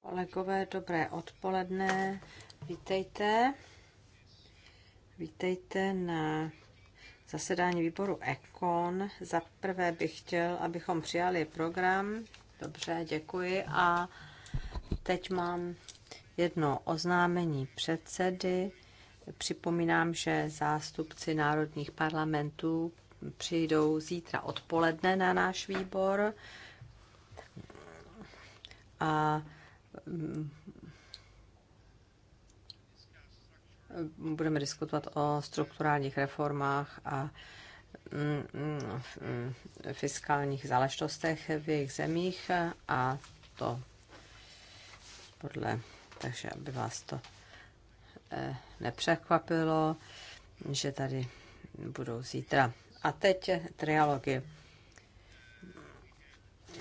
Kolegové, dobré odpoledne. Vítejte. Vítejte na zasedání výboru ekon. Za prvé bych chtěl, abychom přijali program. Dobře, děkuji. A teď mám jedno oznámení předsedy. Připomínám, že zástupci národních parlamentů přijdou zítra odpoledne na náš výbor a mm, budeme diskutovat o strukturálních reformách a mm, mm, fiskálních záležitostech v jejich zemích a to podle, takže aby vás to eh, nepřekvapilo, že tady budou zítra. A teď trialogy.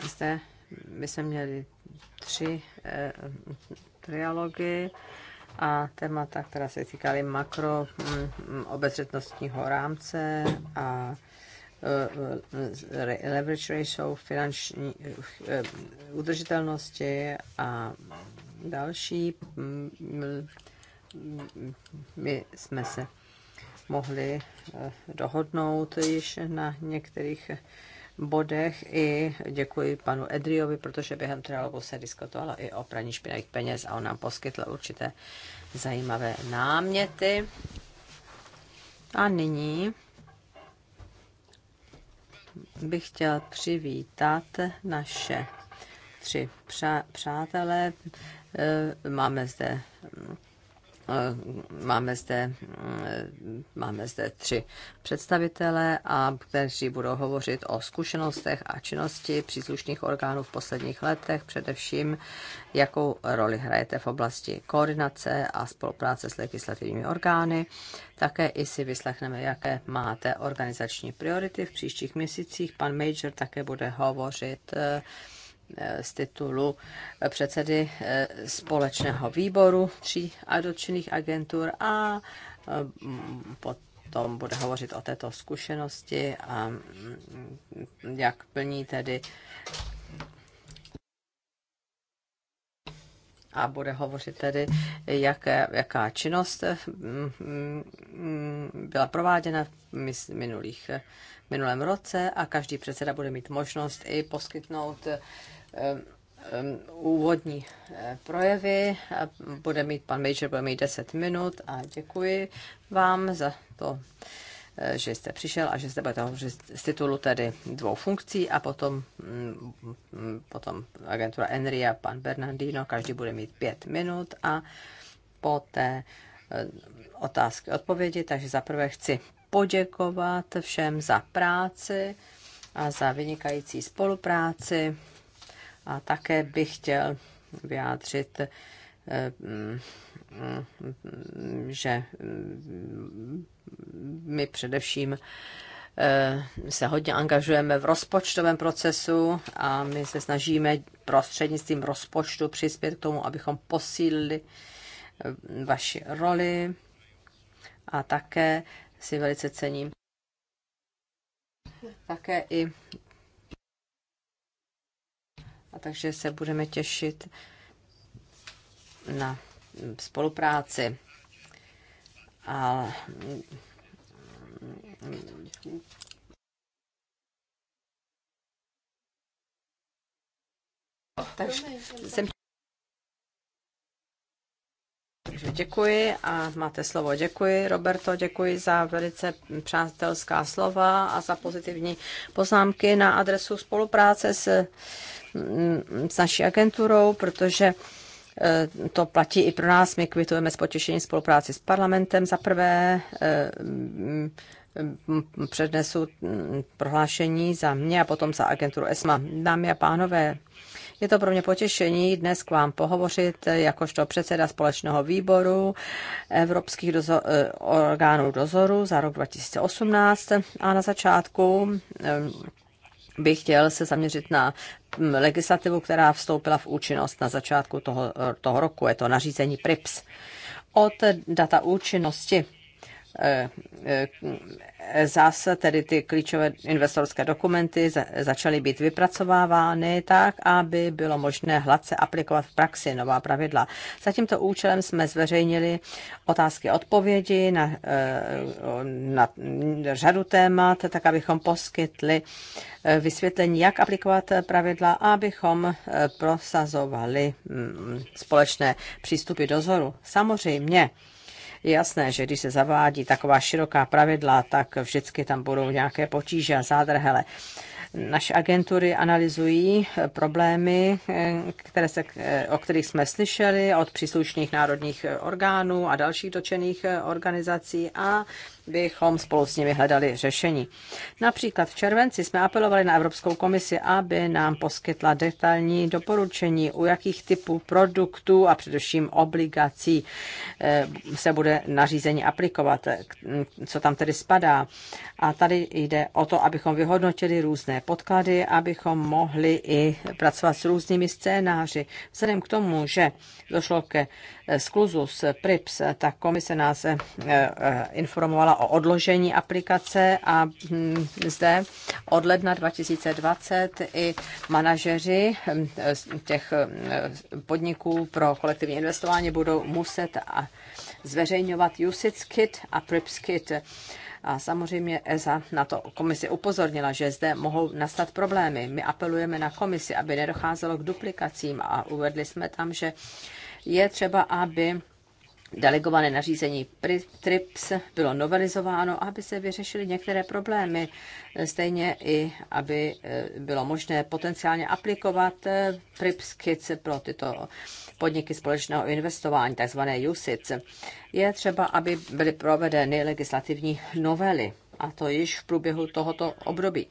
Zde by se měli tři eh, trialogy a témata, která se týkaly makro mm, obezřetnostního rámce a eh, leverage ratio, finanční eh, udržitelnosti a další. Mm, my jsme se mohli eh, dohodnout již na některých bodech i děkuji panu Edriovi, protože během trialogu se diskutovalo i o praní špinavých peněz a on nám poskytl určité zajímavé náměty. A nyní bych chtěl přivítat naše tři přátelé. E, máme zde Eh, máme zde, eh, máme zde tři představitele, a kteří budou hovořit o zkušenostech a činnosti příslušných orgánů v posledních letech, především jakou roli hrajete v oblasti koordinace a spolupráce s legislativními orgány. Také i si vyslechneme, jaké máte organizační priority v příštích měsících. Pan Major také bude hovořit eh, Eh, z titulu eh, předsedy eh, společného výboru tří a dotčených agentur a potom bude hovořit o této zkušenosti a mm, jak plní tedy a bude hovořit tedy, jaké, jaká činnost mm, byla prováděna v minulých, minulém roce a každý předseda bude mít možnost i poskytnout Um, um, úvodní eh, projevy. Bude mít pan Major, bude mít 10 minut a děkuji vám za to, eh, že jste přišel a že jste budete hovořit z titulu tedy dvou funkcí a potom, mm, potom agentura a pan Bernardino, každý bude mít pět minut a poté eh, otázky, odpovědi. Takže zaprvé chci poděkovat všem za práci a za vynikající spolupráci a také bych chtěl vyjádřit, eh, mm, že mm, my především eh, se hodně angažujeme v rozpočtovém procesu a my se snažíme prostřednictvím rozpočtu přispět k tomu, abychom posílili eh, vaši roli a také si velice cením také i a takže se budeme těšit na spolupráci. A takže jsem děkuji a máte slovo. Děkuji, Roberto, děkuji za velice přátelská slova a za pozitivní poznámky na adresu spolupráce s Mm, s naší agenturou, protože eh, to platí i pro nás. My kvitujeme s potěšením spolupráci s parlamentem. Za prvé eh, mm, mm, přednesu prohlášení za mě a potom za agenturu ESMA. Dámy a pánové, je to pro mě potěšení dnes k vám pohovořit jakožto předseda společného výboru Evropských dozo- eh, orgánů dozoru za rok 2018 a na začátku bych chtěl se zaměřit na mm, legislativu, která vstoupila v účinnost na začátku toho, eh, toho roku. Je to nařízení PRIPS. Od data účinnosti Eh, eh, zase tedy ty klíčové investorské dokumenty začaly být vypracovávány tak, aby bylo možné hladce aplikovat v praxi nová pravidla. Za tímto účelem jsme zveřejnili otázky a odpovědi na, eh, na řadu témat, tak abychom poskytli vysvětlení, jak aplikovat pravidla a abychom prosazovali hm, společné přístupy dozoru. Samozřejmě, je jasné, že když se zavádí taková široká pravidla, tak vždycky tam budou nějaké potíže a zádrhele. Naše agentury analyzují problémy, které se, o kterých jsme slyšeli od příslušných národních orgánů a dalších dočených organizací a bychom spolu s nimi hledali řešení. Například v červenci jsme apelovali na Evropskou komisi, aby nám poskytla detailní doporučení, u jakých typů produktů a především obligací eh, se bude nařízení aplikovat, co tam tedy spadá. A tady jde o to, abychom vyhodnotili různé podklady, abychom mohli i pracovat s různými scénáři. Vzhledem k tomu, že došlo ke skluzu s PRIPS, tak komise nás eh, eh, informovala o odložení aplikace a hm, zde od ledna 2020 i manažeři hm, těch hm, podniků pro kolektivní investování budou muset zveřejňovat USIC kit a PRIPS kit. A samozřejmě ESA na to komisi upozornila, že zde mohou nastat problémy. My apelujeme na komisi, aby nedocházelo k duplikacím a uvedli jsme tam, že je třeba, aby Delegované nařízení TRIPS bylo novelizováno, aby se vyřešily některé problémy, stejně i aby eh, bylo možné potenciálně aplikovat eh, TRIPS kits pro tyto podniky společného investování, takzvané USIC. Je třeba, aby byly provedeny legislativní novely, a to již v průběhu tohoto období.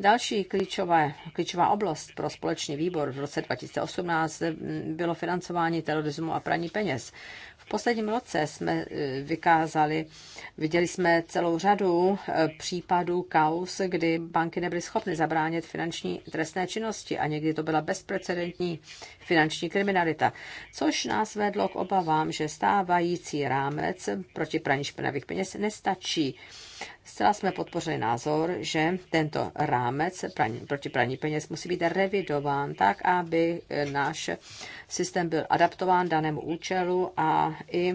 Další klíčové, klíčová oblast pro společný výbor v roce 2018 bylo financování terorismu a praní peněz. V posledním roce jsme e, vykázali, viděli jsme celou řadu e, případů kaus, kdy banky nebyly schopny zabránit finanční trestné činnosti a někdy to byla bezprecedentní finanční kriminalita, což nás vedlo k obavám, že stávající rámec proti praní špinavých peněz nestačí Zcela jsme podpořili názor, že tento rámec proti praní peněz musí být revidován tak, aby e, náš systém byl adaptován danému účelu a i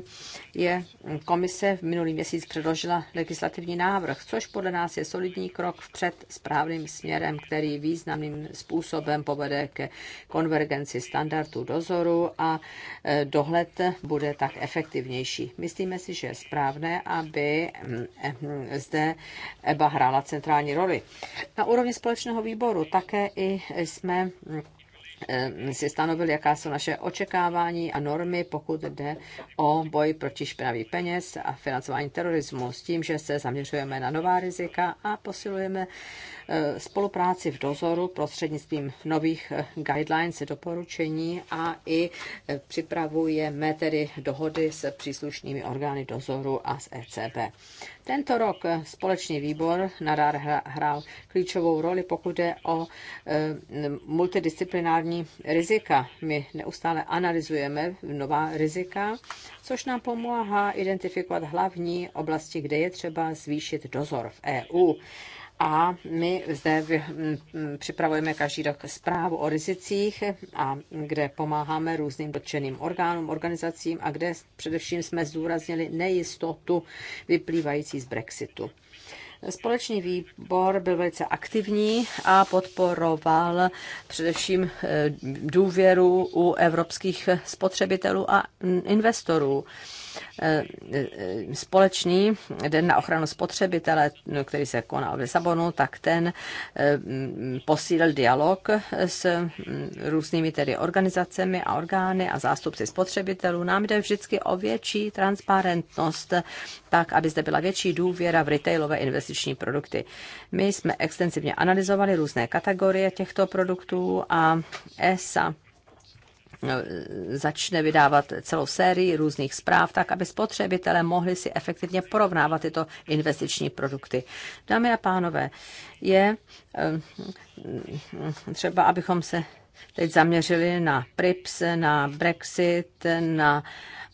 je komise v minulý měsíc předložila legislativní návrh, což podle nás je solidní krok vpřed správným směrem, který významným způsobem povede ke konvergenci standardů dozoru a e, dohled bude tak efektivnější. Myslíme si, že je správné, aby zde EBA hrála centrální roli. Na úrovni společného výboru také i jsme mm, si stanovili, jaká jsou naše očekávání a normy, pokud jde o boj proti špinavý peněz a financování terorismu, s tím, že se zaměřujeme na nová rizika a posilujeme Eh, spolupráci v dozoru prostřednictvím nových eh, guidelines, doporučení a i eh, připravujeme tedy dohody s příslušnými orgány dozoru a s ECB. Tento rok společný výbor nadár hrál klíčovou roli, pokud jde o multidisciplinární rizika. My neustále analyzujeme nová rizika, což nám pomáhá identifikovat hlavní oblasti, kde je třeba zvýšit dozor v EU a my zde mm, připravujeme každý rok zprávu o rizicích, a kde pomáháme různým dotčeným orgánům, organizacím a kde především jsme zdůraznili nejistotu vyplývající z Brexitu. Společný výbor byl velice aktivní a podporoval především eh, důvěru u evropských spotřebitelů a investorů. Eh, společný den na ochranu spotřebitele, který se koná v Lisabonu, tak ten eh, mm, posílil dialog s mm, různými tedy organizacemi a orgány a zástupci spotřebitelů. Nám jde vždycky o větší transparentnost, tak, aby zde byla větší důvěra v retailové investiční produkty. My jsme extensivně analyzovali různé kategorie těchto produktů a ESA začne vydávat celou sérii různých zpráv, tak aby spotřebitelé mohli si efektivně porovnávat tyto investiční produkty. Dámy a pánové, je eh, třeba, abychom se teď zaměřili na PRIPS, na Brexit, na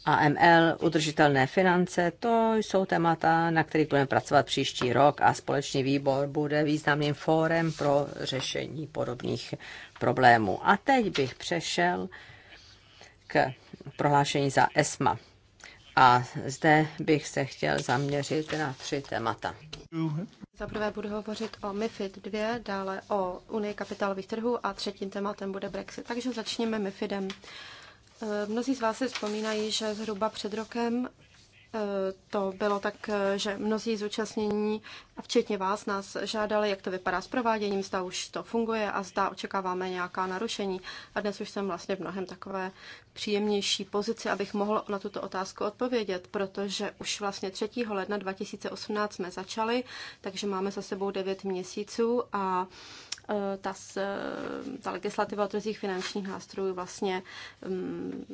AML, udržitelné finance, to jsou témata, na kterých budeme pracovat příští rok a společný výbor bude významným fórem pro řešení podobných problémů. A teď bych přešel k prohlášení za ESMA. A zde bych se chtěl zaměřit na tři témata. Za prvé budu hovořit o MIFID 2, dále o Unii kapitálových trhů a třetím tématem bude Brexit. Takže začněme MIFIDem. E, mnozí z vás si vzpomínají, že zhruba před rokem Eh, to bylo tak, eh, že mnozí zúčastnění, a včetně vás, nás žádali, jak to vypadá s prováděním, zda už to funguje a zda očekáváme nějaká narušení. A dnes už jsem vlastně v mnohem takové příjemnější pozici, abych mohl na tuto otázku odpovědět, protože už vlastně 3. ledna 2018 jsme začali, takže máme za sebou 9 měsíců a eh, ta, ta legislativa o trzích finančních nástrojů vlastně mm,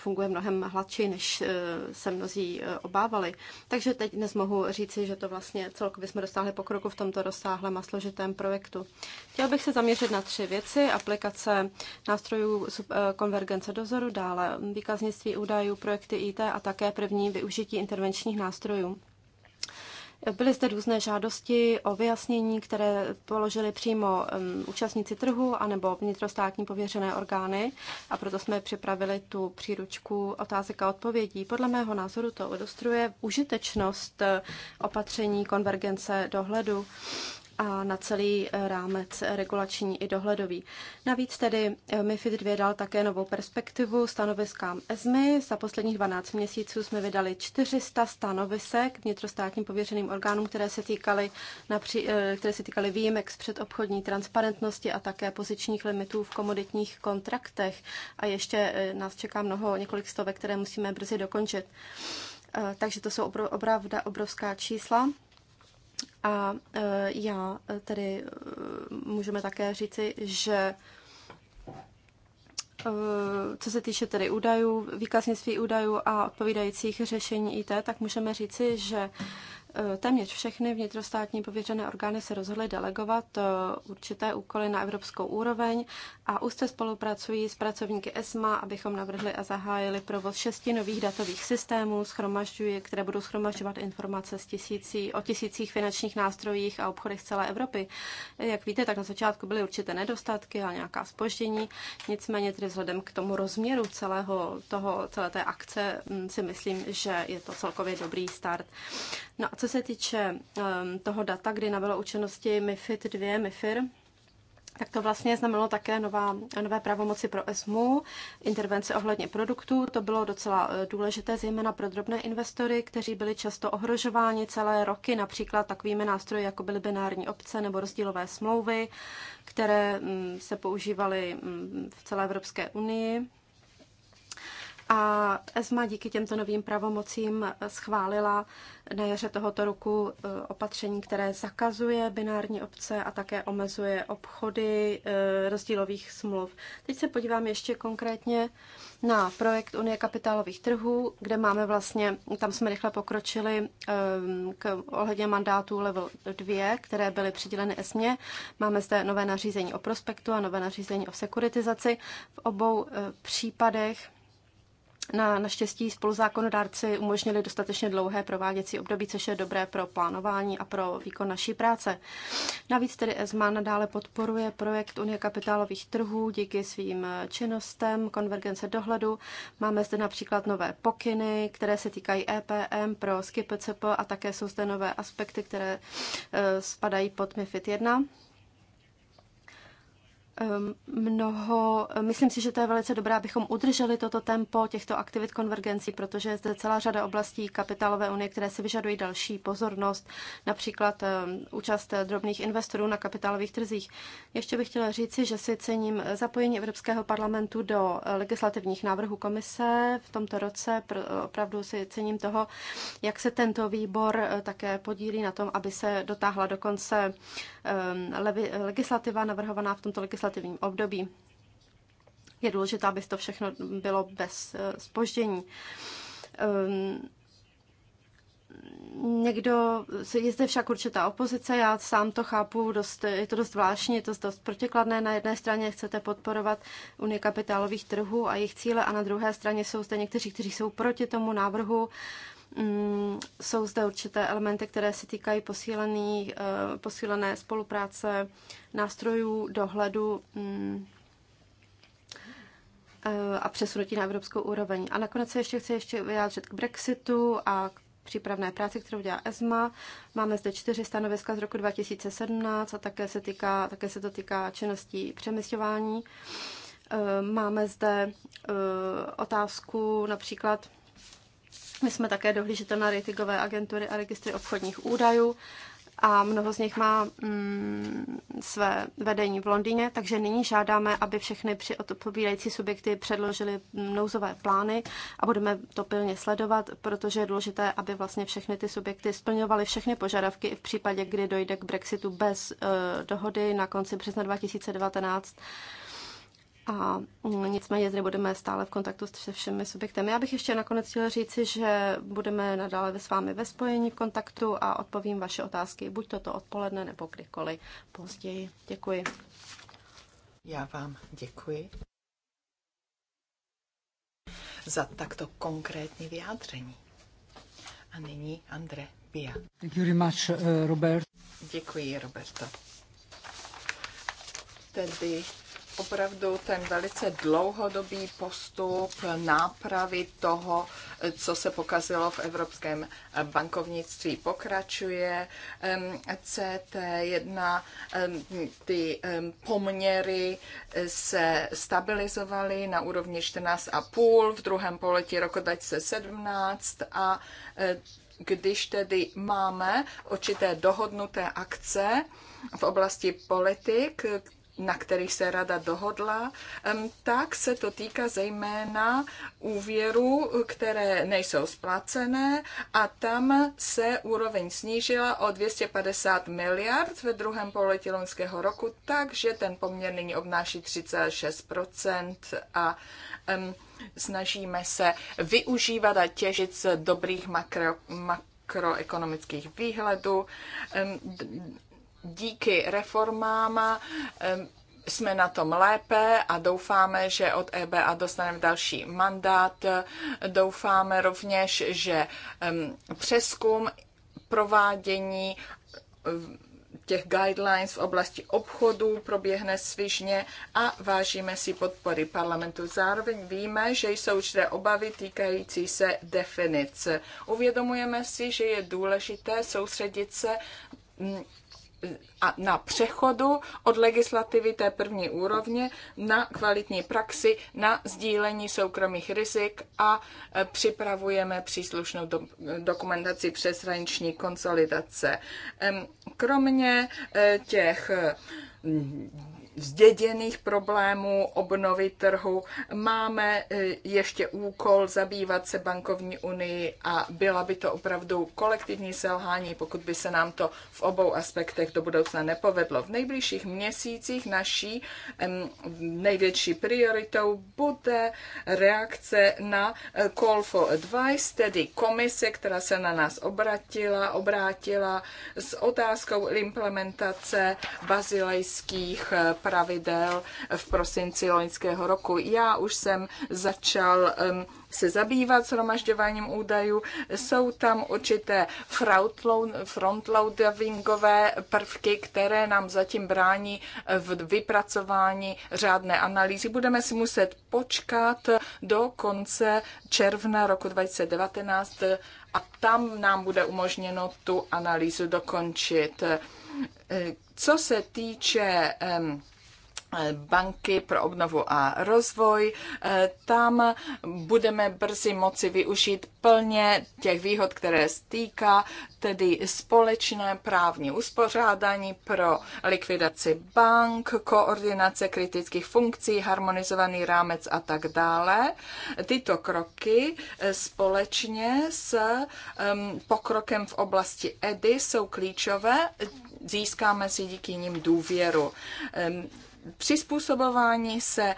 funguje mnohem hladší, než eh, se mnozí eh, obávali. Takže teď dnes mohu říci, že to vlastně celkově jsme dostáhli pokroku v tomto rozsáhlém a složitém projektu. Chtěl bych se zaměřit na tři věci. Aplikace nástrojů eh, konvergence dozoru, dále výkaznictví údajů, projekty IT a také první využití intervenčních nástrojů. Byly zde různé žádosti o vyjasnění, které položili přímo účastníci trhu anebo vnitrostátní pověřené orgány a proto jsme připravili tu příručku otázek a odpovědí. Podle mého názoru to ilustruje užitečnost eh, opatření konvergence dohledu a na celý eh, rámec regulační i dohledový. Navíc tedy eh, MIFID 2 dal také novou perspektivu stanoviskám ESMI. Za posledních 12 měsíců jsme vydali 400 stanovisek vnitrostátním pověřeným orgánům, které se týkaly, napří, eh, které se týkaly výjimek z předobchodní transparentnosti a také pozičních limitů v komoditních kontraktech. A ještě nás čeká mnoho, několik stovek, které musíme brzy dokončit. Takže to jsou opravdu obrovská čísla. A e, já e, tedy e, můžeme také říci, že co se týče tedy údajů, výkaznictví údajů a odpovídajících řešení IT, tak můžeme říci, že Eh, téměř všechny vnitrostátní pověřené orgány se rozhodly delegovat eh, určité úkoly na evropskou úroveň a úzce spolupracují s pracovníky ESMA, abychom navrhli a zahájili provoz šesti nových datových systémů, které budou schromažďovat informace z tisící, o tisících finančních nástrojích a obchodech z celé Evropy. Jak víte, tak na začátku byly určité nedostatky a nějaká spoždění, nicméně tedy vzhledem k tomu rozměru celého toho, celé té akce mm, si myslím, že je to celkově dobrý start. No a co se týče ehm, toho data, kdy nabylo účinnosti MIFID 2, MIFIR, tak to vlastně znamenalo také nová, nové pravomoci pro ESMU, intervence ohledně produktů. To bylo docela eh, důležité, zejména pro drobné investory, kteří byli často ohrožováni celé roky, například takovými nástroji, jako byly binární obce nebo rozdílové smlouvy, které mm, se používaly mm, v celé Evropské unii. A ESMA díky těmto novým pravomocím schválila na jaře tohoto roku eh, opatření, které zakazuje binární obce a také omezuje obchody eh, rozdílových smluv. Teď se podívám ještě konkrétně na projekt Unie kapitálových trhů, kde máme vlastně, tam jsme rychle pokročili eh, k ohledně mandátů level 2, které byly přiděleny ESMě. Máme zde nové nařízení o prospektu a nové nařízení o sekuritizaci. V obou případech na, naštěstí spoluzákonodárci umožnili dostatečně dlouhé prováděcí období, což je dobré pro plánování a pro výkon naší práce. Navíc tedy ESMA nadále podporuje projekt Unie kapitálových trhů díky svým činnostem, konvergence dohledu. Máme zde například nové pokyny, které se týkají EPM pro SKIPCP a také jsou zde nové aspekty, které eh, spadají pod MIFID 1. Ehm, mnoho, myslím si, že to je velice dobré, abychom udrželi toto tempo těchto aktivit konvergencí, protože je zde celá řada oblastí kapitálové unie, které si vyžadují další pozornost, například ehm, účast drobných investorů na kapitálových trzích. Ještě bych chtěla říci, že si cením zapojení Evropského parlamentu do eh, legislativních návrhů komise v tomto roce. Eh, opravdu si cením toho, jak se tento výbor eh, také podílí na tom, aby se dotáhla do konce ehm, legislativa navrhovaná v tomto legislativním legislativním období. Je důležité, aby to všechno bylo bez spoždění. Eh, ehm, někdo, je zde však určitá opozice, já sám to chápu, dost, je to dost zvláštní, je to dost protikladné. Na jedné straně chcete podporovat Unii kapitálových trhů a jejich cíle a na druhé straně jsou zde někteří, kteří jsou proti tomu návrhu. Um, Mm, jsou zde určité elementy, které se týkají posílený, eh, posílené spolupráce nástrojů dohledu mm, eh, a přesunutí na evropskou úroveň. A nakonec se ještě chci ještě vyjádřit k Brexitu a k přípravné práci, kterou dělá ESMA. Máme zde čtyři stanoviska z roku 2017 a také se, týká, také se to týká činností přemysťování. Eh, máme zde otázku například my jsme také dohlížitel na ratingové agentury a registry obchodních údajů a mnoho z nich má mm, své vedení v Londýně, takže nyní žádáme, aby všechny při odpovídající subjekty předložili nouzové plány a budeme to pilně sledovat, protože je důležité, aby vlastně všechny ty subjekty splňovaly všechny požadavky i v případě, kdy dojde k Brexitu bez uh, dohody na konci března 2019 a mm, nicméně zde budeme stále v kontaktu se všemi subjektami. Já bych ještě nakonec chtěla říci, že budeme nadále s vámi ve spojení v kontaktu a odpovím vaše otázky buď toto odpoledne nebo kdykoliv později. Děkuji. Já vám děkuji za takto konkrétní vyjádření. A nyní Andre Bia. Thank you very much, uh, Robert. Děkuji, Roberto. Tedy opravdu ten velice dlouhodobý postup nápravy toho, co se pokazilo v evropském bankovnictví, pokračuje. CT1, ty poměry eh, se stabilizovaly na úrovni 14,5 v druhém poletí roku 2017 a eh, když tedy máme určité dohodnuté akce v oblasti politik, na kterých se rada dohodla, tak se to týká zejména úvěrů, které nejsou splacené a tam se úroveň snížila o 250 miliard ve druhém pololetí loňského roku, takže ten poměr nyní obnáší 36% a um, snažíme se využívat a těžit z dobrých makro, makro makroekonomických výhledů díky reformám jsme na tom lépe a doufáme, že od EBA dostaneme další mandát. Doufáme rovněž, že přeskum provádění těch guidelines v oblasti obchodu proběhne svižně a vážíme si podpory parlamentu. Zároveň víme, že jsou určité obavy týkající se definice. Uvědomujeme si, že je důležité soustředit se a na přechodu od legislativy té první úrovně na kvalitní praxi, na sdílení soukromých rizik a e, připravujeme příslušnou do, dokumentaci přeshraniční konsolidace. Kromě e, těch zděděných problémů obnovy trhu. Máme e, ještě úkol zabývat se bankovní unii a byla by to opravdu kolektivní selhání, pokud by se nám to v obou aspektech do budoucna nepovedlo. V nejbližších měsících naší největší prioritou bude reakce na e, Call for Advice, tedy komise, která se na nás obratila, obrátila s otázkou implementace bazilejských e, pravidel v prosinci loňského roku. Já už jsem začal se zabývat shromažďováním údajů. Jsou tam určité frontloadingové prvky, které nám zatím brání v vypracování řádné analýzy. Budeme si muset počkat do konce června roku 2019 a tam nám bude umožněno tu analýzu dokončit. Co se týče banky pro obnovu a rozvoj. Eh, tam budeme brzy moci využít plně těch výhod, které stýká, tedy společné právní uspořádání pro likvidaci bank, koordinace kritických funkcí, harmonizovaný rámec a tak dále. Tyto kroky eh, společně s ehm, pokrokem v oblasti EDY jsou klíčové. Získáme si díky nim důvěru. Ehm, přizpůsobování se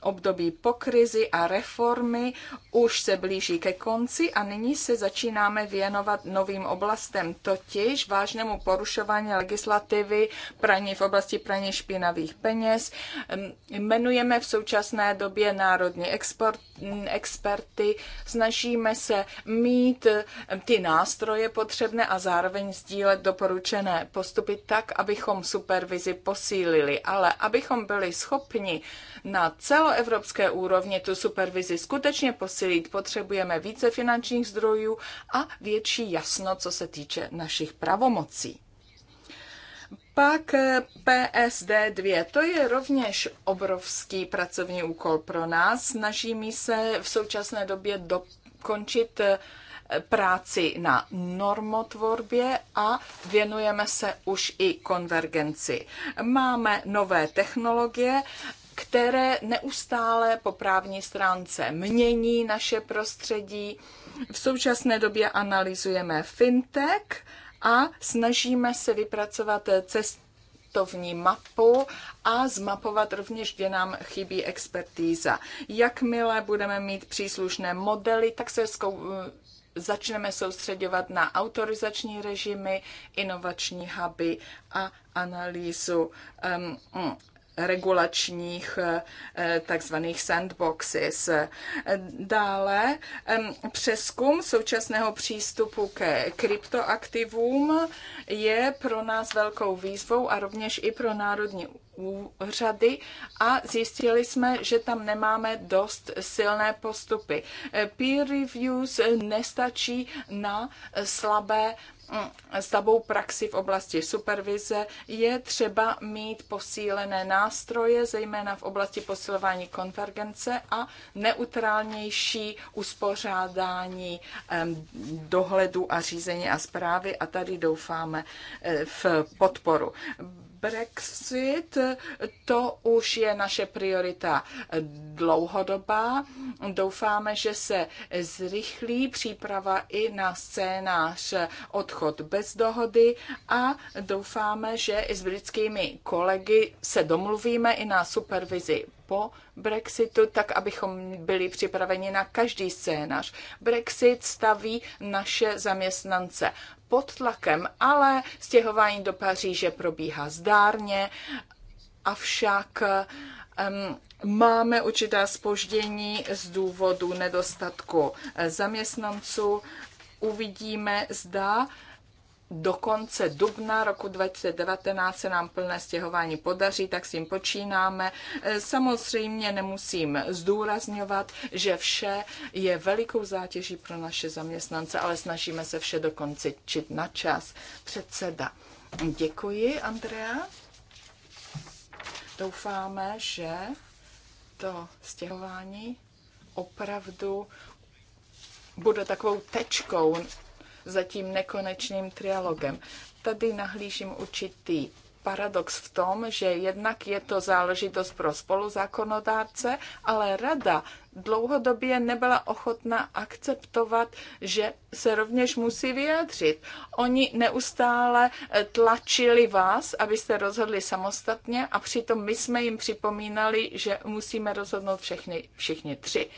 období po krizi a reformy už se blíží ke konci a nyní se začínáme věnovat novým oblastem, totiž vážnému porušování legislativy praní v oblasti praní špinavých peněz. Jmenujeme v současné době národní export, experty, snažíme se mít eh, ty nástroje potřebné a zároveň sdílet doporučené postupy tak, abychom supervizi posílili, ale aby abychom byli schopni na celoevropské úrovni tu supervizi skutečně posílit, potřebujeme více finančních zdrojů a větší jasno, co se týče našich pravomocí. Pak eh, PSD2, to je rovněž obrovský pracovní úkol pro nás. Snažíme se v současné době dokončit eh, práci na normotvorbě a věnujeme se už i konvergenci. Máme nové technologie, které neustále po právní stránce mění naše prostředí. V současné době analyzujeme fintech a snažíme se vypracovat cestovní mapu a zmapovat rovněž, kde nám chybí expertíza. Jakmile budeme mít příslušné modely, tak se zkou, začneme soustředovat na autorizační režimy, inovační huby a analýzu um, regulačních eh, takzvaných sandboxes. Dále přeskum současného přístupu ke kryptoaktivům je pro nás velkou výzvou a rovněž i pro národní úřady a zjistili jsme, že tam nemáme dost silné postupy. Peer reviews nestačí na slabé s tabou praxi v oblasti supervize je třeba mít posílené nástroje, zejména v oblasti posilování konvergence a neutrálnější uspořádání dohledu a řízení a zprávy a tady doufáme eh, v podporu. Brexit, to už je naše priorita dlouhodobá. Doufáme, že se zrychlí příprava i na scénář odchod bez dohody a doufáme, že i s britskými kolegy se domluvíme i na supervizi po Brexitu, tak abychom byli připraveni na každý scénář. Brexit staví naše zaměstnance pod tlakem, ale stěhování do Paříže probíhá zdárně, avšak um, Máme určitá spoždění z důvodu nedostatku eh, zaměstnanců. Uvidíme, zda do konce dubna roku 2019 se nám plné stěhování podaří, tak s tím počínáme. E, samozřejmě nemusím zdůrazňovat, že vše je velikou zátěží pro naše zaměstnance, ale snažíme se vše dokončit na čas. Předseda. Děkuji, Andrea. Doufáme, že to stěhování opravdu bude takovou tečkou za tím nekonečným trialogem. Tady nahlížím určitý paradox v tom, že jednak je to záležitost pro spoluzákonodárce, ale rada dlouhodobě nebyla ochotna akceptovat, že se rovněž musí vyjádřit. Oni neustále eh, tlačili vás, abyste rozhodli samostatně a přitom my jsme jim připomínali, že musíme rozhodnout všechny, všichni tři.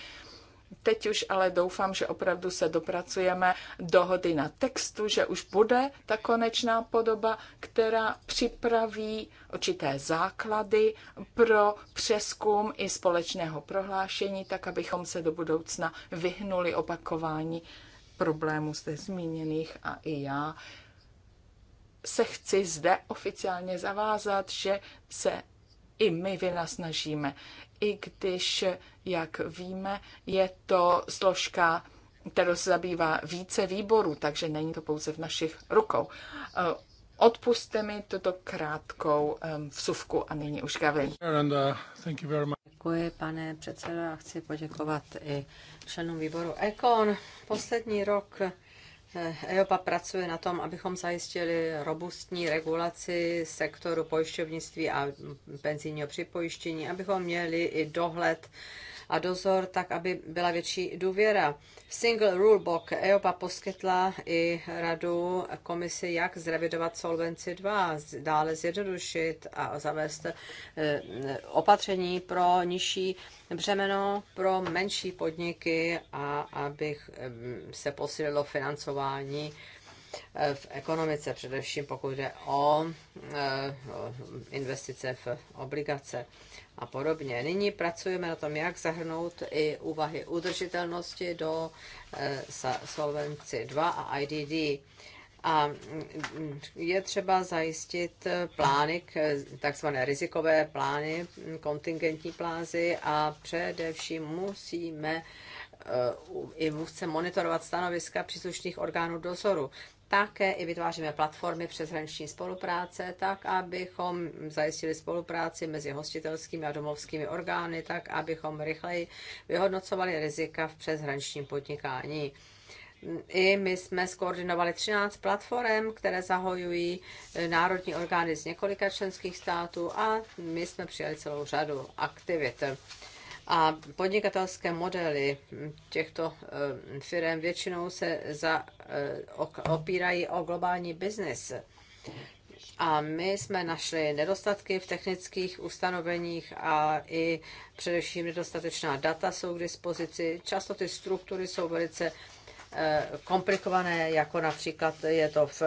Teď už ale doufám, že opravdu se dopracujeme dohody na textu, že už bude ta konečná podoba, která připraví určité základy pro přeskum i společného prohlášení, tak abychom se do budoucna vyhnuli opakování problémů zde zmíněných a i já se chci zde oficiálně zavázat, že se i my vynasnažíme i když, jak víme, je to složka, kterou se zabývá více výborů, takže není to pouze v našich rukou. Eh, odpuste mi tuto krátkou um, vsuvku a nyní už Gavin. Uh, Děkuji, pane předsedo, a chci poděkovat i členům výboru Ekon. Poslední rok Eh, EOPA pracuje na tom, abychom zajistili robustní regulaci sektoru pojišťovnictví a penzijního připojištění, abychom měli i dohled a dozor, tak aby byla větší důvěra. Single Rulebook EOPA poskytla i radu komisi, jak zrevidovat Solvenci 2, dále zjednodušit a zavést eh, opatření pro nižší břemeno pro menší podniky a abych eh, se posílilo financování eh, v ekonomice, především pokud jde o investice v obligace a podobně. Nyní pracujeme na tom, jak zahrnout i úvahy udržitelnosti do eh, Solvency 2 a IDD. A mm, je třeba zajistit eh, plány, takzvané rizikové plány, kontingentní plázy a především musíme eh, i musíme monitorovat stanoviska příslušných orgánů dozoru. Také i vytváříme platformy přes hraniční spolupráce, tak abychom zajistili spolupráci mezi hostitelskými a domovskými orgány, tak abychom rychleji vyhodnocovali rizika v přeshraničním podnikání. I my jsme skoordinovali 13 platform, které zahojují e, národní orgány z několika členských států a my jsme přijali celou řadu aktivit. A podnikatelské modely těchto eh, firm většinou se za, eh, opírají o globální biznis. A my jsme našli nedostatky v technických ustanoveních a i především nedostatečná data jsou k dispozici. Často ty struktury jsou velice Eh, komplikované, jako například je to v,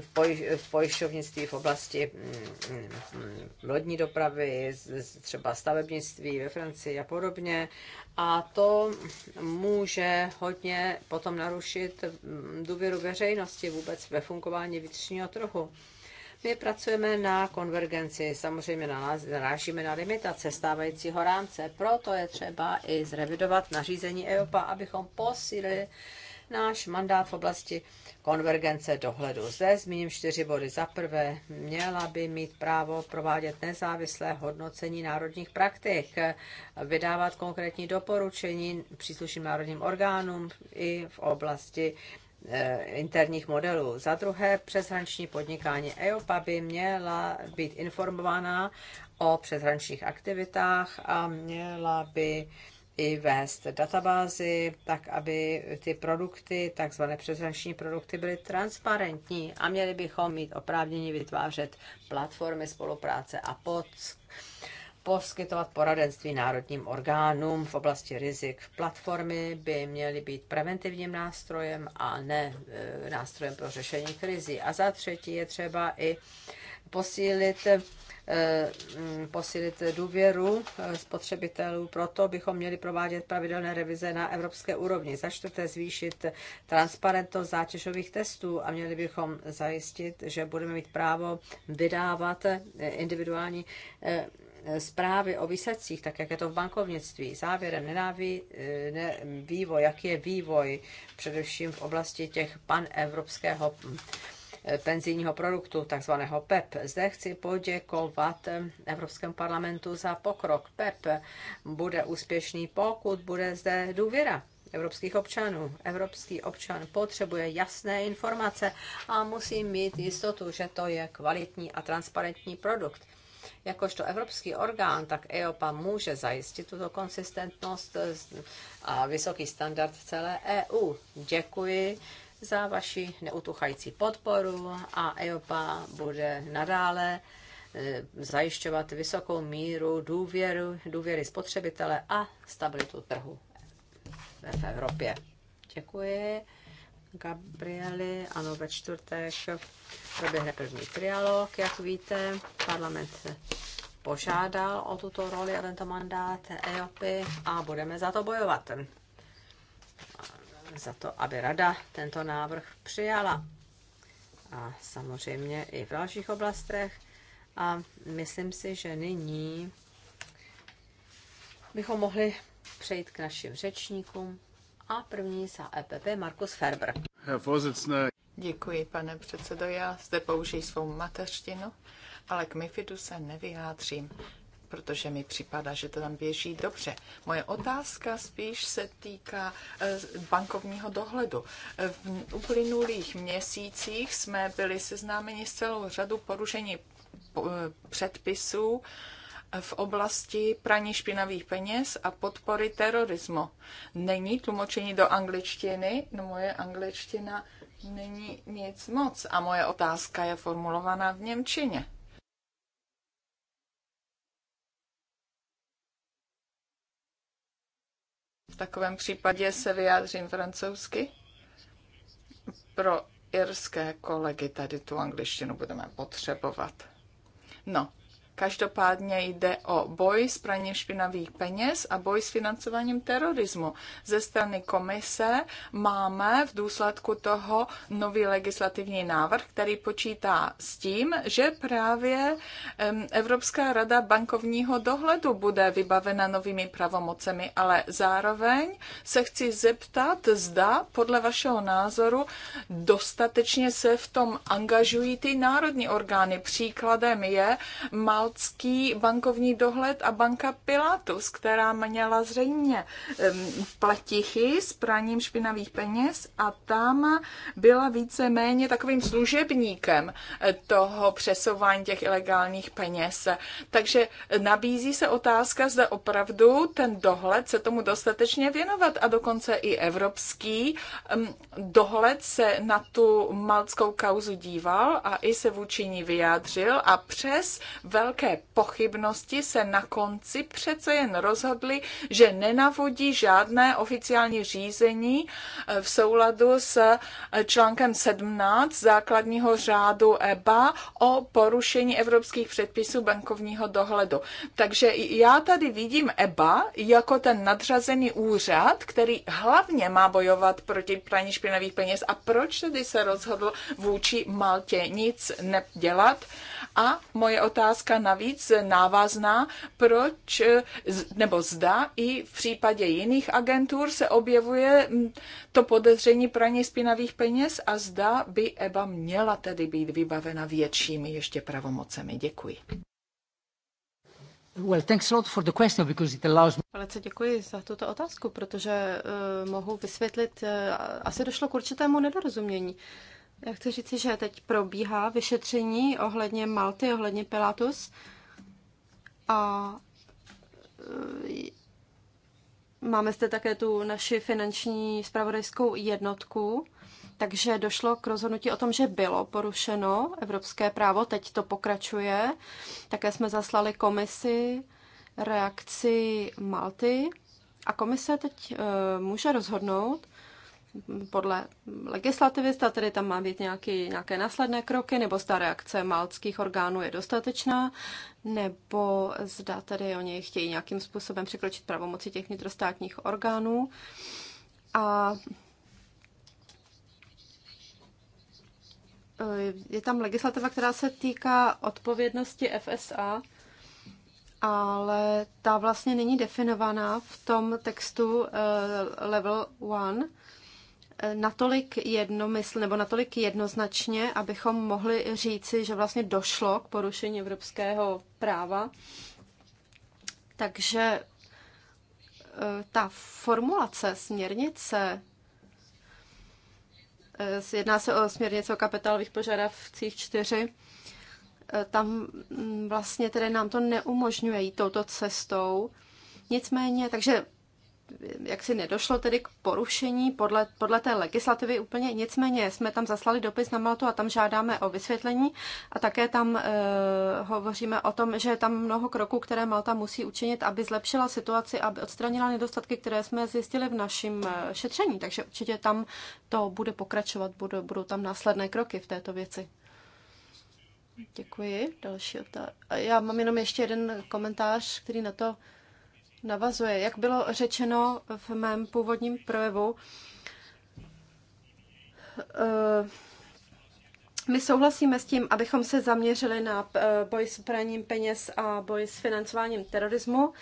v, poj, v pojišťovnictví v oblasti mm, mm, lodní dopravy, třeba stavebnictví ve Francii a podobně. A to může hodně potom narušit mm, důvěru veřejnosti vůbec ve fungování vnitřního trhu. My pracujeme na konvergenci, samozřejmě narážíme na limitace stávajícího rámce, proto je třeba i zrevidovat nařízení EOPA, abychom posílili náš mandát v oblasti konvergence dohledu. Zde zmíním čtyři body. Za prvé, měla by mít právo provádět nezávislé hodnocení národních praktik, vydávat konkrétní doporučení příslušným národním orgánům i v oblasti eh, interních modelů. Za druhé, přeshraniční podnikání EOPA by měla být informována o přeshraničních aktivitách a měla by i vést databázi, tak aby ty produkty, takzvané přeshraniční produkty, byly transparentní a měli bychom mít oprávnění vytvářet platformy spolupráce a pod poskytovat poradenství národním orgánům v oblasti rizik. Platformy by měly být preventivním nástrojem a ne e, nástrojem pro řešení krizí. A za třetí je třeba i posílit eh, mm, posílit důvěru eh, spotřebitelů. Proto bychom měli provádět pravidelné revize na evropské úrovni. Za čtvrté zvýšit transparentnost zátěžových testů a měli bychom zajistit, že budeme mít právo vydávat eh, individuální zprávy o výsledcích, tak jak je to v bankovnictví. Závěrem nenáví, ne, vývoj, jaký je vývoj, především v oblasti těch panevropského penzijního produktu, takzvaného PEP. E zde chci poděkovat Evropskému parlamentu za pokrok. PEP e bude úspěšný, pokud bude zde důvěra evropských občanů. Evropský občan potřebuje jasné informace a musí mít jistotu, že to je kvalitní a transparentní produkt. Jakožto evropský orgán, tak EOPA může zajistit tuto konsistentnost a vysoký standard celé EU. Děkuji za vaši neutuchající podporu a EOPA bude nadále eh, zajišťovat vysokou míru důvěru, důvěry spotřebitele a stabilitu trhu v Evropě. Děkuji. Gabrieli, ano, ve čtvrtek proběhne první trialog, jak víte. Parlament požádal o tuto roli a tento mandát EOPy a budeme za to bojovat za to, aby rada tento návrh přijala. A samozřejmě i v dalších oblastech. A myslím si, že nyní bychom mohli přejít k našim řečníkům. A první za EPP Markus Ferber. Děkuji, pane předsedo. Já zde použiji svou mateřštinu, ale k MIFIDu se nevyjádřím protože mi připadá, že to tam běží dobře. Moje otázka spíš se týká eh, bankovního dohledu. Eh, v uplynulých měsících jsme byli seznámeni s celou řadu porušení eh, předpisů v oblasti praní špinavých peněz a podpory terorismu. Není tlumočení do angličtiny, no moje angličtina není nic moc a moje otázka je formulovaná v Němčině. takovém případě se vyjádřím francouzsky. Pro irské kolegy tady tu angličtinu budeme potřebovat. No, Každopádně jde o boj s praním špinavých peněz a boj s financováním terorismu. Ze strany komise máme v důsledku toho nový legislativní návrh, který počítá s tím, že právě Evropská rada bankovního dohledu bude vybavena novými pravomocemi, ale zároveň se chci zeptat, zda podle vašeho názoru dostatečně se v tom angažují ty národní orgány. Příkladem je malá malcký bankovní dohled a banka Pilatus, která měla zřejmě platichy s praním špinavých peněz a tam byla více-méně takovým služebníkem eh, toho přesouvání těch ilegálních peněz. Takže nabízí se otázka, zda opravdu ten dohled se tomu dostatečně věnovat a dokonce i evropský dohled se na tu malckou kauzu díval a i se vůči ní vyjádřil a přes velké velké pochybnosti se na konci přece jen rozhodli, že nenavodí žádné oficiální řízení eh, v souladu s eh, článkem 17 základního řádu EBA o porušení evropských předpisů bankovního dohledu. Takže já tady vidím EBA jako ten nadřazený úřad, který hlavně má bojovat proti praní špinavých peněz. A proč tedy se rozhodl vůči Maltě nic nedělat? A moje otázka navíc návazná, proč nebo zda i v případě jiných agentur se objevuje mm, to podezření praní spinavých peněz a zda by EBA měla tedy být vybavena většími ještě pravomocemi. Děkuji. Well, thanks a lot for the question because it allows me... Velice děkuji za tuto otázku, protože uh, mohu vysvětlit, uh, asi došlo k určitému nedorozumění. Já chci říct, že teď probíhá vyšetření ohledně Malty, ohledně Pilatus. A e, máme zde také tu naši finanční spravodajskou jednotku, takže došlo k rozhodnutí o tom, že bylo porušeno evropské právo, teď to pokračuje. Také jsme zaslali komisi reakci Malty a komise teď e, může rozhodnout, podle legislativy, zda tedy tam má být nějaký, nějaké následné kroky, nebo zda reakce maltských orgánů je dostatečná, nebo zda tedy oni chtějí nějakým způsobem překročit pravomoci těch vnitrostátních orgánů. A eh, je tam legislativa, která se týká odpovědnosti FSA, ale ta vlastně není definovaná v tom textu eh, level 1, natolik jednomysl nebo natolik jednoznačně, abychom mohli říci, že vlastně došlo k porušení evropského práva. Takže e, ta formulace směrnice, e, jedná se o směrnice o kapitálových požadavcích 4, e, tam vlastně tedy nám to neumožňuje jít touto cestou. Nicméně, takže jak si nedošlo tedy k porušení podle, podle té legislativy úplně. Nicméně jsme tam zaslali dopis na Maltu a tam žádáme o vysvětlení a také tam e, hovoříme o tom, že je tam mnoho kroků, které Malta musí učinit, aby zlepšila situaci, aby odstranila nedostatky, které jsme zjistili v našem eh, šetření. Takže určitě tam to bude pokračovat, budou, budou tam následné kroky v této věci. Děkuji. Další otázka. Já mám jenom ještě jeden komentář, který na to navazuje. Jak bylo řečeno v mém původním projevu, eh, my souhlasíme s tím, abychom se zaměřili na eh, boj s praním peněz a boj s financováním terorismu,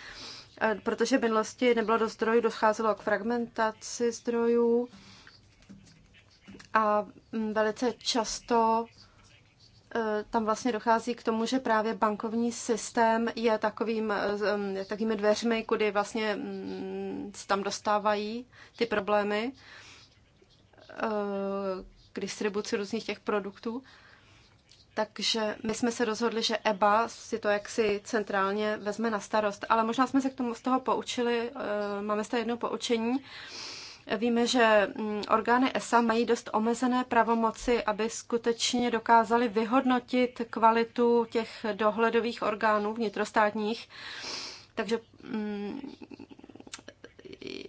eh, protože v minulosti nebylo do zdrojů, docházelo k fragmentaci zdrojů a mm, velice často Eh, tam vlastně dochází k tomu, že právě bankovní systém je takovým, eh, takovými dveřmi, kudy vlastně mm, tam dostávají ty problémy eh, k distribuci různých těch produktů. Takže my jsme se rozhodli, že EBA si to jaksi centrálně vezme na starost, ale možná jsme se k tomu z toho poučili, máme z toho jedno poučení, Víme, že mm, orgány ESA mají dost omezené pravomoci, aby skutečně dokázali vyhodnotit kvalitu těch dohledových orgánů vnitrostátních. Takže mm,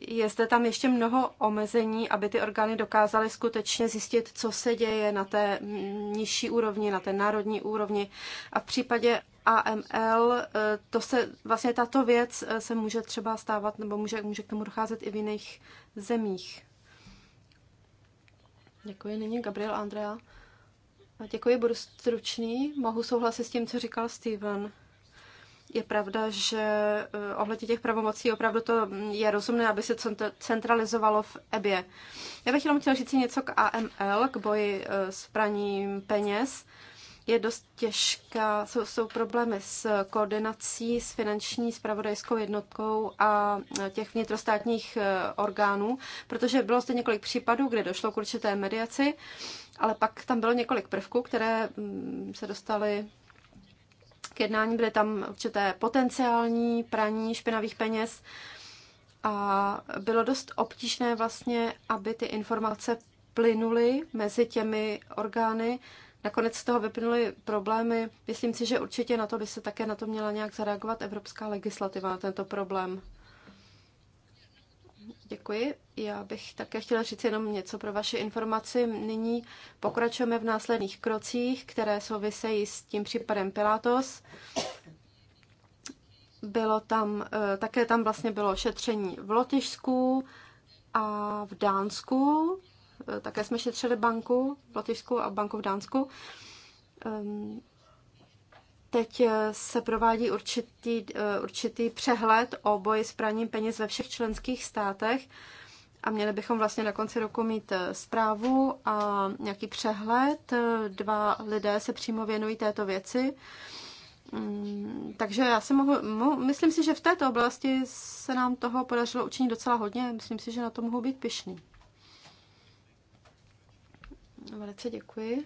je zde tam ještě mnoho omezení, aby ty orgány dokázaly skutečně zjistit, co se děje na té nižší úrovni, na té národní úrovni. A v případě AML, eh, to se, vlastně tato věc eh, se může třeba stávat, nebo může, může k tomu docházet i v jiných zemích. Děkuji. Nyní Gabriel Andrea. Děkuji, budu stručný. Mohu souhlasit s tím, co říkal Steven. Je pravda, že eh, ohledně těch pravomocí opravdu to je rozumné, aby se centralizovalo v EBě. Já bych jenom chtěla říct něco k AML, k boji eh, s praním peněz. Je dost těžká, jsou, jsou problémy s koordinací s finanční spravodajskou jednotkou a eh, těch vnitrostátních orgánů, protože bylo zde několik případů, kde došlo k určité mediaci, ale pak tam bylo několik prvků, které mm, se dostaly k jednání, byly tam určité potenciální praní špinavých peněz a bylo dost obtížné vlastně, aby ty informace plynuly mezi těmi orgány. Nakonec z toho vyplynuly problémy. Myslím si, že určitě na to by se také na to měla nějak zareagovat evropská legislativa, na tento problém. Děkuji. Já bych také chtěla říct jenom něco pro vaše informaci. Nyní pokračujeme v následných krocích, které souvisejí s tím případem Pilatos. Bylo tam, eh, také tam vlastně bylo šetření v Lotyšsku a v Dánsku. Eh, také jsme šetřili banku v Lotyšsku a banku v Dánsku. Ehm, Teď eh, se provádí určitý, eh, určitý přehled o boji s praním peněz ve všech členských státech a měli bychom vlastně na konci roku mít eh, zprávu a nějaký přehled. Dva lidé se přímo věnují této věci. Mm, takže já si mohu, myslím si, že v této oblasti se nám toho podařilo učinit docela hodně. Myslím si, že na to mohu být pišný. Velice děkuji.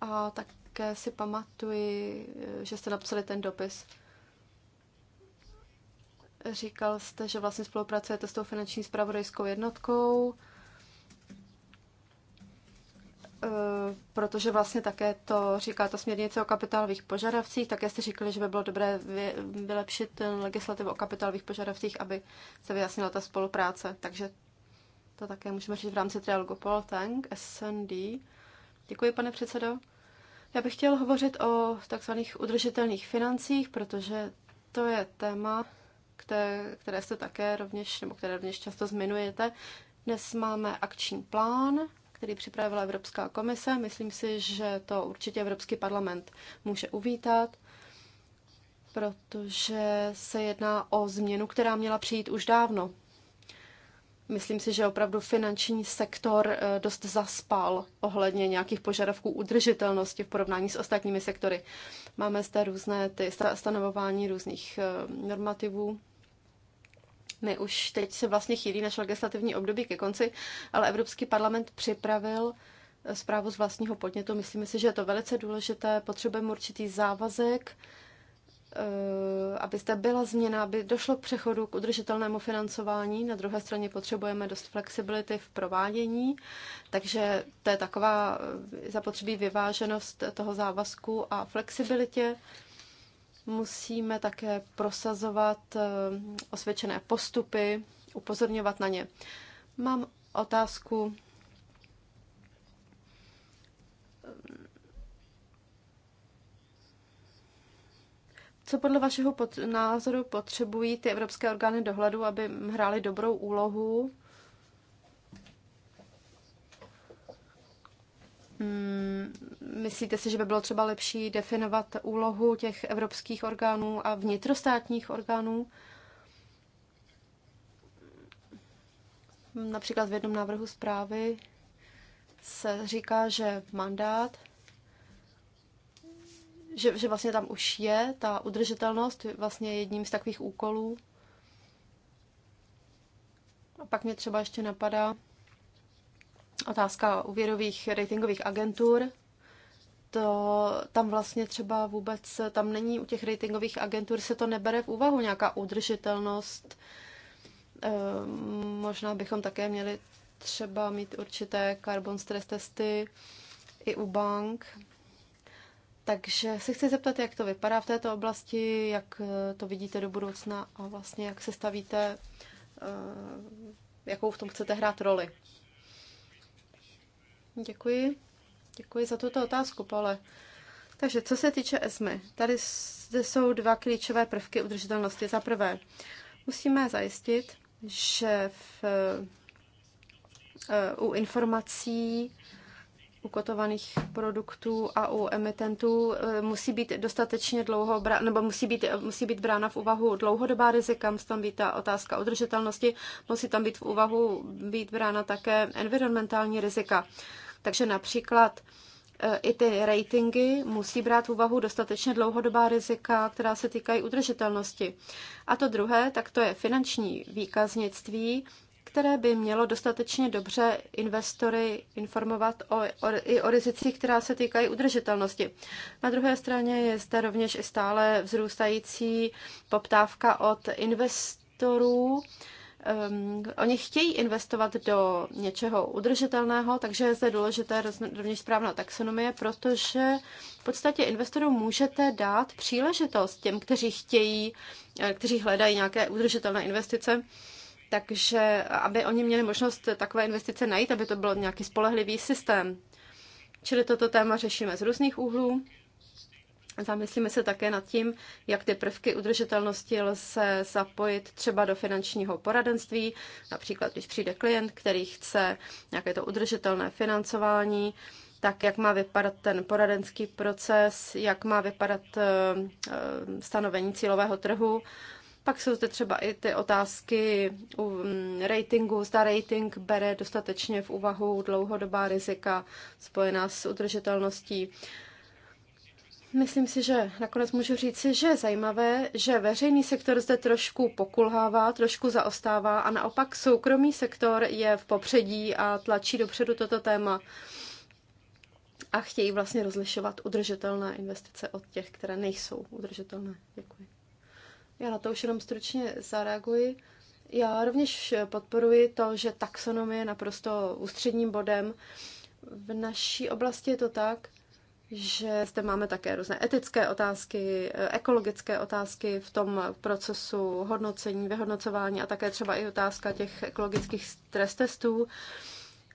A tak také si pamatuji, eh, že jste napsali ten dopis. Říkal jste, že vlastně spolupracujete s tou finanční spravodajskou jednotkou, eh, protože vlastně také to říká ta směrnice o kapitálových požadavcích, Tak jste říkali, že by bylo dobré vylepšit legislativu o kapitálových požadavcích, aby se vyjasnila ta spolupráce. Takže to také můžeme říct v rámci trialogu tank SND. Děkuji, pane předsedo. Já bych chtěl hovořit o takzvaných udržitelných financích, protože to je téma, které, které jste také rovněž, nebo které rovněž často zmiňujete. Dnes máme akční plán, který připravila Evropská komise. Myslím si, že to určitě Evropský parlament může uvítat, protože se jedná o změnu, která měla přijít už dávno. Myslím si, že opravdu finanční sektor eh, dost zaspal ohledně nějakých požadavků udržitelnosti v porovnání s ostatními sektory. Máme zde různé ty stanovování různých eh, normativů. My už teď se vlastně chýlí naše legislativní období ke konci, ale Evropský parlament připravil eh, zprávu z vlastního podnětu. Myslím si, že je to velice důležité. Potřebujeme určitý závazek Eh, aby zde byla změna, aby došlo k přechodu k udržitelnému financování. Na druhé straně potřebujeme dost flexibility v provádění, takže to je taková eh, zapotřebí vyváženost toho závazku a flexibilitě. Musíme také prosazovat eh, osvědčené postupy, upozorňovat na ně. Mám otázku Co podle vašeho pot- názoru potřebují ty evropské orgány dohledu, aby hrály dobrou úlohu? Hmm, myslíte si, že by bylo třeba lepší definovat úlohu těch evropských orgánů a vnitrostátních orgánů? Například v jednom návrhu zprávy se říká, že mandát že, že vlastně tam už je ta udržitelnost vlastně jedním z takových úkolů. A pak mě třeba ještě napadá otázka uvěrových ratingových agentur. To tam vlastně třeba vůbec, tam není u těch ratingových agentur, se to nebere v úvahu nějaká udržitelnost. Ehm, možná bychom také měli třeba mít určité carbon stress testy i u bank takže se chci zeptat, jak to vypadá v této oblasti, jak eh, to vidíte do budoucna a vlastně jak se stavíte, eh, jakou v tom chcete hrát roli. Děkuji. Děkuji za tuto otázku, Pole. Takže co se týče ESMY, tady zde jsou dva klíčové prvky udržitelnosti. Za prvé, musíme zajistit, že v, eh, u informací ukotovaných produktů a u emitentů eh, musí být dostatečně dlouho, nebo musí být, eh, musí být brána v úvahu dlouhodobá rizika, musí tam být ta otázka udržitelnosti, musí tam být v úvahu být brána také environmentální rizika. Takže například eh, i ty ratingy musí brát v úvahu dostatečně dlouhodobá rizika, která se týkají udržitelnosti. A to druhé, tak to je finanční výkaznictví které by mělo dostatečně dobře investory informovat o, o, i o rizicích, která se týkají udržitelnosti. Na druhé straně je zde rovněž i stále vzrůstající poptávka od investorů. Um, oni chtějí investovat do něčeho udržitelného, takže je zde důležité rovněž správná taxonomie, protože v podstatě investorům můžete dát příležitost těm, kteří chtějí, eh, kteří hledají nějaké udržitelné investice, takže aby oni měli možnost takové investice najít, aby to byl nějaký spolehlivý systém. Čili toto téma řešíme z různých úhlů. Zamyslíme se také nad tím, jak ty prvky udržitelnosti lze zapojit třeba do finančního poradenství. Například, když přijde klient, který chce nějaké to udržitelné financování, tak jak má vypadat ten poradenský proces, jak má vypadat eh, eh, stanovení cílového trhu, pak jsou zde třeba i ty otázky mm, ratingu, zda rating bere dostatečně v úvahu dlouhodobá rizika spojená s udržitelností. Myslím si, že nakonec můžu říci, že je zajímavé, že veřejný sektor zde trošku pokulhává, trošku zaostává a naopak soukromý sektor je v popředí a tlačí dopředu toto téma a chtějí vlastně rozlišovat udržitelné investice od těch, které nejsou udržitelné. Děkuji. Já na to už jenom stručně zareaguji. Já rovněž podporuji to, že taxonomie je naprosto ústředním bodem. V naší oblasti je to tak, že zde máme také různé etické otázky, ekologické otázky v tom procesu hodnocení, vyhodnocování a také třeba i otázka těch ekologických stres testů.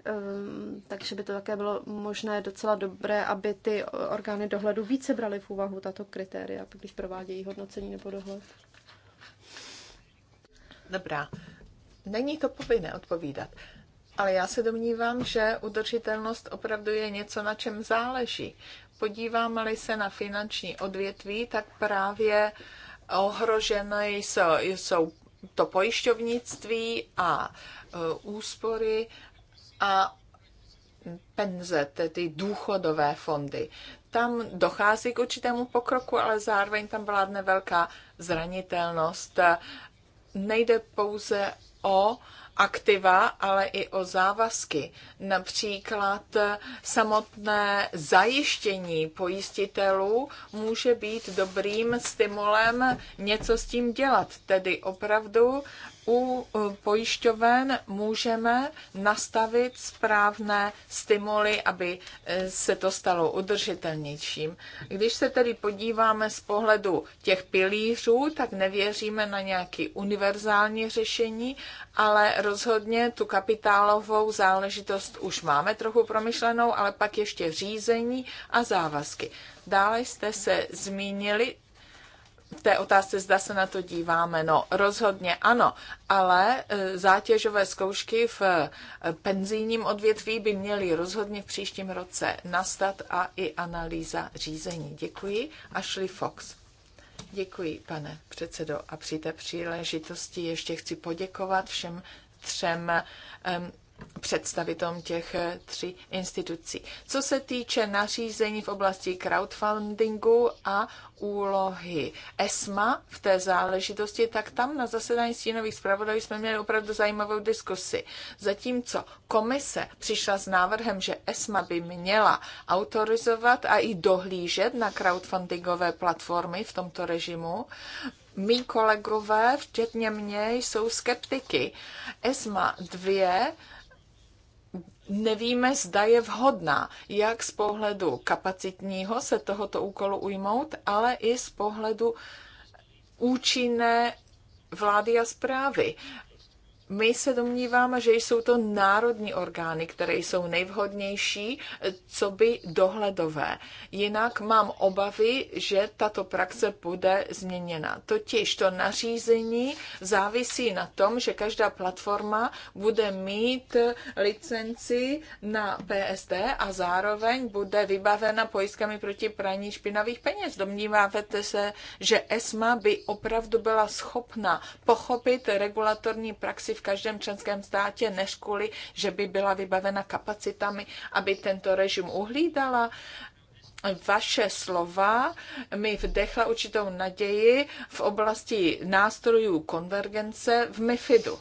Ehm, takže by to také bylo možné docela dobré, aby ty orgány dohledu více braly v úvahu tato kritéria, když provádějí hodnocení nebo dohled. Dobrá, není to povinné odpovídat, ale já se domnívám, že udržitelnost opravdu je něco, na čem záleží. Podíváme-li se na finanční odvětví, tak právě ohrožené jsou, jsou to pojišťovnictví a e, úspory a penze, tedy důchodové fondy. Tam dochází k určitému pokroku, ale zároveň tam vládne velká zranitelnost nejde pouze o aktiva, ale i o závazky. Například samotné zajištění pojistitelů může být dobrým stimulem něco s tím dělat. Tedy opravdu u eh, pojišťoven můžeme nastavit správné stimuly, aby eh, se to stalo udržitelnějším. Když se tedy podíváme z pohledu těch pilířů, tak nevěříme na nějaké univerzální řešení, ale rozhodně tu kapitálovou záležitost už máme trochu promyšlenou, ale pak ještě řízení a závazky. Dále jste se zmínili té otázce, zda se na to díváme. No, rozhodně ano, ale e, zátěžové zkoušky v e, penzijním odvětví by měly rozhodně v příštím roce nastat a i analýza řízení. Děkuji. Ashley Fox. Děkuji, pane předsedo. A při té příležitosti ještě chci poděkovat všem třem představitelům těch eh, tří institucí. Co se týče nařízení v oblasti crowdfundingu a úlohy ESMA v té záležitosti, tak tam na zasedání stínových zpravodajů jsme měli opravdu zajímavou diskusi. Zatímco komise přišla s návrhem, že ESMA by měla autorizovat a i dohlížet na crowdfundingové platformy v tomto režimu, Mí kolegové, včetně mě, jsou skeptiky. ESMA 2 nevíme, zda je vhodná, jak z pohledu kapacitního se tohoto úkolu ujmout, ale i z pohledu účinné vlády a zprávy. My se domníváme, že jsou to národní orgány, které jsou nejvhodnější, co by dohledové. Jinak mám obavy, že tato praxe bude změněna. Totiž to nařízení závisí na tom, že každá platforma bude mít licenci na PSD a zároveň bude vybavena pojistkami proti praní špinavých peněz. Domníváte se, že ESMA by opravdu byla schopna pochopit regulatorní praxi v každém členském státě, než kvůli, že by byla vybavena kapacitami, aby tento režim uhlídala vaše slova mi vdechla určitou naději v oblasti nástrojů konvergence v MIFIDu.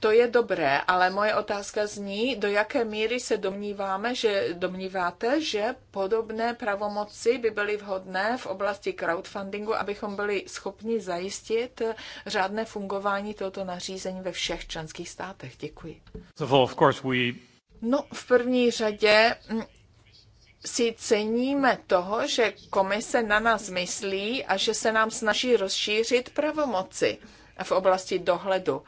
To je dobré, ale moje otázka zní, do jaké míry se domníváme, že domníváte, že podobné pravomoci by byly vhodné v oblasti crowdfundingu, abychom byli schopni zajistit řádné fungování tohoto nařízení ve všech členských státech. Děkuji. No, v první řadě mm, si ceníme toho, že komise na nás myslí a že se nám snaží rozšířit pravomoci v oblasti dohledu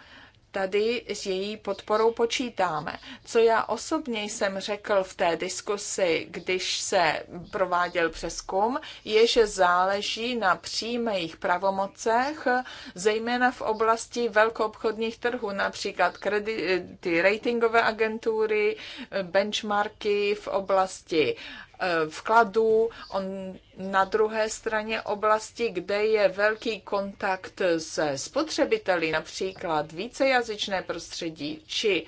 tady s její podporou počítáme. Co já osobně jsem řekl v té diskusi, když se prováděl přeskum, je, že záleží na přímých pravomocech, zejména v oblasti velkoobchodních trhů, například kredity, ty ratingové agentury, benchmarky v oblasti Eh, vkladů, on na druhé straně oblasti, kde je velký kontakt se spotřebiteli, například vícejazyčné prostředí či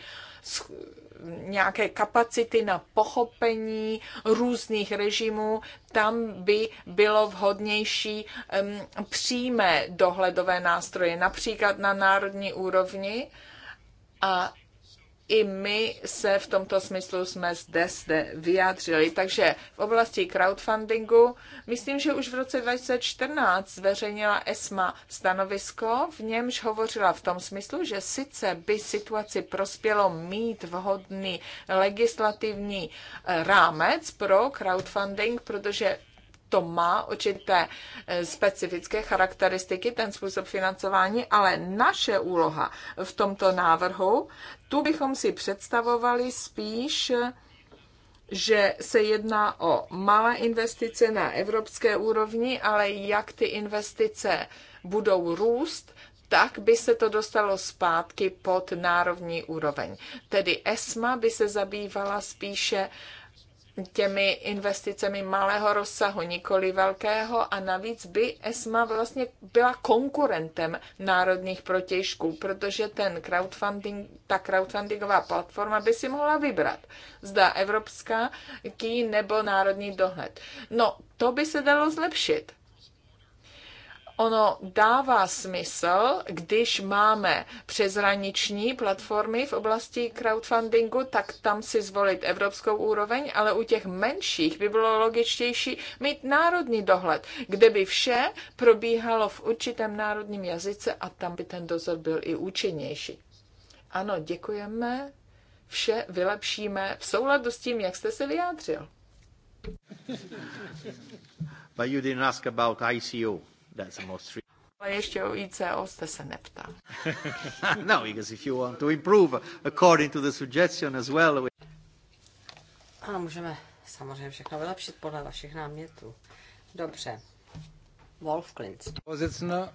nějaké kapacity na pochopení různých režimů, tam by bylo vhodnější um, přímé dohledové nástroje, například na národní úrovni a i my se v tomto smyslu jsme zde, zde vyjádřili. Takže v oblasti crowdfundingu, myslím, že už v roce 2014 zveřejnila ESMA stanovisko, v němž hovořila v tom smyslu, že sice by situaci prospělo mít vhodný legislativní eh, rámec pro crowdfunding, protože to má určité eh, specifické charakteristiky, ten způsob financování, ale naše úloha v tomto návrhu, tu bychom si představovali spíš, že se jedná o malé investice na evropské úrovni, ale jak ty investice budou růst, tak by se to dostalo zpátky pod národní úroveň. Tedy ESMA by se zabývala spíše uh, těmi investicemi malého rozsahu, nikoli velkého a navíc by ESMA vlastně byla konkurentem národních protěžků, protože ten crowdfunding, ta crowdfundingová platforma by si mohla vybrat, zda evropská, ký nebo národní dohled. No, to by se dalo zlepšit ono dává smysl, když máme přezraniční platformy v oblasti crowdfundingu, tak tam si zvolit evropskou úroveň, ale u těch menších by bylo logičtější mít národní dohled, kde by vše probíhalo v určitém národním jazyce a tam by ten dozor byl i účinnější. Ano, děkujeme. Vše vylepšíme v souladu s tím, jak jste se vyjádřil. But you didn't ask about ICO. That's the most three. A ještě o ICO jste se neptal. no, because if you want to improve according to the suggestion as well. We... Ano, můžeme samozřejmě všechno vylepšit podle vašich námětů. Dobře. Wolf Klintz. Pozicno.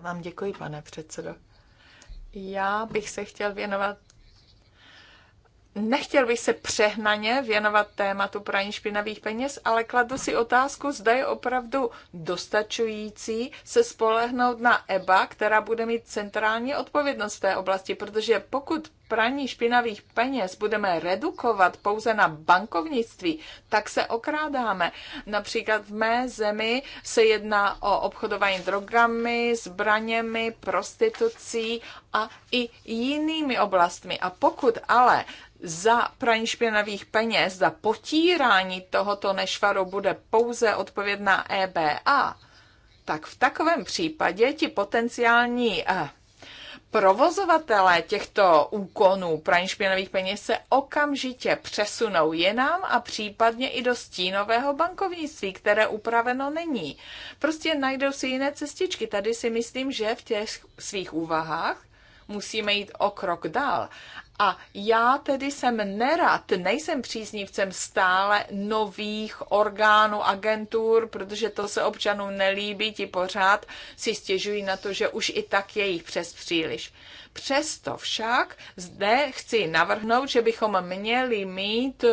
Vám děkuji, pane předsedo. Já bych se chtěl věnovat Nechtěl bych se přehnaně věnovat tématu praní špinavých peněz, ale kladu si otázku, zda je opravdu dostačující se spolehnout na EBA, která bude mít centrální odpovědnost v té oblasti, protože pokud praní špinavých peněz budeme redukovat pouze na bankovnictví, tak se okrádáme. Například v mé zemi se jedná o obchodování drogami, zbraněmi, prostitucí a i jinými oblastmi. A pokud ale za praní špinavých peněz, za potírání tohoto nešvaru bude pouze odpovědná EBA, tak v takovém případě ti potenciální eh, provozovatelé těchto úkonů praní špinavých peněz se okamžitě přesunou jinam a případně i do stínového bankovnictví, které upraveno není. Prostě najdou si jiné cestičky. Tady si myslím, že v těch svých úvahách musíme jít o krok dál. A já tedy jsem nerad, nejsem příznivcem stále nových orgánů, agentur, protože to se občanům nelíbí, ti pořád si stěžují na to, že už i tak je jich přes příliš. Přesto však zde chci navrhnout, že bychom měli mít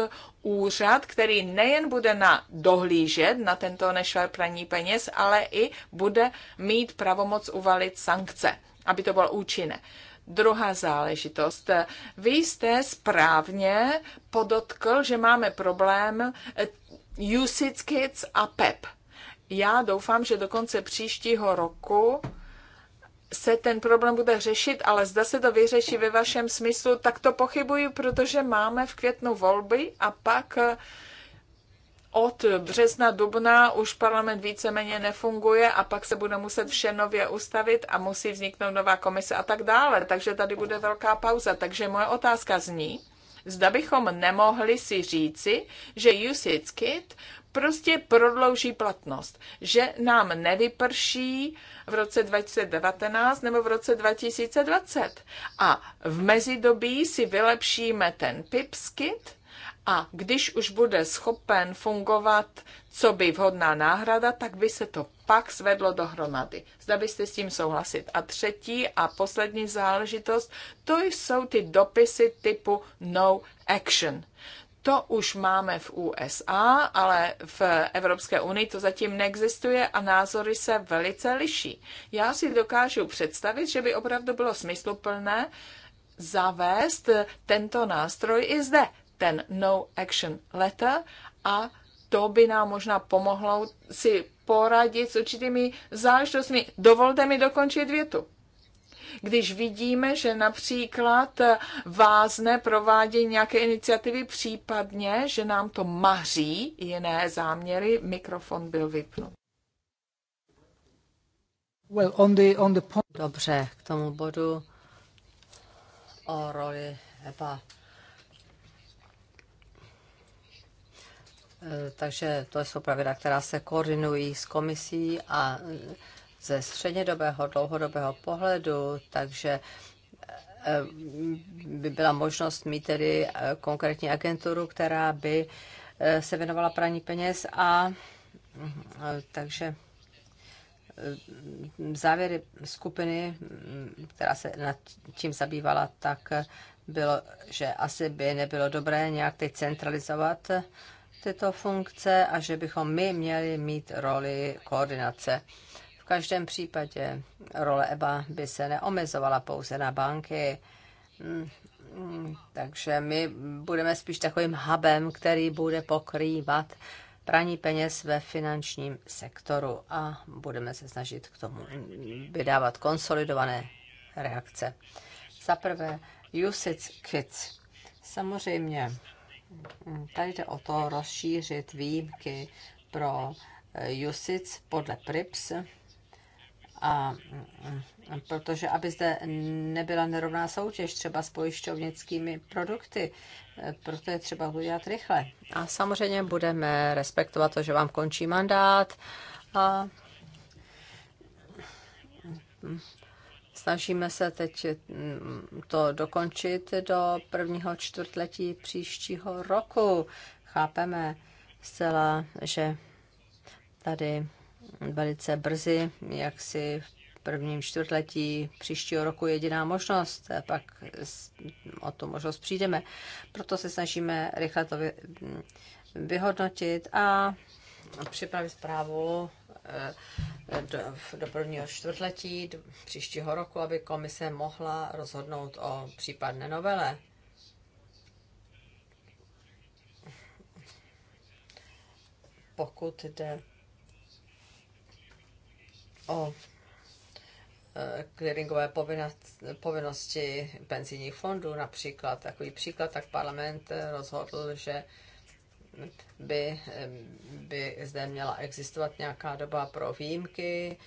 úřad, který nejen bude na dohlížet na tento nešvar peněz, ale i bude mít pravomoc uvalit sankce, aby to bylo účinné. Druhá záležitost. Vy jste správně podotkl, že máme problém eh, Usage Kids a PEP. E Já doufám, že do konce příštího roku se ten problém bude řešit, ale zda se to vyřeší ve vašem smyslu, tak to pochybuji, protože máme v květnu volby a pak eh, od března, dubna už parlament víceméně nefunguje a pak se bude muset vše nově ustavit a musí vzniknout nová komise a tak dále. Takže tady bude velká pauza. Takže moje otázka zní, zda bychom nemohli si říci, že usage kit prostě prodlouží platnost, že nám nevyprší v roce 2019 nebo v roce 2020. A v mezidobí si vylepšíme ten PIPS kit, a když už bude schopen fungovat co by vhodná náhrada, tak by se to pak svedlo dohromady. Zda byste s tím souhlasit. A třetí a poslední záležitost, to jsou ty dopisy typu no action. To už máme v USA, ale v Evropské unii to zatím neexistuje a názory se velice liší. Já si dokážu představit, že by opravdu bylo smysluplné zavést tento nástroj i zde ten no action letter a to by nám možná pomohlo si poradit s určitými záležitostmi. Dovolte mi dokončit větu. Když vidíme, že například vázne provádění nějaké iniciativy, případně, že nám to maří jiné záměry, mikrofon byl vypnut. Well, on the, on the point... Dobře, k tomu bodu o roli EPA Eh, takže to jsou pravidla, která se koordinují s komisí a eh, ze střednědobého, dlouhodobého pohledu, takže eh, by byla možnost mít tedy konkrétní agenturu, která by se věnovala praní peněz a takže závěry skupiny, mm, která se nad tím zabývala, tak bylo, že asi by nebylo dobré nějak teď centralizovat tyto funkce a že bychom my měli mít roli koordinace. V každém případě role EBA by se neomezovala pouze na banky, mm, mm, takže my budeme spíš takovým hubem, který bude pokrývat praní peněz ve finančním sektoru a budeme se snažit k tomu vydávat konsolidované reakce. Za prvé, usage kits. Samozřejmě Tady jde o to rozšířit výjimky pro Jusic eh, podle PRIPS, a mm, protože aby zde nebyla nerovná soutěž třeba s pojišťovnickými produkty, eh, proto je třeba to dělat rychle. A samozřejmě budeme respektovat to, že vám končí mandát a mm, Snažíme se teď mm, to dokončit do prvního čtvrtletí příštího roku. Chápeme zcela, že tady velice brzy, jak si v prvním čtvrtletí příštího roku jediná možnost, a pak o tu možnost přijdeme. Proto se snažíme rychle to mm, vyhodnotit a připravit zprávu do, do prvního čtvrtletí do příštího roku, aby komise mohla rozhodnout o případné novele. Pokud jde o e, clearingové povinnosti penzijních fondů například. Takový příklad, tak parlament rozhodl, že by, eh, by zde měla existovat nějaká doba pro výjimky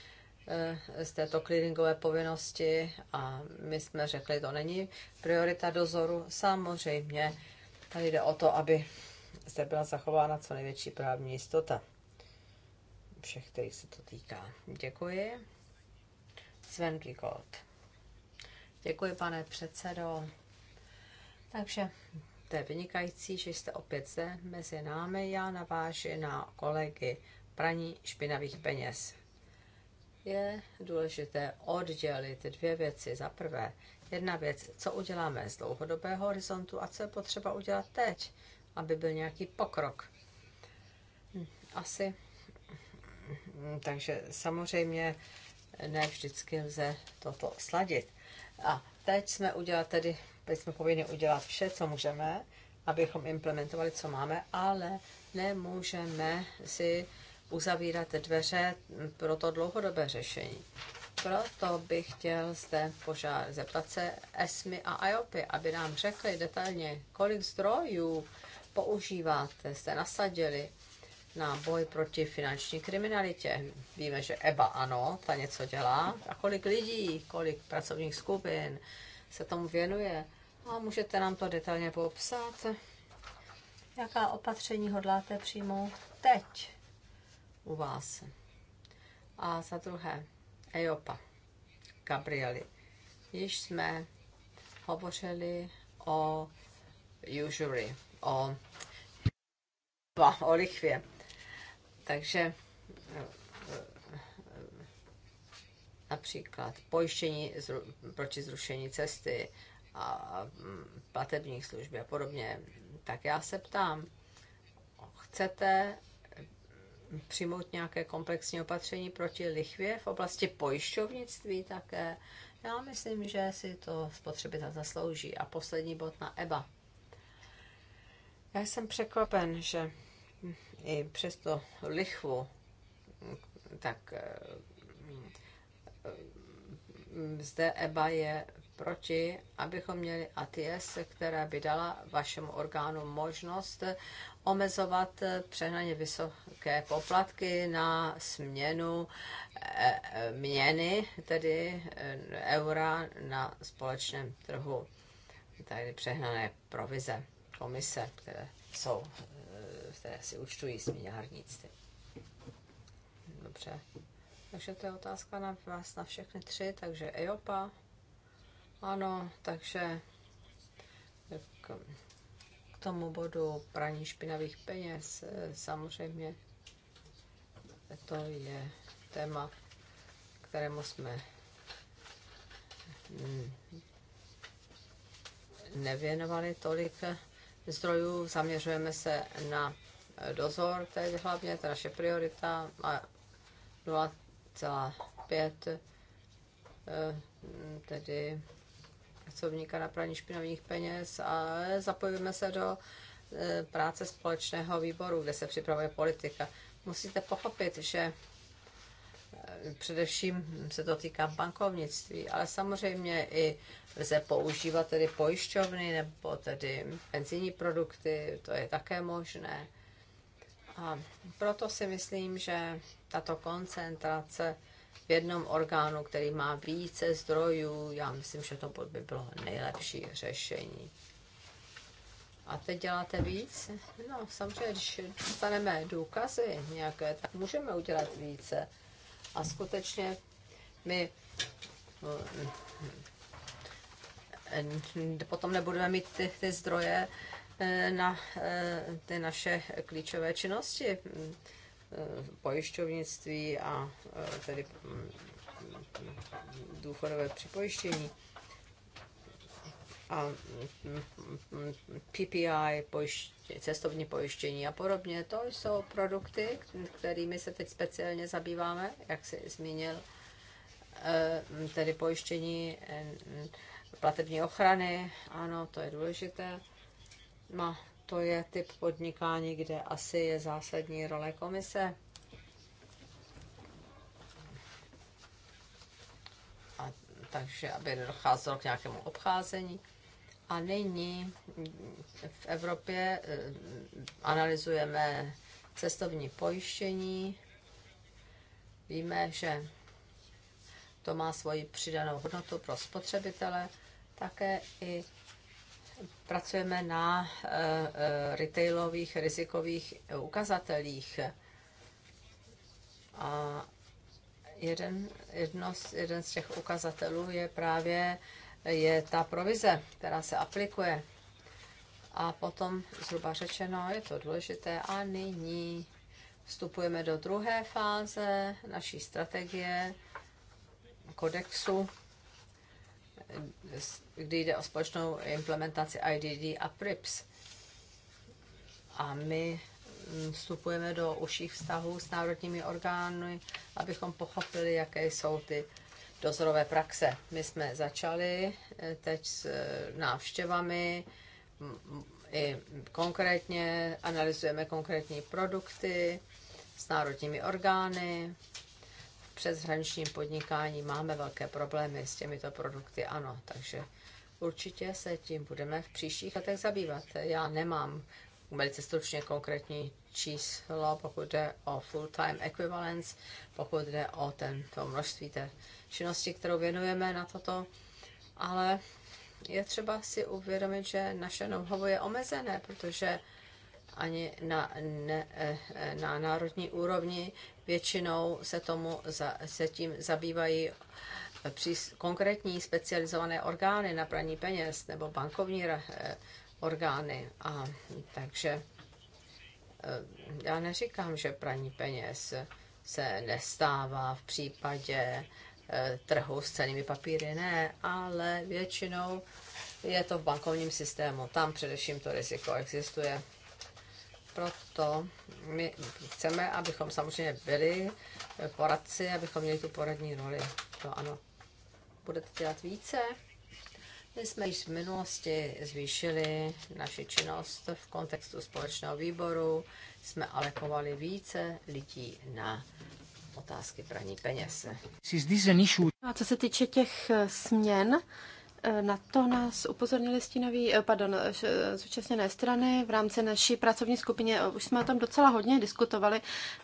eh, z této clearingové povinnosti a my jsme řekli, to není priorita dozoru. Samozřejmě tady jde o to, aby zde byla zachována co největší právní jistota všech, kterých se to týká. Děkuji. Sven Kikot. Děkuji, pane předsedo. Takže to je vynikající, že jste opět zde mezi námi. Já navážu na kolegy praní špinavých peněz. Je důležité oddělit dvě věci. Za prvé, jedna věc, co uděláme z dlouhodobého horizontu a co je potřeba udělat teď, aby byl nějaký pokrok. Asi. Takže samozřejmě ne vždycky lze toto sladit. A teď jsme udělali tedy Teď jsme povinni udělat vše, co můžeme, abychom implementovali, co máme, ale nemůžeme si uzavírat dveře pro to dlouhodobé řešení. Proto bych chtěl zde požád, zeptat se ESMI a IOPy, aby nám řekli detailně, kolik zdrojů používáte, jste nasadili na boj proti finanční kriminalitě. Víme, že EBA ano, ta něco dělá. A kolik lidí, kolik pracovních skupin, se tomu věnuje. A můžete nám to detailně popsat? Jaká opatření hodláte přijmout teď u vás? A za druhé, ejopa, Gabrieli. Již jsme hovořili o usury, o, o lichvě. Takže například pojištění zru, proti zrušení cesty a platebních služby a podobně. Tak já se ptám, chcete přijmout nějaké komplexní opatření proti lichvě v oblasti pojišťovnictví také? Já myslím, že si to spotřebitel zaslouží. A poslední bod na EBA. Já jsem překvapen, že i přes to lichvu, tak zde EBA je proti, abychom měli ATS, která by dala vašemu orgánu možnost omezovat eh, přehnaně vysoké poplatky na směnu eh, eh, měny, tedy eura na společném trhu, tedy přehnané provize komise, které jsou, které si účtují směnárníci. Dobře. Takže to je otázka na vás na všechny tři, takže EOPA. Ano, takže k, k tomu bodu praní špinavých peněz e, samozřejmě to je téma, kterému jsme mm, nevěnovali tolik zdrojů. Zaměřujeme se na dozor teď hlavně, to je naše priorita a 1,5 eh, tedy pracovníka na praní špinavých peněz a zapojíme se do eh, práce společného výboru, kde se připravuje politika. Musíte pochopit, že eh, především se to týká bankovnictví, ale samozřejmě i lze používat tedy pojišťovny nebo tedy penzijní produkty, to je také možné. A proto si myslím, že tato koncentrace v jednom orgánu, který má více zdrojů, já myslím, že to by bylo nejlepší řešení. A teď děláte víc? No, samozřejmě, když dostaneme důkazy nějaké, tak můžeme udělat více. A skutečně my mm, mm, potom nebudeme mít ty, ty zdroje eh, na eh, ty naše klíčové činnosti Eh, pojišťovnictví a eh, tedy mm, důchodové připojištění a mm, PPI, pojiště, cestovní pojištění a podobně. To jsou produkty, kterými se teď speciálně zabýváme, jak si zmínil, eh, tedy pojištění platební ochrany, ano, to je důležité. Má no, to je typ podnikání, kde asi je zásadní role komise. A, takže aby docházelo k nějakému obcházení. A nyní v Evropě eh, analyzujeme cestovní pojištění. Víme, že to má svoji přidanou hodnotu pro spotřebitele, také i pracujeme na eh, eh, retailových rizikových ukazatelích. A jeden, jedno, jeden z těch ukazatelů je právě je ta provize, která se aplikuje. A potom, zhruba řečeno, je to důležité. A nyní vstupujeme do druhé fáze naší strategie kodexu kdy jde o společnou implementaci IDD a PRIPS. A my mm, vstupujeme do užších vztahů s národními orgány, abychom pochopili, jaké jsou ty dozorové praxe. My jsme začali eh, teď s eh, návštěvami, mm, i konkrétně analyzujeme konkrétní produkty s národními orgány přeshraničním podnikání máme velké problémy s těmito produkty, ano, takže určitě se tím budeme v příštích letech zabývat. Já nemám velice stručně konkrétní číslo, pokud jde o full-time equivalence, pokud jde o ten, to množství té činnosti, kterou věnujeme na toto, ale je třeba si uvědomit, že naše know je omezené, protože ani na, ne, na národní úrovni Většinou se, tomu, za, se tím zabývají eh, při konkrétní specializované orgány na praní peněz nebo bankovní eh, orgány. A takže eh, já neříkám, že praní peněz se nestává v případě trhu s cenými papíry, ne, ale většinou je to v bankovním systému. Tam především to riziko existuje proto my chceme, abychom samozřejmě byli poradci, abychom měli tu poradní roli. To ano. Budete dělat více? My jsme již v minulosti zvýšili naši činnost v kontextu společného výboru, jsme alekovali více lidí na otázky praní peněz. A co se týče těch směn, Eh, na to nás upozornili stínoví, eh, pardon, eh, zúčastněné strany v rámci naší pracovní skupině. Už jsme o tom docela hodně diskutovali,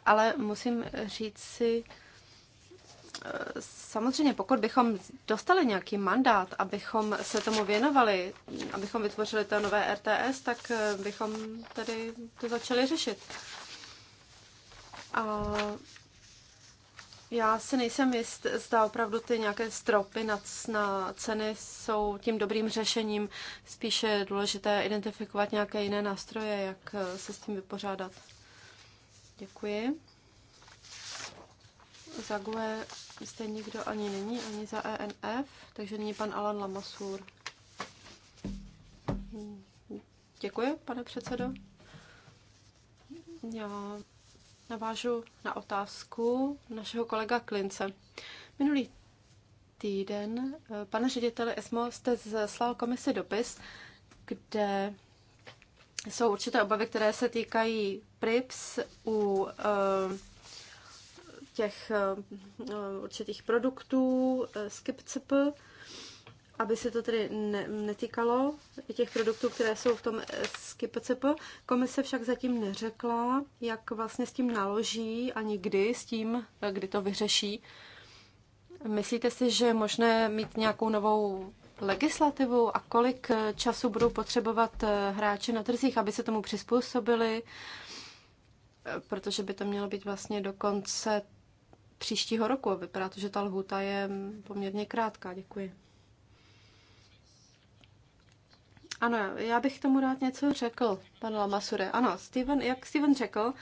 ale musím říct si, samozřejmě pokud bychom dostali nějaký mandát, abychom se tomu věnovali, abychom vytvořili to nové RTS, tak bychom tady to začali řešit. A já si nejsem jist, zda opravdu ty nějaké stropy na, na ceny jsou tím dobrým řešením. Spíše je důležité identifikovat nějaké jiné nástroje, jak eh, se s tím vypořádat. Děkuji. Za GUE jste nikdo ani není, ani za ENF, takže není pan Alan Lamasur. Děkuji, pane předsedo. Já navážu na otázku našeho kolega Klince. Minulý týden, eh, pane řediteli ESMO, jste zeslal komisi dopis, kde jsou určité obavy, které se týkají PRIPS u eh, těch eh, určitých produktů z KIPCP aby se to tedy ne, netýkalo těch produktů, které jsou v tom SKPCP. Komise však zatím neřekla, jak vlastně s tím naloží a nikdy s tím, kdy to vyřeší. Myslíte si, že je možné mít nějakou novou legislativu a kolik času budou potřebovat eh, hráči na trzích, aby se tomu přizpůsobili, protože by to mělo být vlastně do konce příštího roku. Vypadá to, že ta lhůta je poměrně krátká. Děkuji. Ano, já bych tomu rád něco řekl, pan Lamasure. Ano, Steven, jak Steven řekl,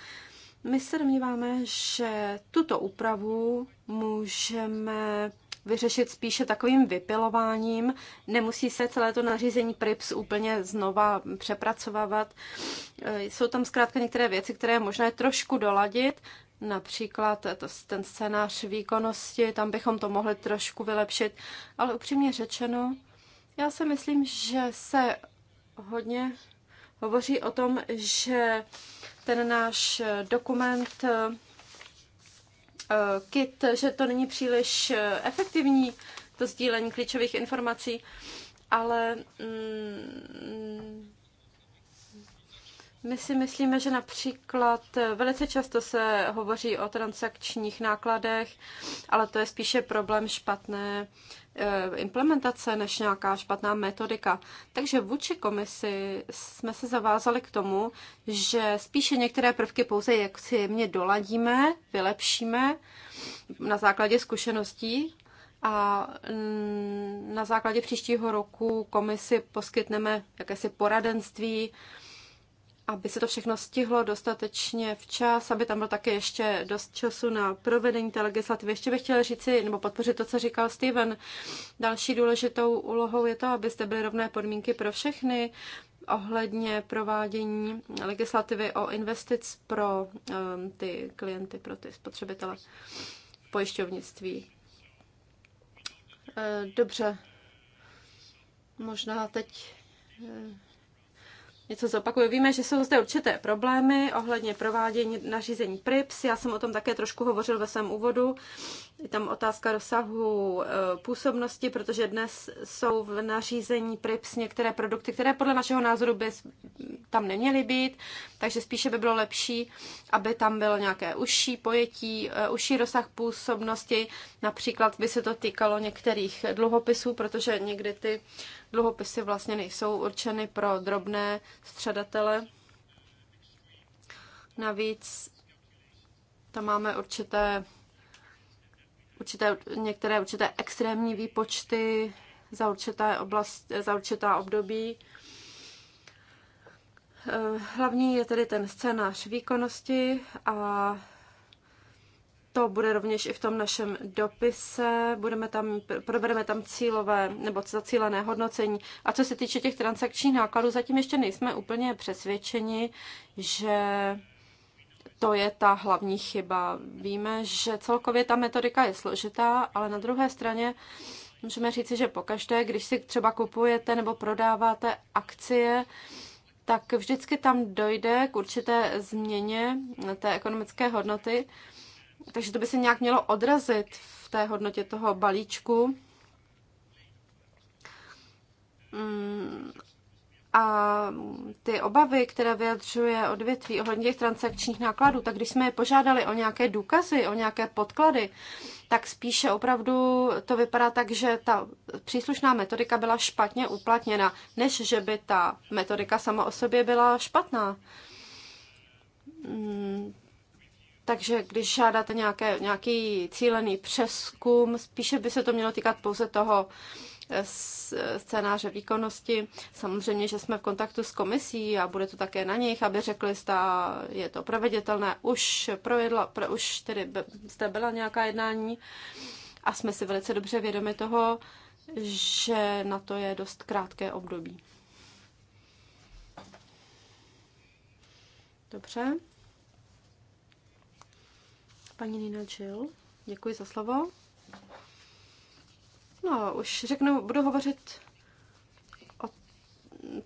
my se domníváme, že tuto úpravu můžeme vyřešit spíše takovým vypilováním. Nemusí se celé to nařízení PRIPS úplně znova přepracovávat. E, jsou tam zkrátka některé věci, které je možné trošku doladit, Například ten scénář výkonnosti, tam bychom to mohli trošku vylepšit, ale upřímně řečeno, já si myslím, že se hodně hovoří o tom, že ten náš dokument eh, KIT, že to není příliš eh, efektivní, to sdílení klíčových informací, ale mm, my si myslíme, že například eh, velice často se hovoří o transakčních nákladech, ale to je spíše problém špatné eh, implementace než nějaká špatná metodika. Takže vůči komisi jsme se zavázali k tomu, že spíše některé prvky pouze jak si jemně doladíme, vylepšíme na základě zkušeností a mm, na základě příštího roku komisi poskytneme jakési poradenství, aby se to všechno stihlo dostatečně včas, aby tam bylo také ještě dost času na provedení té legislativy. Ještě bych chtěla říci, nebo podpořit to, co říkal Steven. Další důležitou úlohou je to, abyste byly rovné podmínky pro všechny ohledně provádění legislativy o investic pro um, ty klienty, pro ty spotřebitele pojišťovnictví. E, dobře, možná teď e, něco zopakuju. Víme, že jsou zde určité problémy ohledně provádění nařízení PRIPS. Já jsem o tom také trošku hovořil ve svém úvodu. Je tam otázka rozsahu eh, působnosti, protože dnes jsou v nařízení PRIPS některé produkty, které podle našeho názoru by tam neměly být, takže spíše by bylo lepší, aby tam bylo nějaké užší pojetí, eh, užší rozsah působnosti. Například by se to týkalo některých dluhopisů, protože někdy ty Dluhopisy vlastně nejsou určeny pro drobné středatele. Navíc tam máme určité, určité některé určité extrémní výpočty za, určité oblast, za určitá období. Eh, hlavní je tedy ten scénář výkonnosti a to bude rovněž i v tom našem dopise, budeme tam, probereme tam cílové nebo zacílené hodnocení. A co se týče těch transakčních nákladů, zatím ještě nejsme úplně přesvědčeni, že to je ta hlavní chyba. Víme, že celkově ta metodika je složitá, ale na druhé straně můžeme říci, že pokaždé, když si třeba kupujete nebo prodáváte akcie, tak vždycky tam dojde k určité změně té ekonomické hodnoty. Takže to by se nějak mělo odrazit v té hodnotě toho balíčku. Mm, a ty obavy, které vyjadřuje odvětví ohledně těch transakčních nákladů, tak když jsme je požádali o nějaké důkazy, o nějaké podklady, tak spíše opravdu to vypadá tak, že ta příslušná metodika byla špatně uplatněna, než že by ta metodika sama o sobě byla špatná mm, takže když žádáte nějaké, nějaký cílený přeskum, spíše by se to mělo týkat pouze toho eh, eh, scénáře výkonnosti. Samozřejmě, že jsme v kontaktu s komisí a bude to také na nich, aby řekli, zda je to proveditelné. Už, provedla, pro, už tedy zde byla nějaká jednání a jsme si velice dobře vědomi toho, že na to je dost krátké období. Dobře. Paní Nina Jill, děkuji za slovo. No, už řeknu, budu hovořit o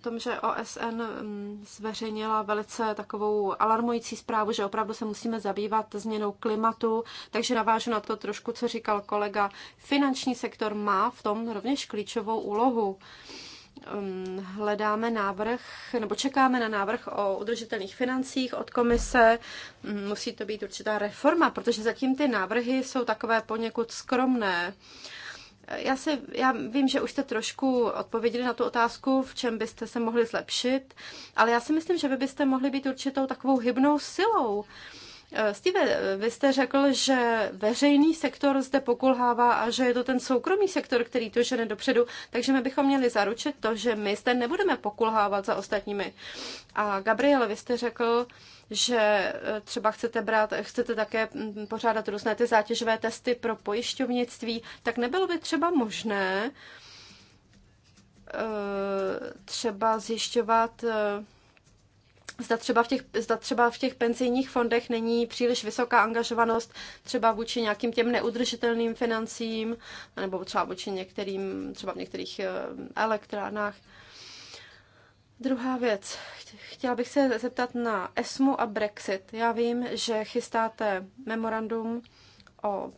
tom, že OSN mm, zveřejnila velice takovou alarmující zprávu, že opravdu se musíme zabývat změnou klimatu, takže navážu na to trošku, co říkal kolega. Finanční sektor má v tom rovněž klíčovou úlohu. Um, hledáme návrh, nebo čekáme na návrh o udržitelných financích od komise. Musí to být určitá reforma, protože zatím ty návrhy jsou takové poněkud skromné. Já, si, já vím, že už jste trošku odpověděli na tu otázku, v čem byste se mohli zlepšit, ale já si myslím, že vy byste mohli být určitou takovou hybnou silou. Eh, Steve, eh, vy jste řekl, že veřejný sektor zde pokulhává a že je to ten soukromý sektor, který to žene dopředu, takže my bychom měli zaručit to, že my zde nebudeme pokulhávat za ostatními. A Gabriel, vy jste řekl, že eh, třeba chcete brát, chcete také mm, pořádat různé ty zátěžové testy pro pojišťovnictví, tak nebylo by třeba možné třeba zjišťovat Zda třeba, v těch, zda třeba v těch penzijních fondech není příliš vysoká angažovanost třeba vůči nějakým těm neudržitelným financím, nebo třeba vůči některým, třeba v některých eh, elektrárnách. Druhá věc. Chtěla bych se zeptat na ESMu a Brexit. Já vím, že chystáte memorandum o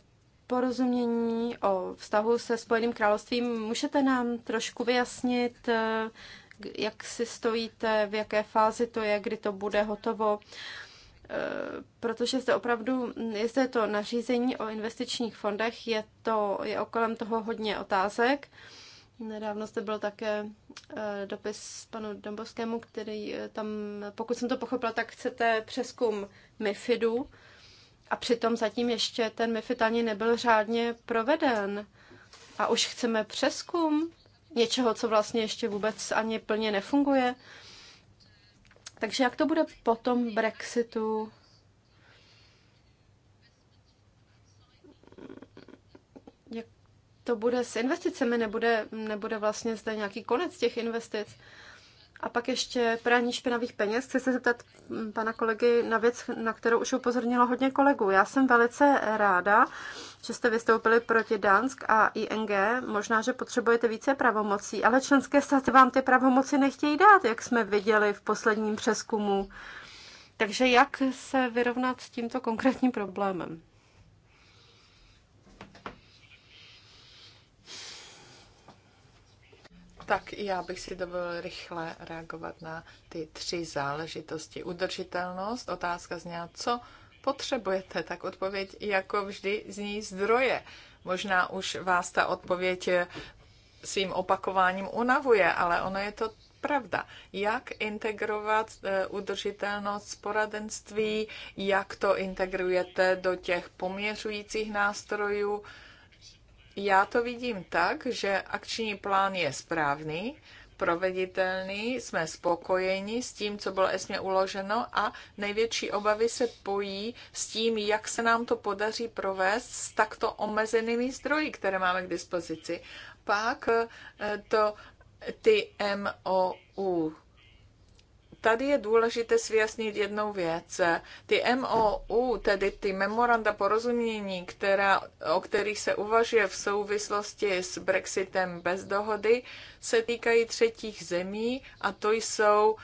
porozumění, o vztahu se Spojeným královstvím. Můžete nám trošku vyjasnit, eh, jak si stojíte, v jaké fázi to je, kdy to bude hotovo e, protože zde opravdu je zde to nařízení o investičních fondech, je, to, je okolem toho hodně otázek. Nedávno zde byl také e, dopis panu Dombovskému, který e, tam, pokud jsem to pochopila, tak chcete přeskum MIFIDu a přitom zatím ještě ten MIFID ani nebyl řádně proveden. A už chceme přeskum, něčeho, co vlastně ještě vůbec ani plně nefunguje. Takže jak to bude potom Brexitu? Jak to bude s investicemi? Nebude, nebude vlastně zde nějaký konec těch investic? A pak ještě praní špinavých peněz. Chci se zeptat mm, pana kolegy na věc, na kterou už upozornilo hodně kolegů. Já jsem velice ráda, že jste vystoupili proti Dansk a ING. Možná, že potřebujete více pravomocí, ale členské státy vám ty pravomoci nechtějí dát, jak jsme viděli v posledním přeskumu. Takže jak se vyrovnat s tímto konkrétním problémem? Tak já bych si dovolil rychle reagovat na ty tři záležitosti. Udržitelnost, otázka zněla, co potřebujete, tak odpověď jako vždy zní zdroje. Možná už vás ta odpověď svým opakováním unavuje, ale ono je to pravda. Jak integrovat eh, udržitelnost z poradenství, jak to integrujete do těch poměřujících nástrojů, já to vidím tak, že akční plán je správný, proveditelný, jsme spokojeni s tím, co bylo ESMě uloženo a největší obavy se pojí s tím, jak se nám to podaří provést s takto omezenými zdroji, které máme k dispozici. Pak eh, to ty MOU, Tady je důležité si vyjasnit jednou věc. Ty MOU, tedy ty memoranda porozumění, která, o kterých se uvažuje v souvislosti s Brexitem bez dohody, se týkají třetích zemí a to jsou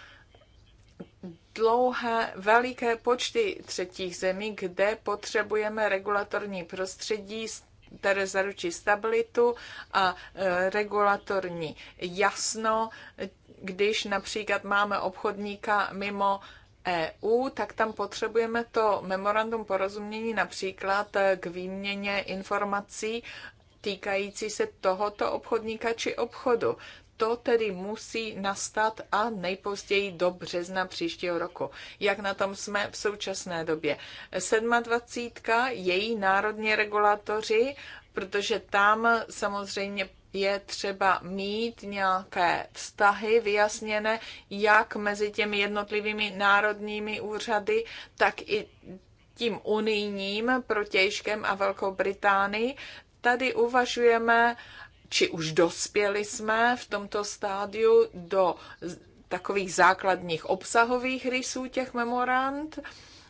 dlouhé, veliké počty třetích zemí, kde potřebujeme regulatorní prostředí s které zaručí stabilitu a e, regulatorní jasno. Když například máme obchodníka mimo EU, tak tam potřebujeme to memorandum porozumění například e, k výměně informací týkající se tohoto obchodníka či obchodu to tedy musí nastat a nejpozději do března příštího roku. Jak na tom jsme v současné době? 27. její národní regulatoři, protože tam samozřejmě je třeba mít nějaké vztahy vyjasněné, jak mezi těmi jednotlivými národními úřady, tak i tím unijním protějškem a Velkou Británii. Tady uvažujeme či už dospěli jsme v tomto stádiu do takových základních obsahových rysů těch memorand.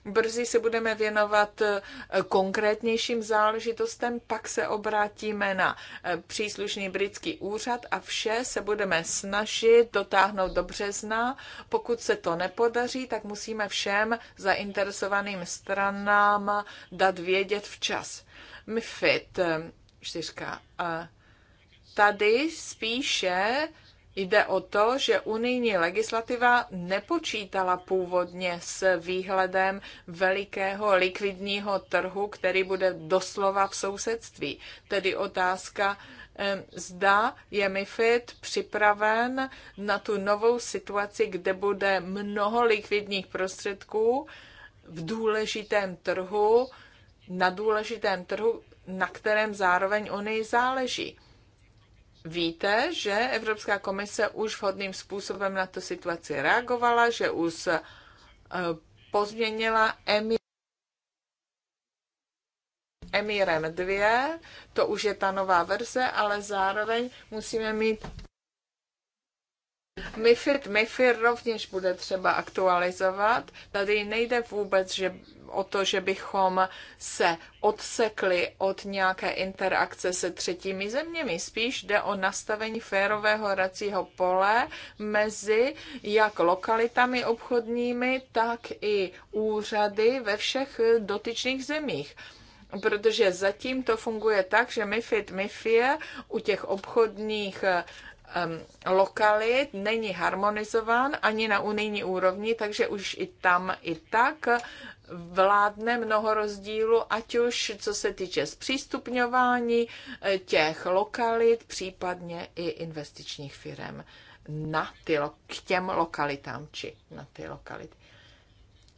Brzy se budeme věnovat e, konkrétnějším záležitostem, pak se obrátíme na e, příslušný britský úřad a vše se budeme snažit dotáhnout do března. Pokud se to nepodaří, tak musíme všem zainteresovaným stranám dát vědět včas. MFIT, e, čtyřka, Tady spíše jde o to, že unijní legislativa nepočítala původně s výhledem velikého likvidního trhu, který bude doslova v sousedství. Tedy otázka, zda je MIFID připraven na tu novou situaci, kde bude mnoho likvidních prostředků v důležitém trhu, na důležitém trhu, na kterém zároveň Unii záleží. Víte, že Evropská komise už vhodným způsobem na tu situaci reagovala, že už eh, pozměnila EMI Emirem 2, to už je ta nová verze, ale zároveň musíme mít MIFID, MIFIR rovněž bude třeba aktualizovat. Tady nejde vůbec že o to, že bychom se odsekli od nějaké interakce se třetími zeměmi. Spíš jde o nastavení férového racího pole mezi jak lokalitami obchodními, tak i úřady ve všech dotyčných zemích protože zatím to funguje tak, že MIFID, MIFIE u těch obchodních um, lokalit není harmonizován ani na unijní úrovni, takže už i tam, i tak vládne mnoho rozdílu, ať už co se týče zpřístupňování eh, těch lokalit, případně i investičních firm na ty, k těm lokalitám či na ty lokality.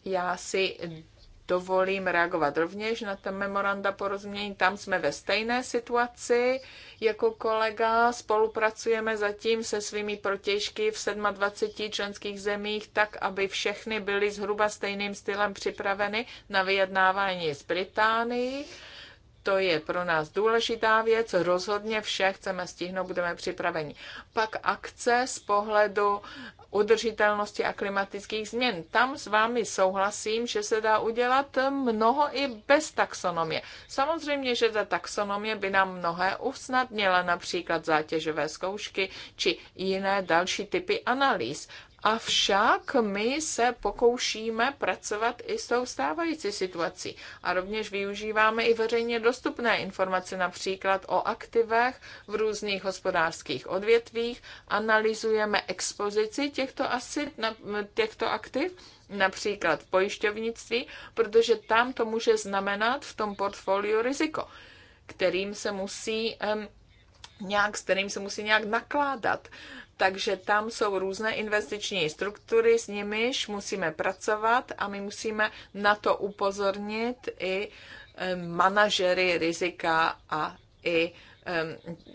Já si dovolím reagovat rovněž na ten memoranda porozumění. Tam jsme ve stejné situaci jako kolega. Spolupracujeme zatím se svými protěžky v 27 členských zemích, tak aby všechny byly zhruba stejným stylem připraveny na vyjednávání s Británií to je pro nás důležitá věc, rozhodně vše chceme stihnout, budeme připraveni. Pak akce z pohledu udržitelnosti a klimatických změn. Tam s vámi souhlasím, že se dá udělat mnoho i bez taxonomie. Samozřejmě, že ta taxonomie by nám mnohé usnadnila, například zátěžové zkoušky či jiné další typy analýz. Avšak my se pokoušíme pracovat i s tou stávající situací a rovněž využíváme i veřejně dostupné informace, například o aktivech v různých hospodářských odvětvích, analyzujeme expozici těchto, asit, těchto aktiv, například v pojišťovnictví, protože tam to může znamenat v tom portfoliu riziko, kterým se musí um, nějak, s kterým se musí nějak nakládat. Uh, takže tam jsou různé investiční struktury, s nimiž musíme pracovat a my musíme na to upozornit i manažery rizika a i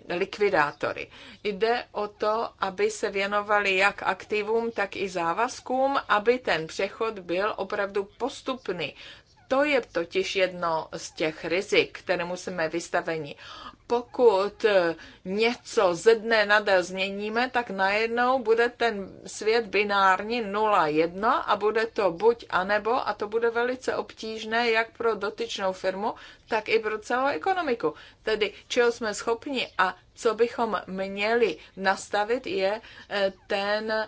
likvidátory. Jde o to, aby se věnovali jak aktivům, tak i závazkům, aby ten přechod byl opravdu postupný. To je totiž jedno z těch rizik, kterému jsme vystaveni pokud eh, něco ze dne na den změníme, tak najednou bude ten svět binární 0-1 a bude to buď a nebo a to bude velice obtížné jak pro dotyčnou firmu, tak i pro celou ekonomiku. Tedy čeho jsme schopni a co bychom měli nastavit je eh, ten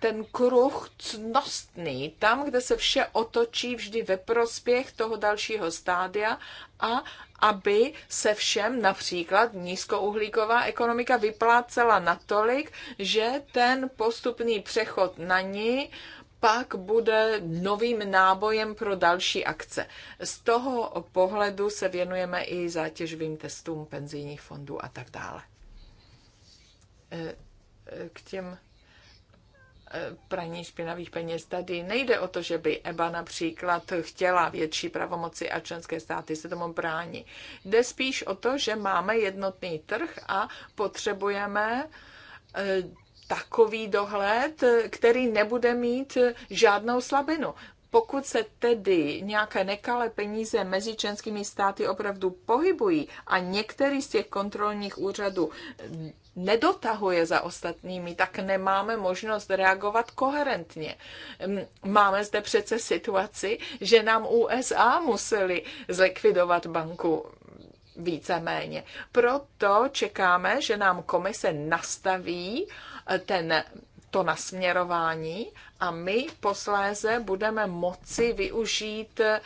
ten kruh cnostný, tam, kde se vše otočí vždy ve prospěch toho dalšího stádia a aby se všem například nízkouhlíková ekonomika vyplácela natolik, že ten postupný přechod na ní pak bude novým nábojem pro další akce. Z toho pohledu se věnujeme i zátěžovým testům penzijních fondů a tak dále. E, e, k těm Eh, praní špinavých peněz. Tady nejde o to, že by EBA například chtěla větší pravomoci a členské státy se tomu brání. Jde spíš o to, že máme jednotný trh a potřebujeme eh, takový dohled, který nebude mít žádnou slabinu. Pokud se tedy nějaké nekalé peníze mezi členskými státy opravdu pohybují a některý z těch kontrolních úřadů nedotahuje za ostatními, tak nemáme možnost reagovat koherentně. Hm, máme zde přece situaci, že nám USA museli zlikvidovat banku víceméně. Proto čekáme, že nám komise nastaví eh, ten to nasměrování a my posléze budeme moci využít eh,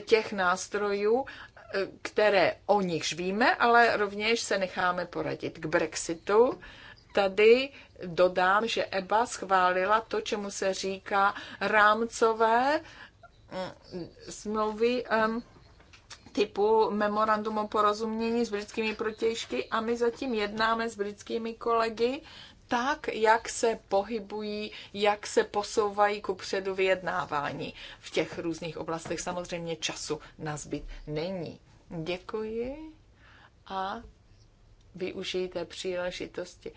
těch nástrojů které o nichž víme, ale rovněž se necháme poradit k Brexitu. Tady dodám, že EBA schválila to, čemu se říká rámcové mm, smlouvy typu memorandum o porozumění s britskými protějšky a my zatím jednáme s britskými kolegy tak, jak se pohybují, jak se posouvají ku předu vyjednávání v těch různých oblastech. Samozřejmě času na zbyt není. Děkuji a využijte příležitosti,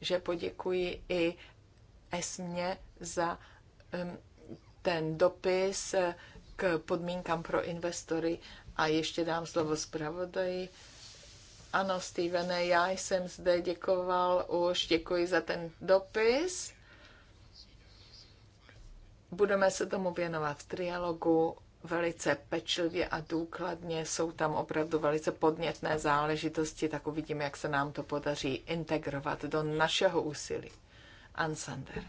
že poděkuji i Esmě za ten dopis k podmínkám pro investory a ještě dám slovo zpravodaji ano, Stevene, já jsem zde děkoval už, děkuji za ten dopis. Budeme se tomu věnovat v trialogu velice pečlivě a důkladně. Jsou tam opravdu velice podnětné záležitosti, tak uvidíme, jak se nám to podaří integrovat do našeho úsilí. Ansander.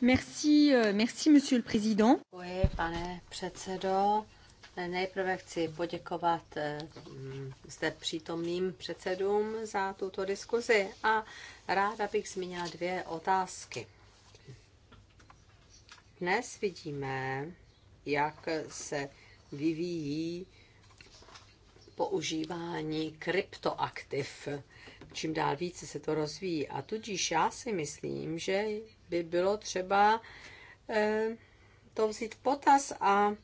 Merci, euh, merci, monsieur le président. Děkuji, pane předsedo. Nejprve chci poděkovat eh, zde přítomným předsedům za tuto diskuzi a ráda bych zmínila dvě otázky. Dnes vidíme, jak se vyvíjí používání kryptoaktiv. Čím dál více se to rozvíjí. A tudíž já si myslím, že by bylo třeba eh, to vzít v potaz a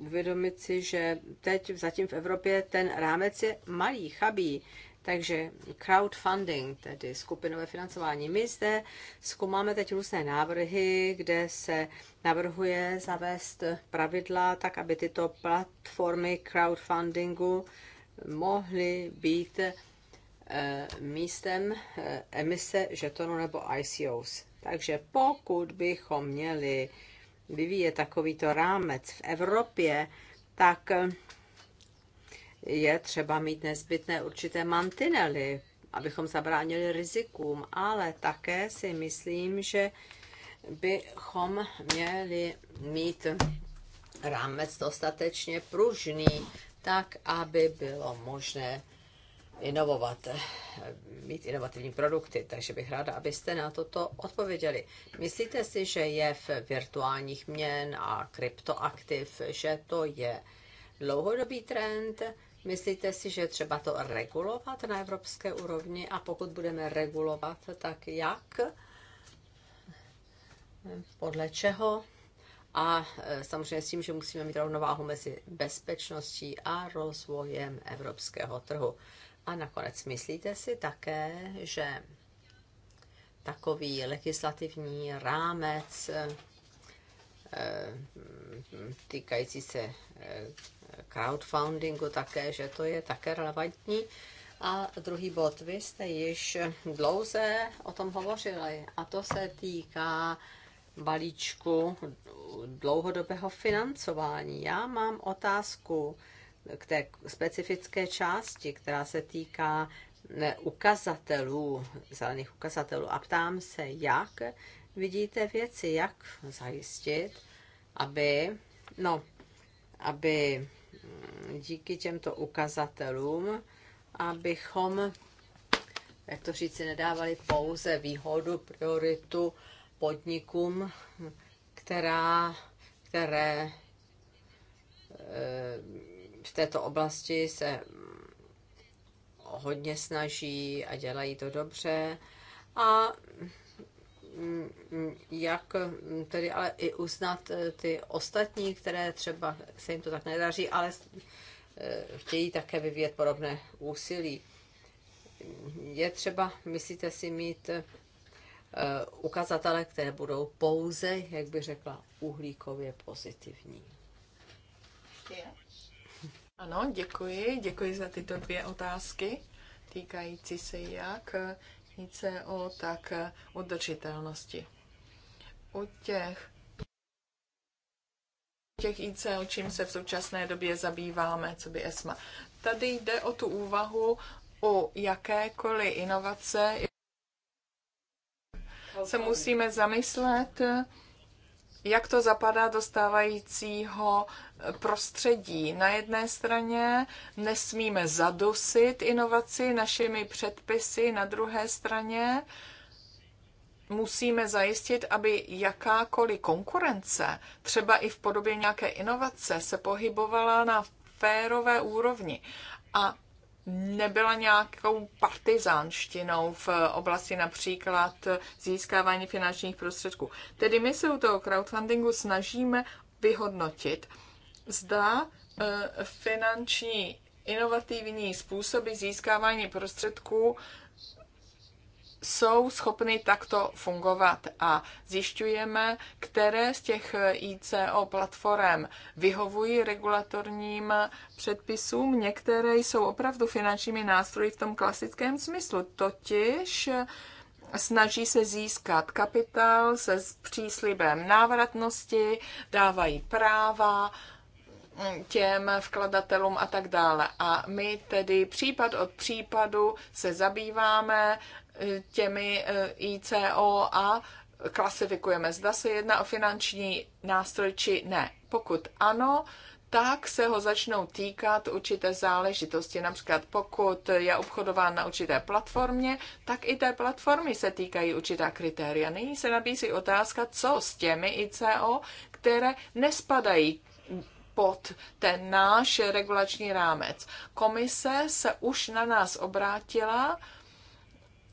uvědomit si, že teď zatím v Evropě ten rámec je malý, chabý. Takže crowdfunding, tedy skupinové financování. My zde zkoumáme teď různé návrhy, kde se navrhuje zavést pravidla tak, aby tyto platformy crowdfundingu mohly být eh, místem eh, emise žetonu nebo ICOs. Takže pokud bychom měli vyvíjet takovýto rámec v Evropě, tak je třeba mít nezbytné určité mantinely, abychom zabránili rizikům, ale také si myslím, že bychom měli mít rámec dostatečně pružný, tak aby bylo možné inovovat, mít inovativní produkty, takže bych ráda, abyste na toto odpověděli. Myslíte si, že je v virtuálních měn a kryptoaktiv, že to je dlouhodobý trend? Myslíte si, že třeba to regulovat na evropské úrovni a pokud budeme regulovat, tak jak? Podle čeho? A e, samozřejmě s tím, že musíme mít rovnováhu mezi bezpečností a rozvojem evropského trhu. A nakonec myslíte si také, že takový legislativní rámec eh, eh, týkající se eh, crowdfundingu také, že to je také relevantní. A druhý bod, vy jste již dlouze o tom hovořili a to se týká balíčku dlouhodobého financování. Já mám otázku, k té specifické části, která se týká ukazatelů, zelených ukazatelů a ptám se, jak vidíte věci, jak zajistit, aby, no, aby mm, díky těmto ukazatelům, abychom, jak to říci, nedávali pouze výhodu, prioritu podnikům, která, které eh, v této oblasti se hodně snaží a dělají to dobře. A jak tedy ale i uznat ty ostatní, které třeba se jim to tak nedaří, ale chtějí také vyvíjet podobné úsilí. Je třeba, myslíte si, mít eh, ukazatele, které budou pouze, jak by řekla, uhlíkově pozitivní. Yeah. Ano, děkuji. Děkuji za tyto dvě otázky týkající se jak o tak udržitelnosti. U těch těch o čím se v současné době zabýváme, co by ESMA. Tady jde o tu úvahu o jakékoliv inovace. Se musíme zamyslet, jak to zapadá do stávajícího prostředí. Na jedné straně nesmíme zadusit inovaci našimi předpisy, na druhé straně musíme zajistit, aby jakákoliv konkurence, třeba i v podobě nějaké inovace, se pohybovala na férové úrovni. A nebyla nějakou partizánštinou v oblasti například získávání finančních prostředků. Tedy my se u toho crowdfundingu snažíme vyhodnotit, zda eh, finanční inovativní způsoby získávání prostředků jsou schopny takto fungovat a zjišťujeme, které z těch ICO platform vyhovují regulatorním předpisům. Některé jsou opravdu finančními nástroji v tom klasickém smyslu, totiž snaží se získat kapitál se příslibem návratnosti, dávají práva, těm vkladatelům a tak dále. A my tedy případ od případu se zabýváme těmi eh, ICO a klasifikujeme, zda se jedná o finanční nástroj či ne. Pokud ano, tak se ho začnou týkat určité záležitosti. Například pokud je obchodován na určité platformě, tak i té platformy se týkají určitá kritéria. Nyní se nabízí otázka, co s těmi ICO, které nespadají pod ten náš regulační rámec. Komise se už na nás obrátila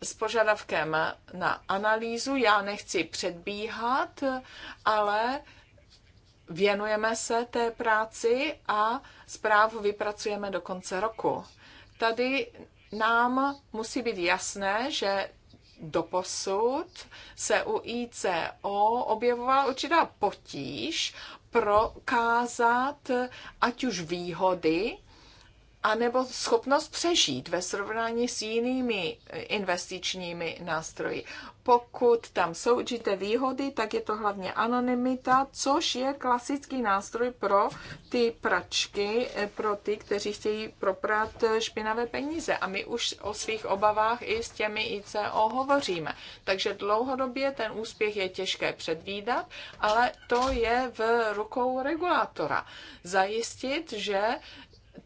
s požadavkem na analýzu. Já nechci předbíhat, ale věnujeme se té práci a zprávu vypracujeme do konce roku. Tady nám musí být jasné, že doposud se u ICO objevovala určitá potíž prokázat ať už výhody anebo schopnost přežít ve srovnání s jinými eh, investičními nástroji. Pokud tam jsou určité výhody, tak je to hlavně anonymita, což je klasický nástroj pro ty pračky, eh, pro ty, kteří chtějí proprat eh, špinavé peníze. A my už o svých obavách i s těmi ICO hovoříme. Takže dlouhodobě ten úspěch je těžké předvídat, ale to je v rukou regulátora. Zajistit, že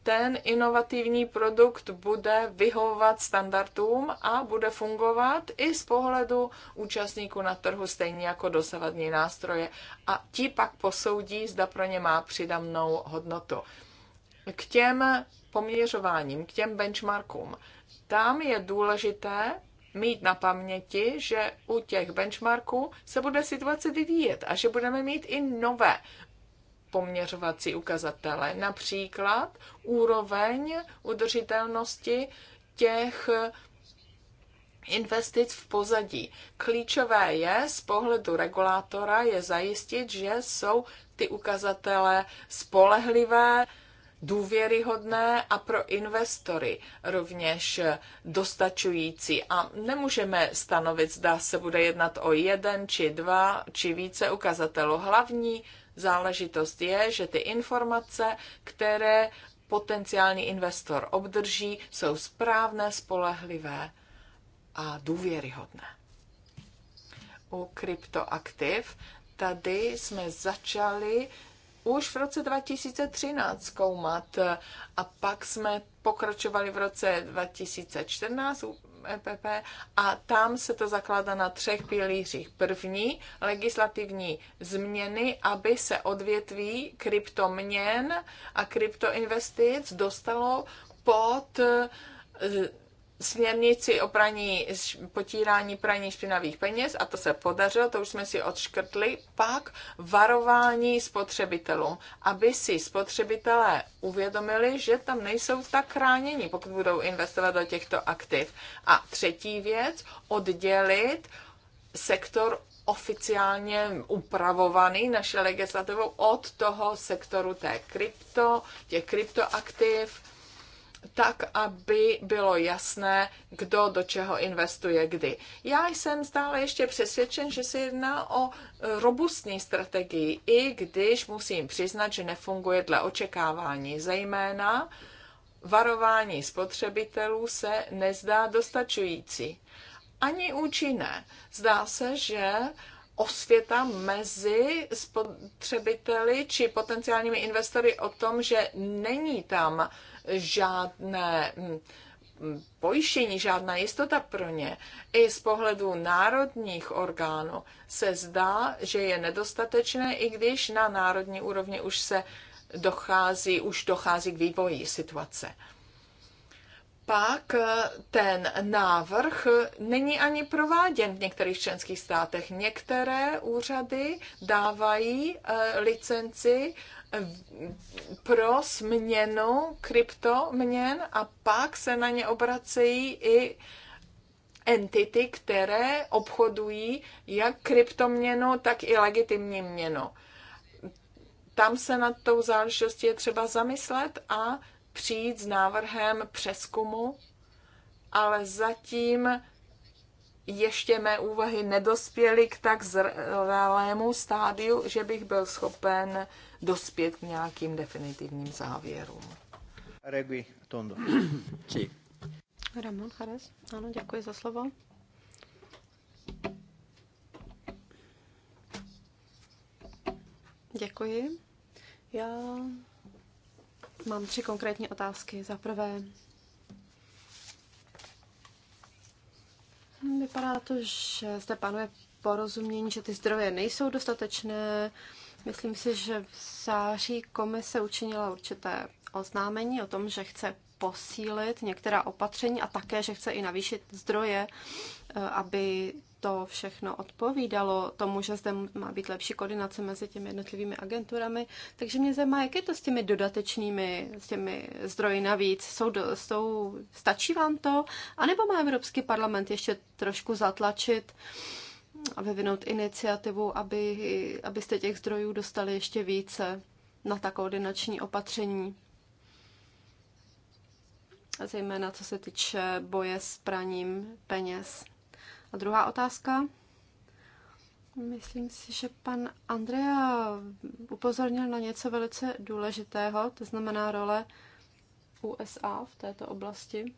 ten inovativní produkt bude vyhovovat standardům a bude fungovat i z pohledu účastníků na trhu stejně jako dosavadní nástroje a ti pak posoudí, zda pro ně má přidanou hodnotu. K těm poměřováním, k těm benchmarkům, tam je důležité mít na paměti, že u těch benchmarků se bude situace vyvíjet a že budeme mít i nové poměřovací ukazatele, například úroveň udržitelnosti těch investic v pozadí. Klíčové je z pohledu regulátora je zajistit, že jsou ty ukazatele spolehlivé, důvěryhodné a pro investory rovněž dostačující. A nemůžeme stanovit, zda se bude jednat o jeden či dva či více ukazatelů. Hlavní záležitost je, že ty informace, které potenciální investor obdrží, jsou správné, spolehlivé a důvěryhodné. U kryptoaktiv tady jsme začali už v roce 2013 zkoumat a pak jsme pokračovali v roce 2014 EPP a tam se to zakládá na třech pilířích. První, legislativní změny, aby se odvětví kryptoměn a kryptoinvestic dostalo pod e, směrnici o praní, potírání praní špinavých peněz a to se podařilo, to už jsme si odškrtli, pak varování spotřebitelům, aby si spotřebitelé uvědomili, že tam nejsou tak chráněni, pokud budou investovat do těchto aktiv. A třetí věc, oddělit sektor oficiálně upravovaný naše legislativou od toho sektoru té krypto, těch kryptoaktiv, tak, aby bylo jasné, kdo do čeho investuje kdy. Já jsem stále ještě přesvědčen, že se jedná o robustní strategii, i když musím přiznat, že nefunguje dle očekávání, zejména varování spotřebitelů se nezdá dostačující. Ani účinné. Zdá se, že osvěta mezi spotřebiteli či potenciálními investory o tom, že není tam žádné hm, hm, pojištění, žádná jistota pro ně. I z pohledu národních orgánů se zdá, že je nedostatečné, i když na národní úrovni už se dochází, už dochází k vývoji situace pak eh, ten návrh není ani prováděn v některých členských státech. Některé úřady dávají eh, licenci eh, pro směnu kryptoměn a pak se na ně obracejí i entity, které obchodují jak kryptoměnu, tak i legitimní měnu. Tam se nad tou záležitostí je třeba zamyslet a přijít s návrhem přeskumu, ale zatím ještě mé úvahy nedospěly k tak zralému stádiu, že bych byl schopen dospět k nějakým definitivním závěrům. Regui Tondo. Či. Ramon Chares, ano, děkuji za slovo. Děkuji. Já Mám tři konkrétní otázky. Za prvé, vypadá to, že zde panuje porozumění, že ty zdroje nejsou dostatečné. Myslím si, že v září komise učinila určité oznámení o tom, že chce posílit některá opatření a také, že chce i navýšit zdroje, eh, aby to všechno odpovídalo tomu, že zde má být lepší koordinace mezi těmi jednotlivými agenturami. Takže mě zajímá, jak je to s těmi dodatečnými, s těmi zdroji navíc. Jsou, do, jsou, stačí vám to? A nebo má Evropský parlament ještě trošku zatlačit a vyvinout iniciativu, aby, abyste těch zdrojů dostali ještě více na ta koordinační opatření? A zejména co se týče boje s praním peněz. A druhá otázka. Myslím si, že pan Andrea upozornil na něco velice důležitého, to znamená role USA v této oblasti,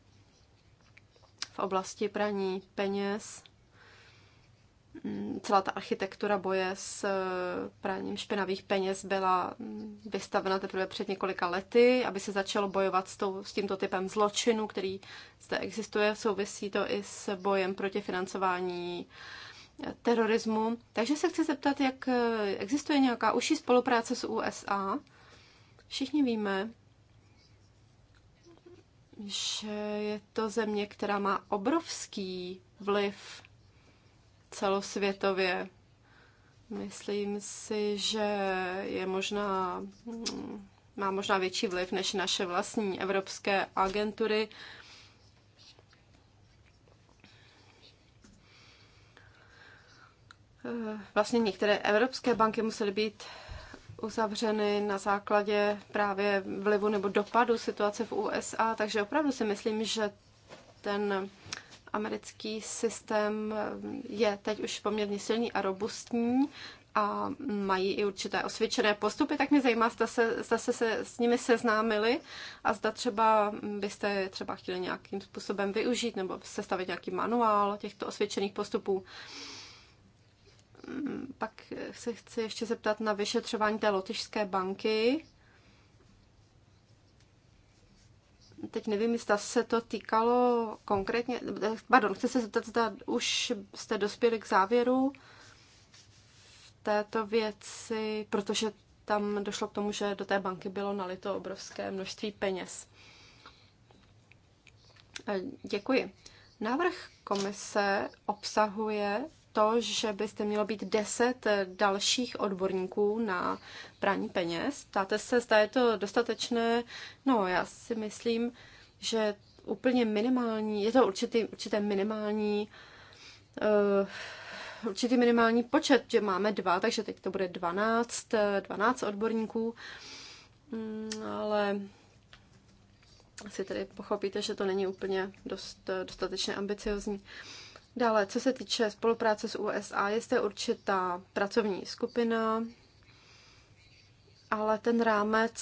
v oblasti praní peněz celá ta architektura boje s eh, praním špinavých peněz byla mm, vystavena teprve před několika lety, aby se začalo bojovat s, tou, s tímto typem zločinu, který zde existuje. Souvisí to i s bojem proti financování eh, terorismu. Takže se chci zeptat, jak eh, existuje nějaká užší spolupráce s USA. Všichni víme, že je to země, která má obrovský vliv celosvětově. Myslím si, že je možná, má možná větší vliv než naše vlastní evropské agentury. Vlastně některé evropské banky musely být uzavřeny na základě právě vlivu nebo dopadu situace v USA, takže opravdu si myslím, že ten americký systém je teď už poměrně silný a robustní a mají i určité osvědčené postupy, tak mě zajímá, zda se, zda se, se s nimi seznámili a zda třeba byste třeba chtěli nějakým způsobem využít nebo sestavit nějaký manuál těchto osvědčených postupů. Pak se chci ještě zeptat na vyšetřování té lotyšské banky. teď nevím, zda se to týkalo konkrétně, pardon, chci se zeptat, zda už jste dospěli k závěru v této věci, protože tam došlo k tomu, že do té banky bylo nalito obrovské množství peněz. E, děkuji. Návrh komise obsahuje to, že byste mělo být deset dalších odborníků na praní peněz. Ptáte se, zda je to dostatečné? No, já si myslím, že úplně minimální, je to určitý, určité minimální uh, určitý minimální počet, že máme dva, takže teď to bude 12, 12 odborníků, mm, ale asi tady pochopíte, že to není úplně dost, dostatečně ambiciozní. Uh, Dále, co se týče spolupráce s USA, je zde určitá pracovní skupina, ale ten rámec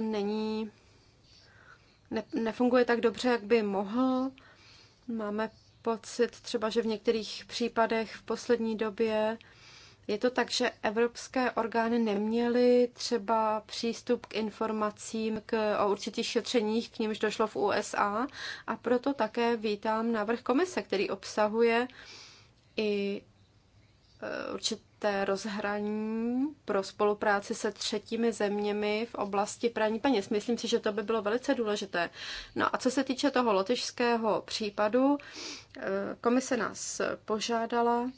není, ne, nefunguje tak dobře, jak by mohl. Máme pocit třeba, že v některých případech v poslední době je to tak, že evropské orgány neměly třeba přístup k informacím k, o určitých šetřeních, k nímž došlo v USA a proto také vítám návrh komise, který obsahuje i eh, určité rozhraní pro spolupráci se třetími zeměmi v oblasti praní peněz. Myslím si, že to by bylo velice důležité. No a co se týče toho lotyšského případu, eh, komise nás požádala,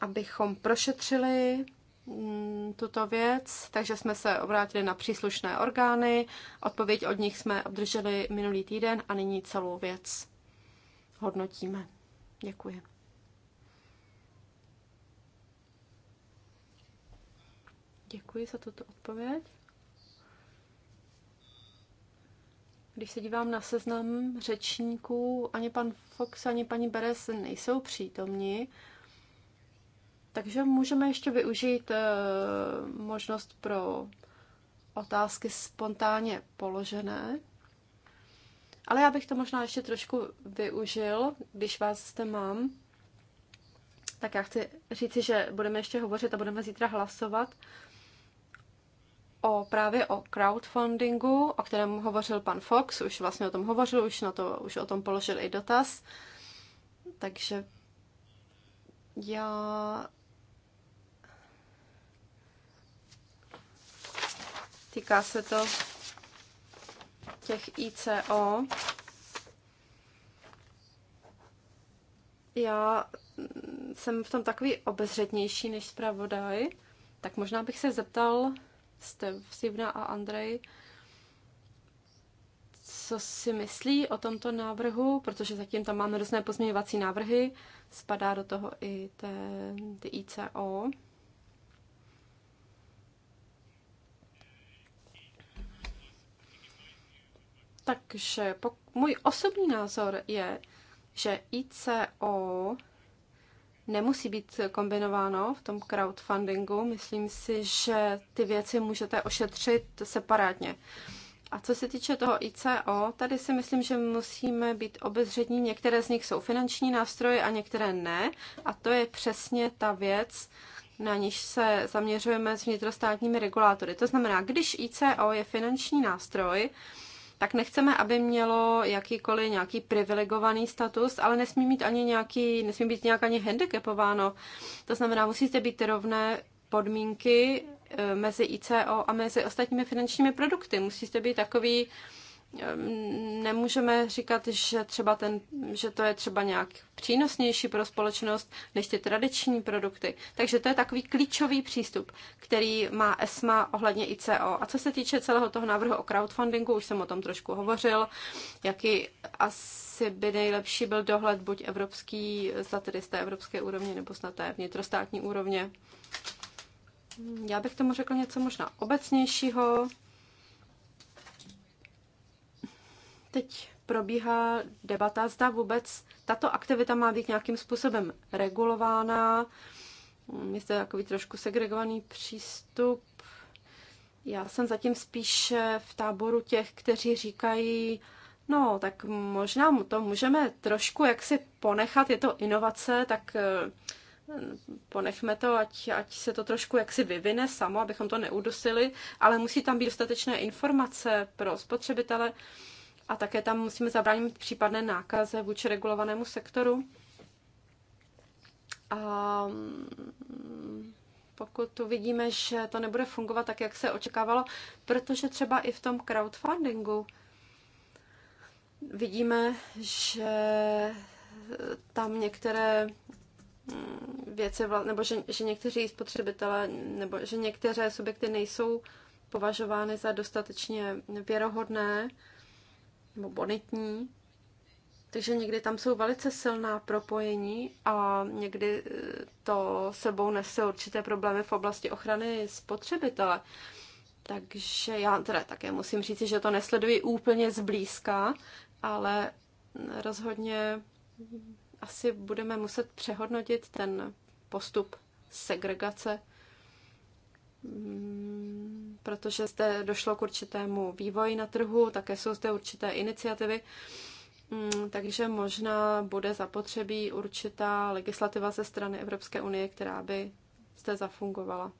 abychom prošetřili mm, tuto věc, takže jsme se obrátili na příslušné orgány. Odpověď od nich jsme obdrželi minulý týden a nyní celou věc hodnotíme. Děkuji. Děkuji za tuto odpověď. Když se dívám na seznam řečníků, ani pan Fox, ani paní Beres nejsou přítomni, takže můžeme ještě využít eh, možnost pro otázky spontánně položené. Ale já bych to možná ještě trošku využil, když vás zde mám. Tak já chci říci, že budeme ještě hovořit a budeme zítra hlasovat o právě o crowdfundingu, o kterém hovořil pan Fox, už vlastně o tom hovořil, už, na to, už o tom položil i dotaz. Takže já Týká se to těch ICO. Já jsem v tom takový obezřetnější než zpravodaj, tak možná bych se zeptal Stevna a Andrej, co si myslí o tomto návrhu, protože zatím tam máme různé pozměňovací návrhy, spadá do toho i ten, ty ICO. Takže můj osobní názor je, že ICO nemusí být kombinováno v tom crowdfundingu. Myslím si, že ty věci můžete ošetřit separátně. A co se týče toho ICO, tady si myslím, že musíme být obezřední. Některé z nich jsou finanční nástroje a některé ne. A to je přesně ta věc, na níž se zaměřujeme s vnitrostátními regulátory. To znamená, když ICO je finanční nástroj, tak nechceme, aby mělo jakýkoliv nějaký privilegovaný status, ale nesmí mít ani nějaký, nesmí být nějak ani handicapováno. To znamená, musíte být rovné podmínky eh, mezi ICO a mezi ostatními finančními produkty. Musíte být takový nemůžeme říkat, že, třeba ten, že to je třeba nějak přínosnější pro společnost než ty tradiční produkty. Takže to je takový klíčový přístup, který má ESMA ohledně ICO. A co se týče celého toho návrhu o crowdfundingu, už jsem o tom trošku hovořil, jaký asi by nejlepší byl dohled buď evropský, za tedy z té evropské úrovně nebo snad té vnitrostátní úrovně. Já bych tomu řekl něco možná obecnějšího. Teď probíhá debata, zda vůbec tato aktivita má být nějakým způsobem regulována. Mm, je to takový trošku segregovaný přístup. Já jsem zatím spíš v táboru těch, kteří říkají, no tak možná to můžeme trošku jaksi ponechat, je to inovace, tak eh, ponechme to, ať, ať se to trošku jaksi vyvine samo, abychom to neudusili, ale musí tam být dostatečné informace pro spotřebitele a také tam musíme zabránit případné nákaze vůči regulovanému sektoru. A mm, pokud uvidíme, že to nebude fungovat tak, jak se očekávalo, protože třeba i v tom crowdfundingu vidíme, že tam některé mm, věci, nebo že, že někteří spotřebitelé, nebo že některé subjekty nejsou považovány za dostatečně věrohodné, nebo bonitní. Takže někdy tam jsou velice silná propojení a někdy eh, to sebou nese určité problémy v oblasti ochrany spotřebitele. Takže já teda také musím říct, že to nesleduji úplně zblízka, ale rozhodně asi budeme muset přehodnotit ten postup segregace hmm protože zde došlo k určitému vývoji na trhu, také jsou zde určité iniciativy, mm, takže možná bude zapotřebí určitá legislativa ze strany Evropské unie, která by zde zafungovala.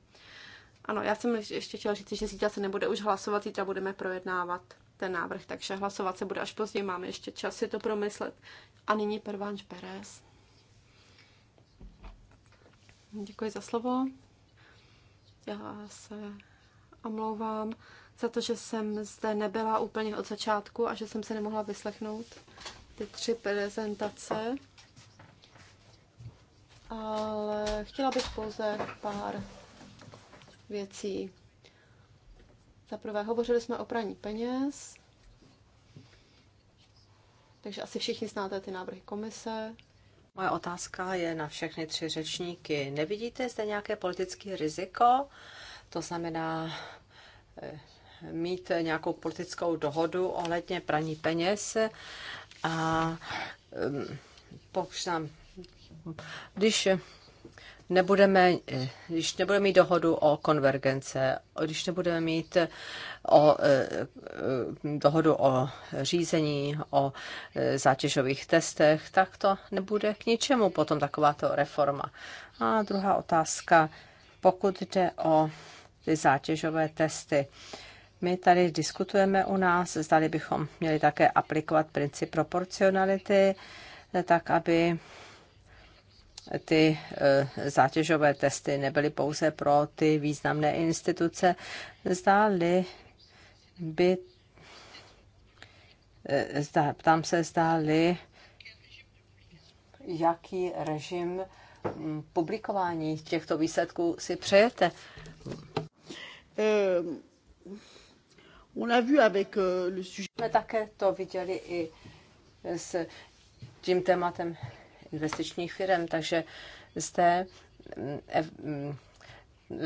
Ano, já jsem ještě chtěla říct, že zítra se nebude už hlasovat, zítra budeme projednávat ten návrh, takže hlasovat se bude až později, máme ještě čas si to promyslet. A nyní Pervánč Perez. Děkuji za slovo. Já se omlouvám za to, že jsem zde nebyla úplně od začátku a že jsem se nemohla vyslechnout ty tři prezentace. Ale chtěla bych pouze pár věcí. Za prvé, hovořili jsme o praní peněz, takže asi všichni znáte ty návrhy komise. Moje otázka je na všechny tři řečníky. Nevidíte zde nějaké politické riziko? To znamená eh, mít nějakou politickou dohodu ohledně praní peněz a mm, pokud nám, když nebudeme, eh, když nebudeme mít dohodu o konvergence, když nebudeme mít eh, o, dohodu o řízení, o zátěžových testech, tak to nebude k ničemu potom takováto reforma. A druhá otázka, pokud jde o ty zátěžové testy. My tady diskutujeme u nás, zdali bychom měli také aplikovat princip proporcionality, tak aby ty eh, zátěžové testy nebyly pouze pro ty významné instituce. Zdáli by, eh, zda, tam se zdáli, jaký režim hm, publikování těchto výsledků si přejete. Euh, euh, jsme Také to viděli i s tím tématem investičních firm, takže zde mm, mm,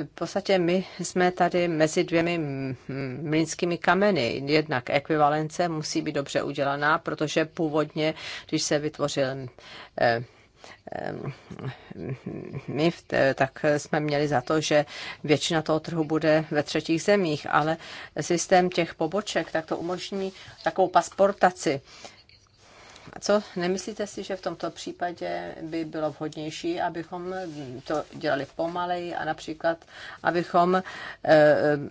v podstatě my jsme tady mezi dvěmi mm, mlínskými kameny. Jednak ekvivalence musí být dobře udělaná, protože původně, když se vytvořil eh, Ehm, my v té, tak jsme měli za to, že většina toho trhu bude ve třetích zemích, ale systém těch poboček tak to umožní takovou pasportaci. A co nemyslíte si, že v tomto případě by bylo vhodnější, abychom to dělali pomaleji a například, abychom e,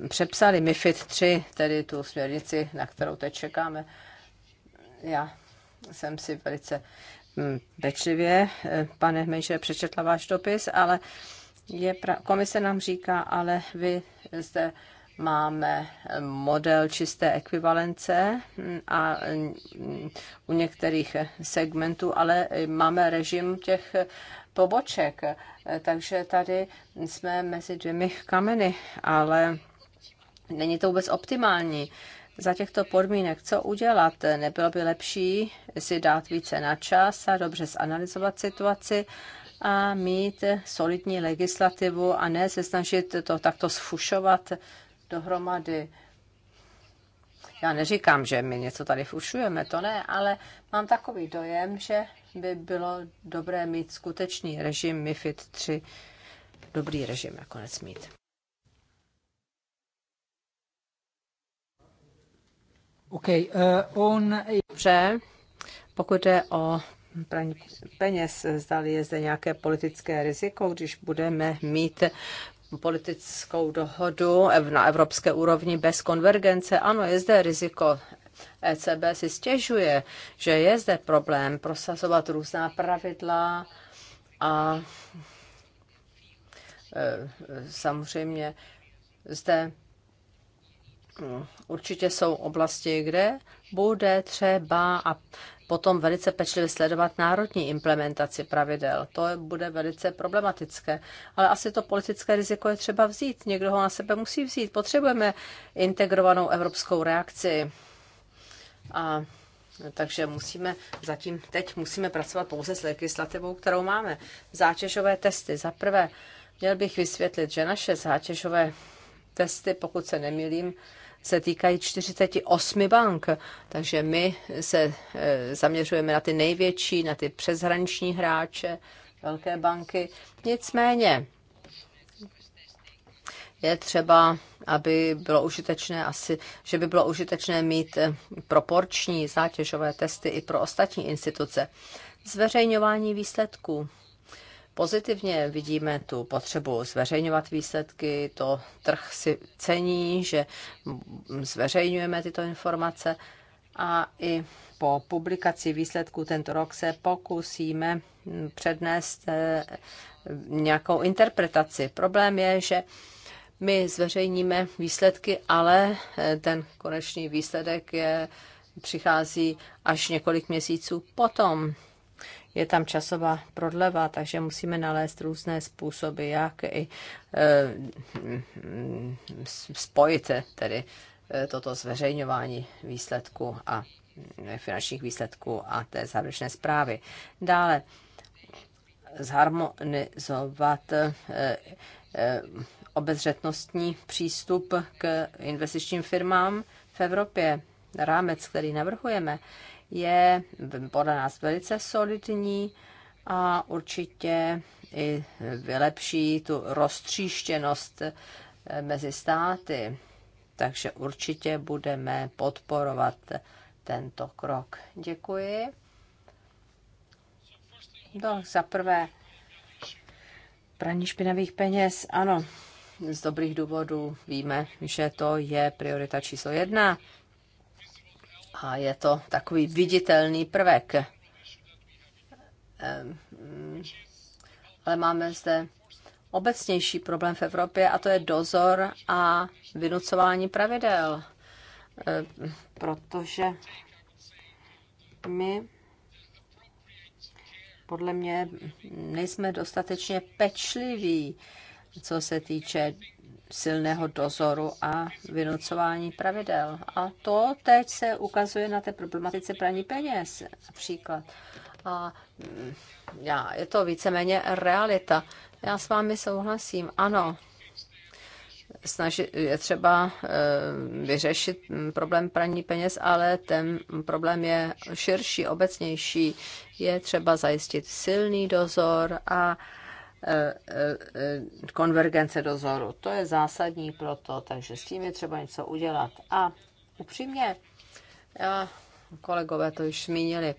přepsali MIFID 3, tedy tu směrnici, na kterou teď čekáme? Já jsem si velice Hm, pečlivě, eh, pane Mejše, přečetla váš dopis, ale je pra- komise nám říká, ale vy zde máme eh, model čisté ekvivalence hm, a hm, u některých eh, segmentů, ale máme režim těch poboček. Takže tady jsme mezi dvěmi kameny, ale není to vůbec optimální za těchto podmínek, co udělat? Nebylo by lepší si dát více na čas a dobře zanalizovat situaci a mít solidní legislativu a ne se snažit to takto sfušovat dohromady. Já neříkám, že my něco tady fušujeme, to ne, ale mám takový dojem, že by bylo dobré mít skutečný režim MIFID 3, dobrý režim nakonec mít. Okay, uh, on... Dobře, pokud jde o peněz, zdali je zde nějaké politické riziko, když budeme mít politickou dohodu na evropské úrovni bez konvergence. Ano, je zde riziko. ECB si stěžuje, že je zde problém prosazovat různá pravidla a e, samozřejmě zde No. určitě jsou oblasti, kde bude třeba a potom velice pečlivě sledovat národní implementaci pravidel. To bude velice problematické. Ale asi to politické riziko je třeba vzít. Někdo ho na sebe musí vzít. Potřebujeme integrovanou evropskou reakci. A takže musíme zatím teď musíme pracovat pouze s legislativou, kterou máme. Zátěžové testy. Za prvé, měl bych vysvětlit, že naše zátěžové testy, pokud se nemýlím, se týkají 48 bank, takže my se e, zaměřujeme na ty největší, na ty přeshraniční hráče, velké banky. Nicméně je třeba, aby bylo užitečné asi, že by bylo užitečné mít e, proporční zátěžové testy i pro ostatní instituce. Zveřejňování výsledků pozitivně. Vidíme tu potřebu zveřejňovat výsledky, to trh si cení, že zveřejňujeme tyto informace a i po publikaci výsledků tento rok se pokusíme přednést eh, nějakou interpretaci. Problém je, že my zveřejníme výsledky, ale eh, ten konečný výsledek je, přichází až několik měsíců potom je tam časová prodleva, takže musíme nalézt různé způsoby, jak i eh, spojit tedy eh, toto zveřejňování výsledku a eh, finančních výsledků a té závěrečné zprávy. Dále zharmonizovat obezřetnostní přístup k investičním firmám v Evropě. Rámec, který navrhujeme, je podle nás velice solidní a určitě i vylepší tu roztříštěnost eh, mezi státy. Takže určitě budeme podporovat tento krok. Děkuji. No, za prvé, praní špinavých peněz, ano, z dobrých důvodů víme, že to je priorita číslo jedna a je to takový viditelný prvek. Ale máme zde obecnější problém v Evropě a to je dozor a vynucování pravidel. Protože my podle mě nejsme dostatečně pečliví, co se týče silného dozoru a vynucování pravidel. A to teď se ukazuje na té problematice praní peněz například. A mm, já, je to víceméně realita. Já s vámi souhlasím, ano. Snaži, je třeba eh, vyřešit mm, problém praní peněz, ale ten problém je širší, obecnější. Je třeba zajistit silný dozor a Eh, eh, konvergence dozoru. To je zásadní proto, takže s tím je třeba něco udělat. A upřímně, já, kolegové to už zmínili,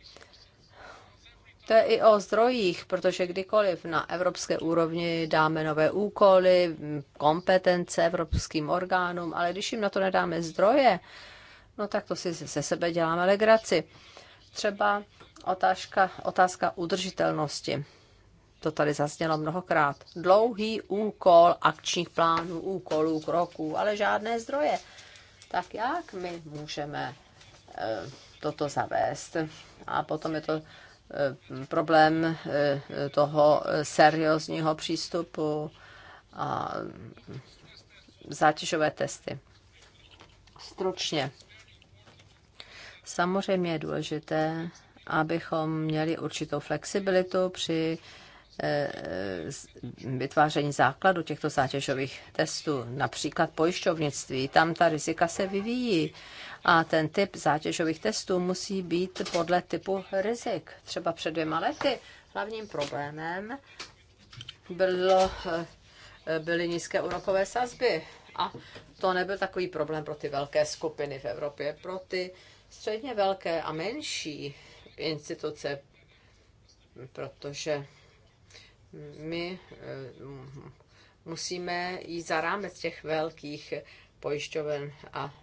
to je i o zdrojích, protože kdykoliv na evropské úrovni dáme nové úkoly, kompetence evropským orgánům, ale když jim na to nedáme zdroje, no tak to si ze sebe děláme legraci. Třeba otázka, otázka udržitelnosti to tady zaznělo mnohokrát. Dlouhý úkol akčních plánů, úkolů, kroků, ale žádné zdroje. Tak jak my můžeme eh, toto zavést? A potom je to eh, problém eh, toho seriózního přístupu a zátěžové testy. Stručně. Samozřejmě je důležité, abychom měli určitou flexibilitu při uh, Eh, vytváření základu těchto zátěžových testů, například pojišťovnictví, tam ta rizika se vyvíjí a ten typ zátěžových testů musí být podle typu rizik. Třeba před dvěma lety hlavním problémem bylo, eh, byly nízké úrokové sazby a to nebyl takový problém pro ty velké skupiny v Evropě, pro ty středně velké a menší instituce, protože my eh, musíme jít za rámec těch velkých pojišťoven a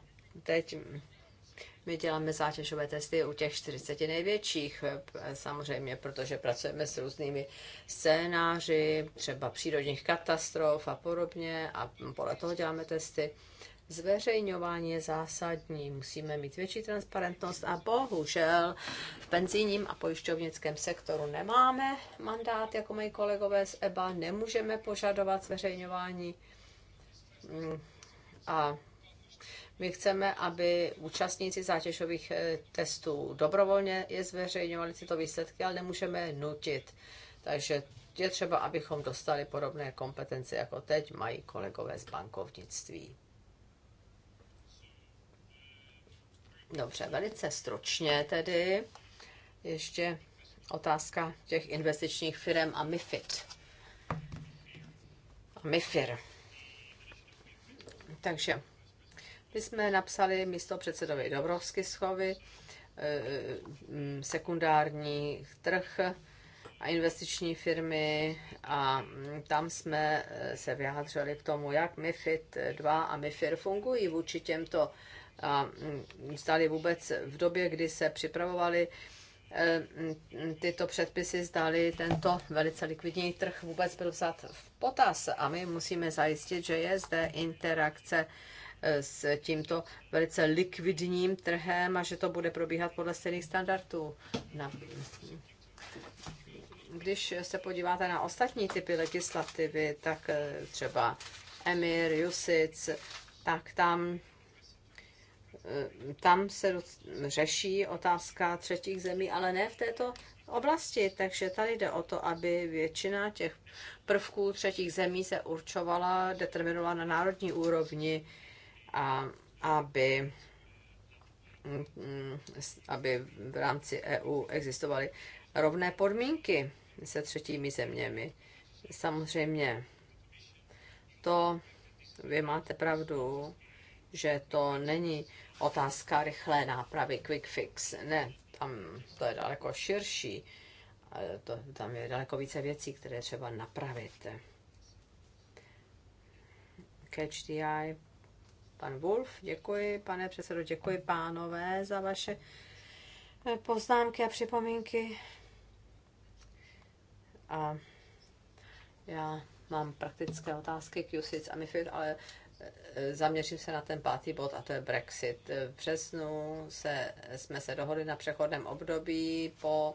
teď my děláme zátěžové testy u těch 40 největších, eh, samozřejmě, protože pracujeme s různými scénáři, třeba přírodních katastrof a podobně, a podle toho děláme testy. Zveřejňování je zásadní, musíme mít větší transparentnost a bohužel v penzijním a pojišťovnickém sektoru nemáme mandát, jako mají kolegové z EBA, nemůžeme požadovat zveřejňování mm, a my chceme, aby účastníci zátěžových eh, testů dobrovolně je zveřejňovali tyto výsledky, ale nemůžeme je nutit. Takže je třeba, abychom dostali podobné kompetence, jako teď mají kolegové z bankovnictví. Dobře, velice stručně tedy. Ještě otázka těch investičních firm a MIFID. A MIFIR. Takže my jsme napsali místo předsedovi Dobrovsky schovy eh, mm, sekundární trh a investiční firmy a mm, tam jsme eh, se vyjádřili k tomu, jak MIFID 2 a MIFIR fungují vůči těmto a zdali mm, vůbec v době, kdy se připravovali eh, mm, tyto předpisy, zdali tento velice likvidní trh vůbec byl vzat v potaz. A my musíme zajistit, že je zde interakce eh, s tímto velice likvidním trhem a že to bude probíhat podle stejných standardů. Když se podíváte na ostatní typy legislativy, tak eh, třeba Emir, USIC, tak tam Eh, tam se řeší otázka třetích zemí, ale ne v této oblasti. Takže tady jde o to, aby většina těch prvků třetích zemí se určovala, determinovala na národní úrovni a aby mm, aby v rámci EU existovaly rovné podmínky se třetími zeměmi. Samozřejmě to vy máte pravdu, že to není otázka rychlé nápravy, quick fix. Ne, tam to je daleko širší. To, tam je daleko více věcí, které třeba napravit. Catch the eye. Pan Wolf, děkuji, pane předsedo, děkuji pánové za vaše eh, poznámky a připomínky. A já mám praktické otázky k USIC a MIFID, ale zaměřím se na ten pátý bod, a to je Brexit. V březnu se, jsme se dohodli na přechodném období po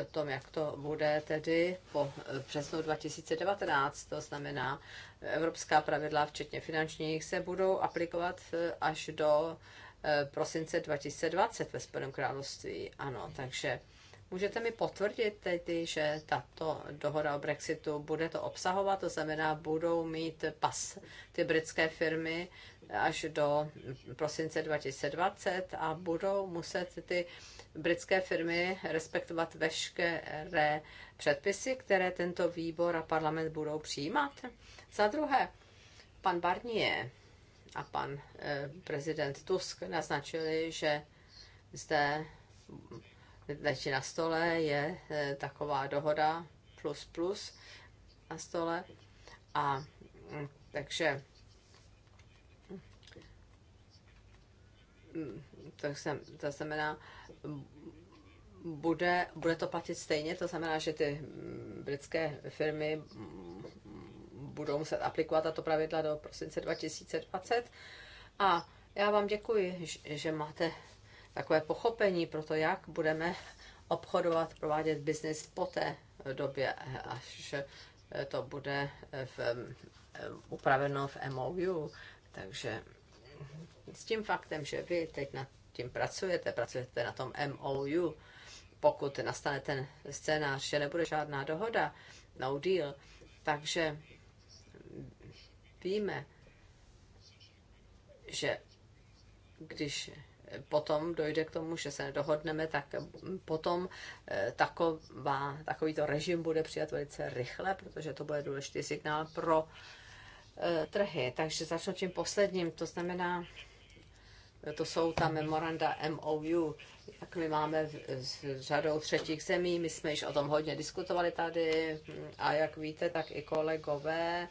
eh, tom, jak to bude tedy po eh, březnu 2019, to znamená, evropská pravidla, včetně finančních, se budou aplikovat eh, až do prosince 2020 ve Spojeném království. Ano, takže Můžete mi potvrdit teď, že tato dohoda o Brexitu bude to obsahovat, to znamená, budou mít pas ty britské firmy až do prosince 2020 a budou muset ty britské firmy respektovat veškeré předpisy, které tento výbor a parlament budou přijímat. Za druhé, pan Barnier a pan eh, prezident Tusk naznačili, že zde leží na stole, je e, taková dohoda plus plus na stole. A mm, takže mm, to, se, to znamená, bude, bude to platit stejně, to znamená, že ty mm, britské firmy budou muset aplikovat tato pravidla do prosince 2020. A já vám děkuji, že máte takové pochopení pro to, jak budeme obchodovat, provádět biznis po té době, až eh, to bude eh, v, eh, upraveno v MOU. Takže s tím faktem, že vy teď nad tím pracujete, pracujete na tom MOU, pokud nastane ten scénář, že nebude žádná dohoda, no deal, takže víme, že když potom dojde k tomu, že se nedohodneme, tak potom eh, taková, takovýto režim bude přijat velice rychle, protože to bude důležitý signál pro eh, trhy. Takže začnu tím posledním, to znamená, to jsou ta memoranda MOU, jak my máme s řadou třetích zemí, my jsme již o tom hodně diskutovali tady a jak víte, tak i kolegové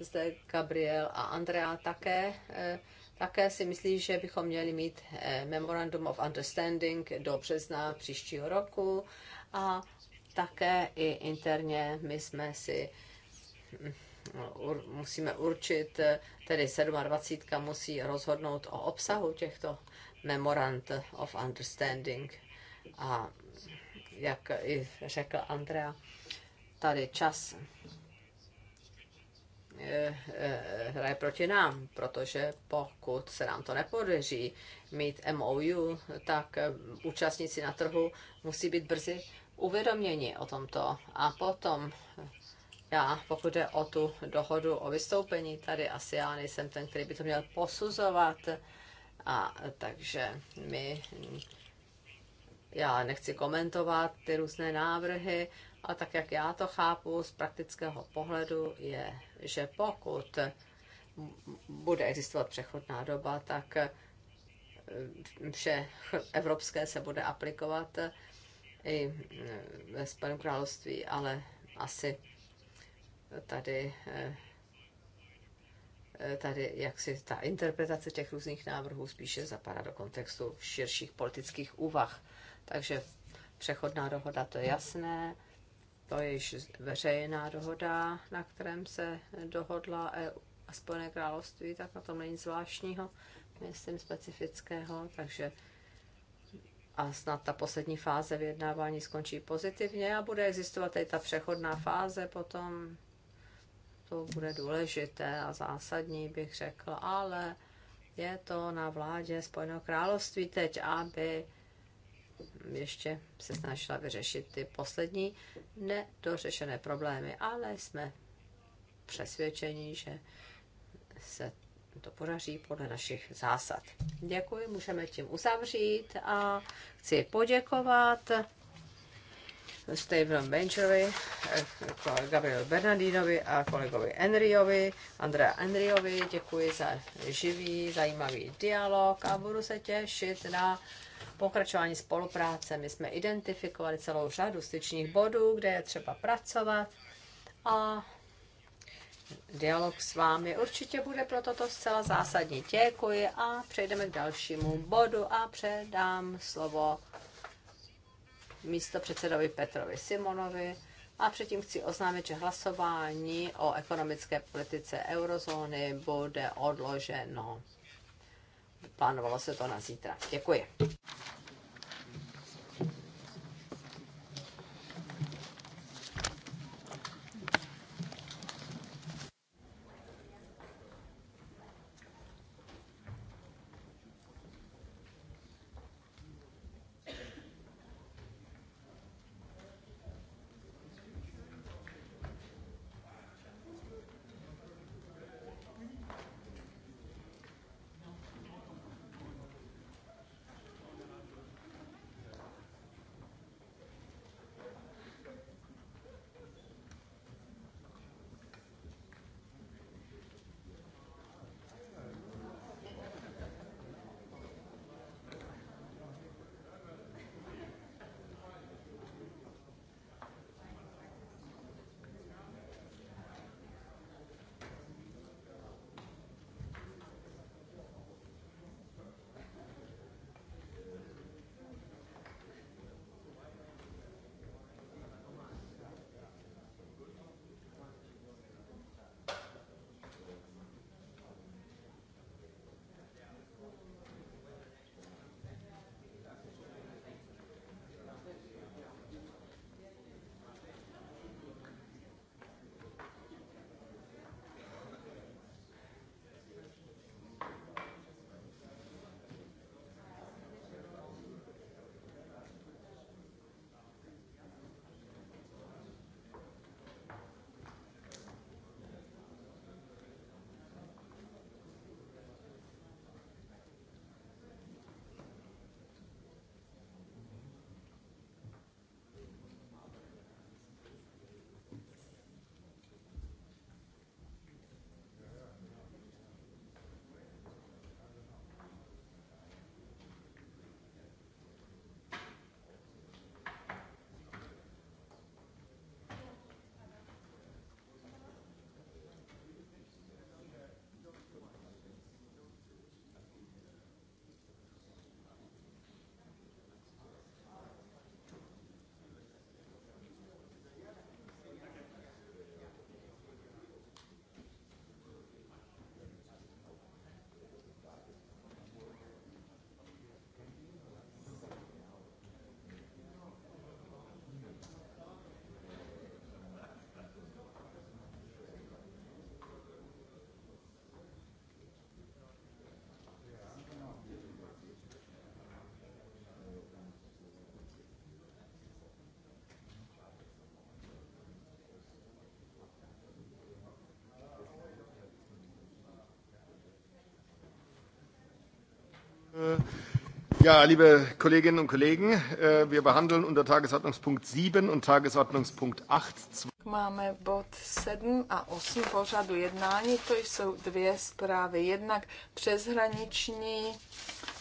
zde Gabriel a Andrea také eh, také si myslí, že bychom měli mít eh, Memorandum of Understanding do března příštího roku a také i interně my jsme si mm, musíme určit, eh, tedy 27. musí rozhodnout o obsahu těchto memorand of understanding. A jak i řekl Andrea, tady čas Eh, eh, hraje proti nám, protože pokud se nám to nepodaří mít MOU, tak eh, účastníci na trhu musí být brzy uvědoměni o tomto. A potom já, pokud jde o tu dohodu o vystoupení, tady asi já nejsem ten, který by to měl posuzovat. A takže my, já nechci komentovat ty různé návrhy, a tak, jak já to chápu z praktického pohledu, je, že pokud bude existovat přechodná doba, tak eh, vše evropské se bude aplikovat i eh, ve Spojeném království, ale asi tady eh, tady jaksi ta interpretace těch různých návrhů spíše zapadá do kontextu širších politických úvah. Takže přechodná dohoda, to je jasné. To je již veřejná dohoda, na kterém se dohodla EU a Spojené království, tak na tom není zvláštního, myslím specifického, takže a snad ta poslední fáze vyjednávání skončí pozitivně a bude existovat i ta přechodná fáze potom. To bude důležité a zásadní, bych řekl, ale je to na vládě Spojeného království teď, aby ještě se snažila vyřešit ty poslední nedořešené problémy, ale jsme přesvědčeni, že se to podaří podle našich zásad. Děkuji, můžeme tím uzavřít a chci poděkovat Stephen Benchovi, Gabriel Bernardinovi a kolegovi Enriovi, Andrea Enriovi. Děkuji za živý, zajímavý dialog a budu se těšit na pokračování spolupráce. My jsme identifikovali celou řadu styčných bodů, kde je třeba pracovat a dialog s vámi určitě bude pro toto zcela zásadní. Děkuji a přejdeme k dalšímu bodu a předám slovo místo předsedovi Petrovi Simonovi. A předtím chci oznámit, že hlasování o ekonomické politice eurozóny bude odloženo plánovalo se to na zítra. Děkuji. Äh, ja, liebe Kolleginnen und Kollegen, äh, wir behandeln unter Tagesordnungspunkt 7 und Tagesordnungspunkt 8. Máme bod 7 a 8 pořadu jednání, to jsou dvě zprávy. Jednak přeshraniční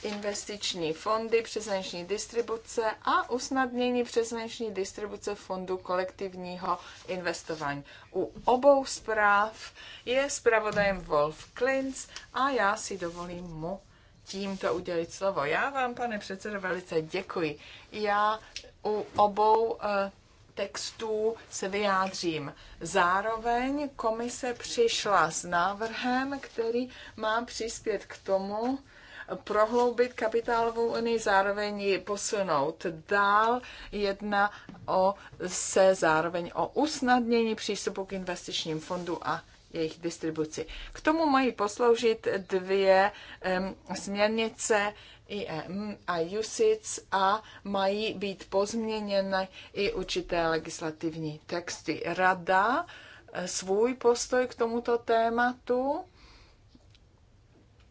investiční fondy, přeshraniční distribuce a usnadnění přeshraniční distribuce fondu kolektivního investování. U obou zpráv je zpravodajem Wolf Klintz a já si dovolím mu tímto udělit slovo. Já vám, pane předsedo, velice děkuji. Já u obou eh, textů se vyjádřím. Zároveň komise přišla s návrhem, který má přispět k tomu, eh, prohloubit kapitálovou unii, zároveň ji posunout dál. Jedna o, se zároveň o usnadnění přístupu k investičním fondům. a jejich distribuci. K tomu mají posloužit dvě um, směrnice IEM a USIC a mají být pozměněny i určité legislativní texty. Rada eh, svůj postoj k tomuto tématu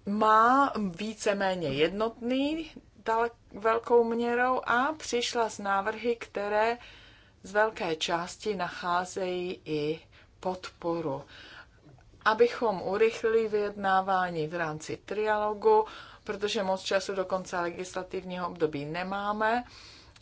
má víceméně jednotný dalek, velkou měrou a přišla s návrhy, které z velké části nacházejí i podporu abychom urychlili vyjednávání v rámci trialogu, protože moc času do konce legislativního období nemáme.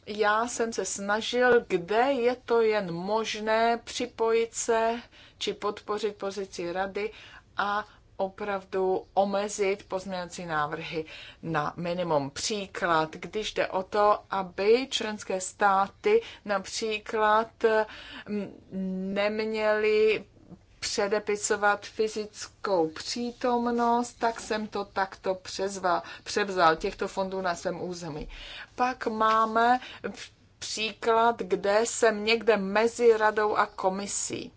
Já jsem se snažil, kde je to jen možné, připojit se či podpořit pozici rady a opravdu omezit pozměňovací návrhy na minimum. Příklad, když jde o to, aby členské státy například mm, neměly předepisovat fyzickou přítomnost, tak jsem to takto přezval, převzal těchto fondů na svém území. Pak máme příklad, kde jsem někde mezi radou a komisí.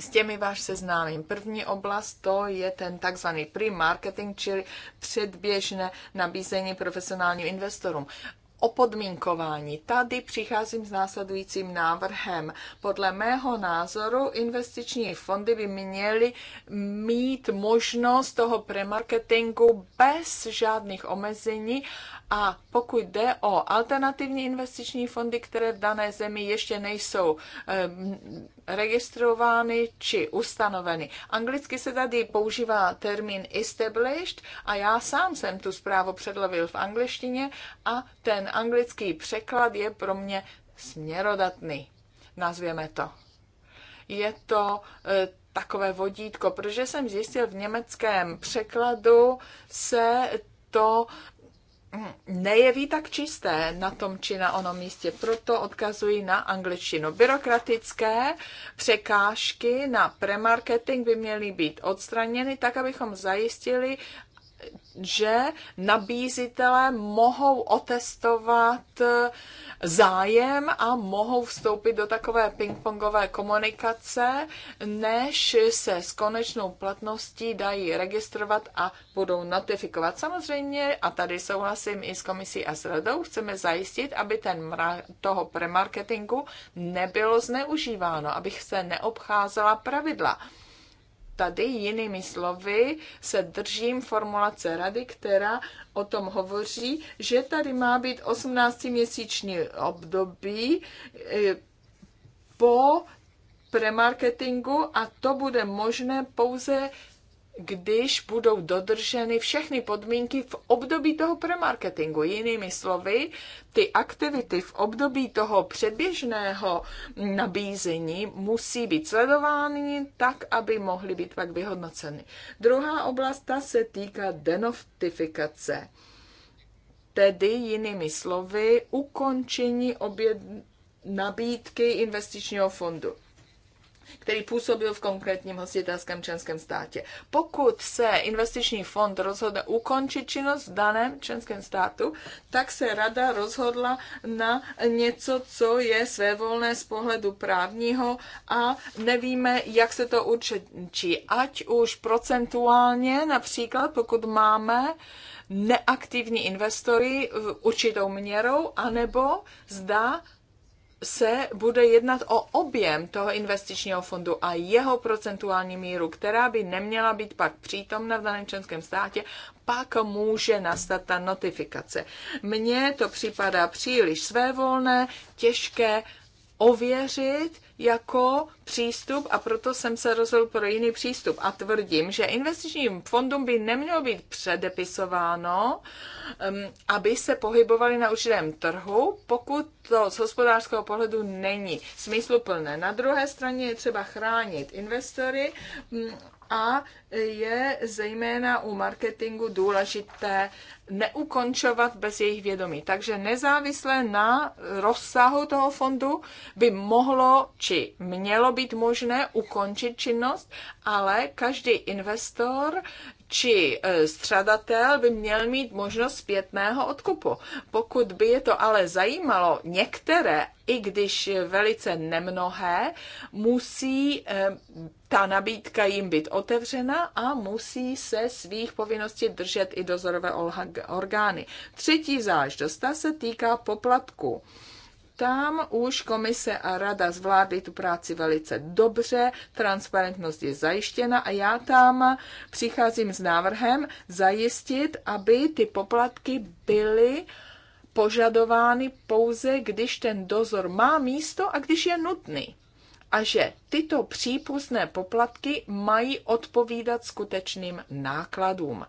S těmi váš seznámím. První oblast to je ten takzvaný pre-marketing, čili předběžné nabízení profesionálním investorům o podmínkování. Tady přicházím s následujícím návrhem. Podle mého názoru investiční fondy by měly mít možnost toho premarketingu bez žádných omezení a pokud jde o alternativní investiční fondy, které v dané zemi ještě nejsou eh, registrovány či ustanoveny. Anglicky se tady používá termín established a já sám jsem tu zprávu předlovil v angličtině a ten anglický překlad je pro mě směrodatný. Nazvěme to. Je to eh, takové vodítko, protože jsem zjistil v německém překladu se to nejeví tak čisté na tom či na onom místě. Proto odkazují na angličtinu. Byrokratické překážky na premarketing by měly být odstraněny tak, abychom zajistili že nabízitelé mohou otestovat eh, zájem a mohou vstoupit do takové pingpongové komunikace, než se s konečnou platností dají registrovat a budou notifikovat. Samozřejmě, a tady souhlasím i s komisí a s radou, chceme zajistit, aby ten toho premarketingu nebylo zneužíváno, abych se neobcházela pravidla Tady jinými slovy se držím formulace rady, která o tom hovoří, že tady má být 18-měsíční období eh, po premarketingu a to bude možné pouze když budou dodrženy všechny podmínky v období toho premarketingu. Jinými slovy, ty aktivity v období toho předběžného nabízení musí být sledovány tak, aby mohly být pak vyhodnoceny. Druhá oblast ta se týká denotifikace, tedy jinými slovy ukončení oběd nabídky investičního fondu který působil v konkrétním hostitelském členském státě. Pokud se investiční fond rozhodne ukončit činnost v daném členském státu, tak se rada rozhodla na něco, co je svévolné z pohledu právního a nevíme, jak se to určí. Ať už procentuálně, například pokud máme neaktivní investory určitou měrou, anebo zda se bude jednat o objem toho investičního fondu a jeho procentuální míru, která by neměla být pak přítomna v daném členském státě, pak může nastat ta notifikace. Mně to připadá příliš svévolné, těžké, ověřit jako přístup a proto jsem se rozhodl pro jiný přístup a tvrdím, že investičním fondům by nemělo být předepisováno, um, aby se pohybovali na určitém trhu, pokud to z hospodářského pohledu není smysluplné. Na druhé straně je třeba chránit investory um, a je zejména u marketingu důležité neukončovat bez jejich vědomí. Takže nezávisle na rozsahu toho fondu by mohlo či mělo být možné ukončit činnost, ale každý investor či e, střadatel by měl mít možnost zpětného odkupu. Pokud by je to ale zajímalo některé, i když velice nemnohé, musí e, ta nabídka jim být otevřena a musí se svých povinností držet i dozorové orgány. Třetí záležitost, ta se týká poplatku. Tam už komise a rada zvládly tu práci velice dobře, transparentnost je zajištěna a já tam přicházím s návrhem zajistit, aby ty poplatky byly požadovány pouze, když ten dozor má místo a když je nutný. A že tyto přípustné poplatky mají odpovídat skutečným nákladům.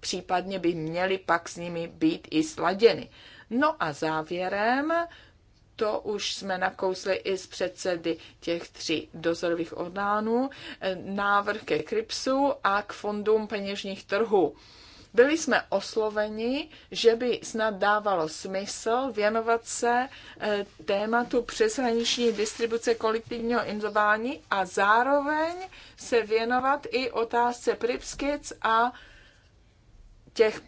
Případně by měly pak s nimi být i sladěny. No a závěrem to už jsme nakousli i z předsedy těch tří dozorových orgánů, návrh ke KRIPSu a k fondům peněžních trhů. Byli jsme osloveni, že by snad dávalo smysl věnovat se eh, tématu přeshraniční distribuce kolektivního inzování a zároveň se věnovat i otázce PRIPSKIC a těch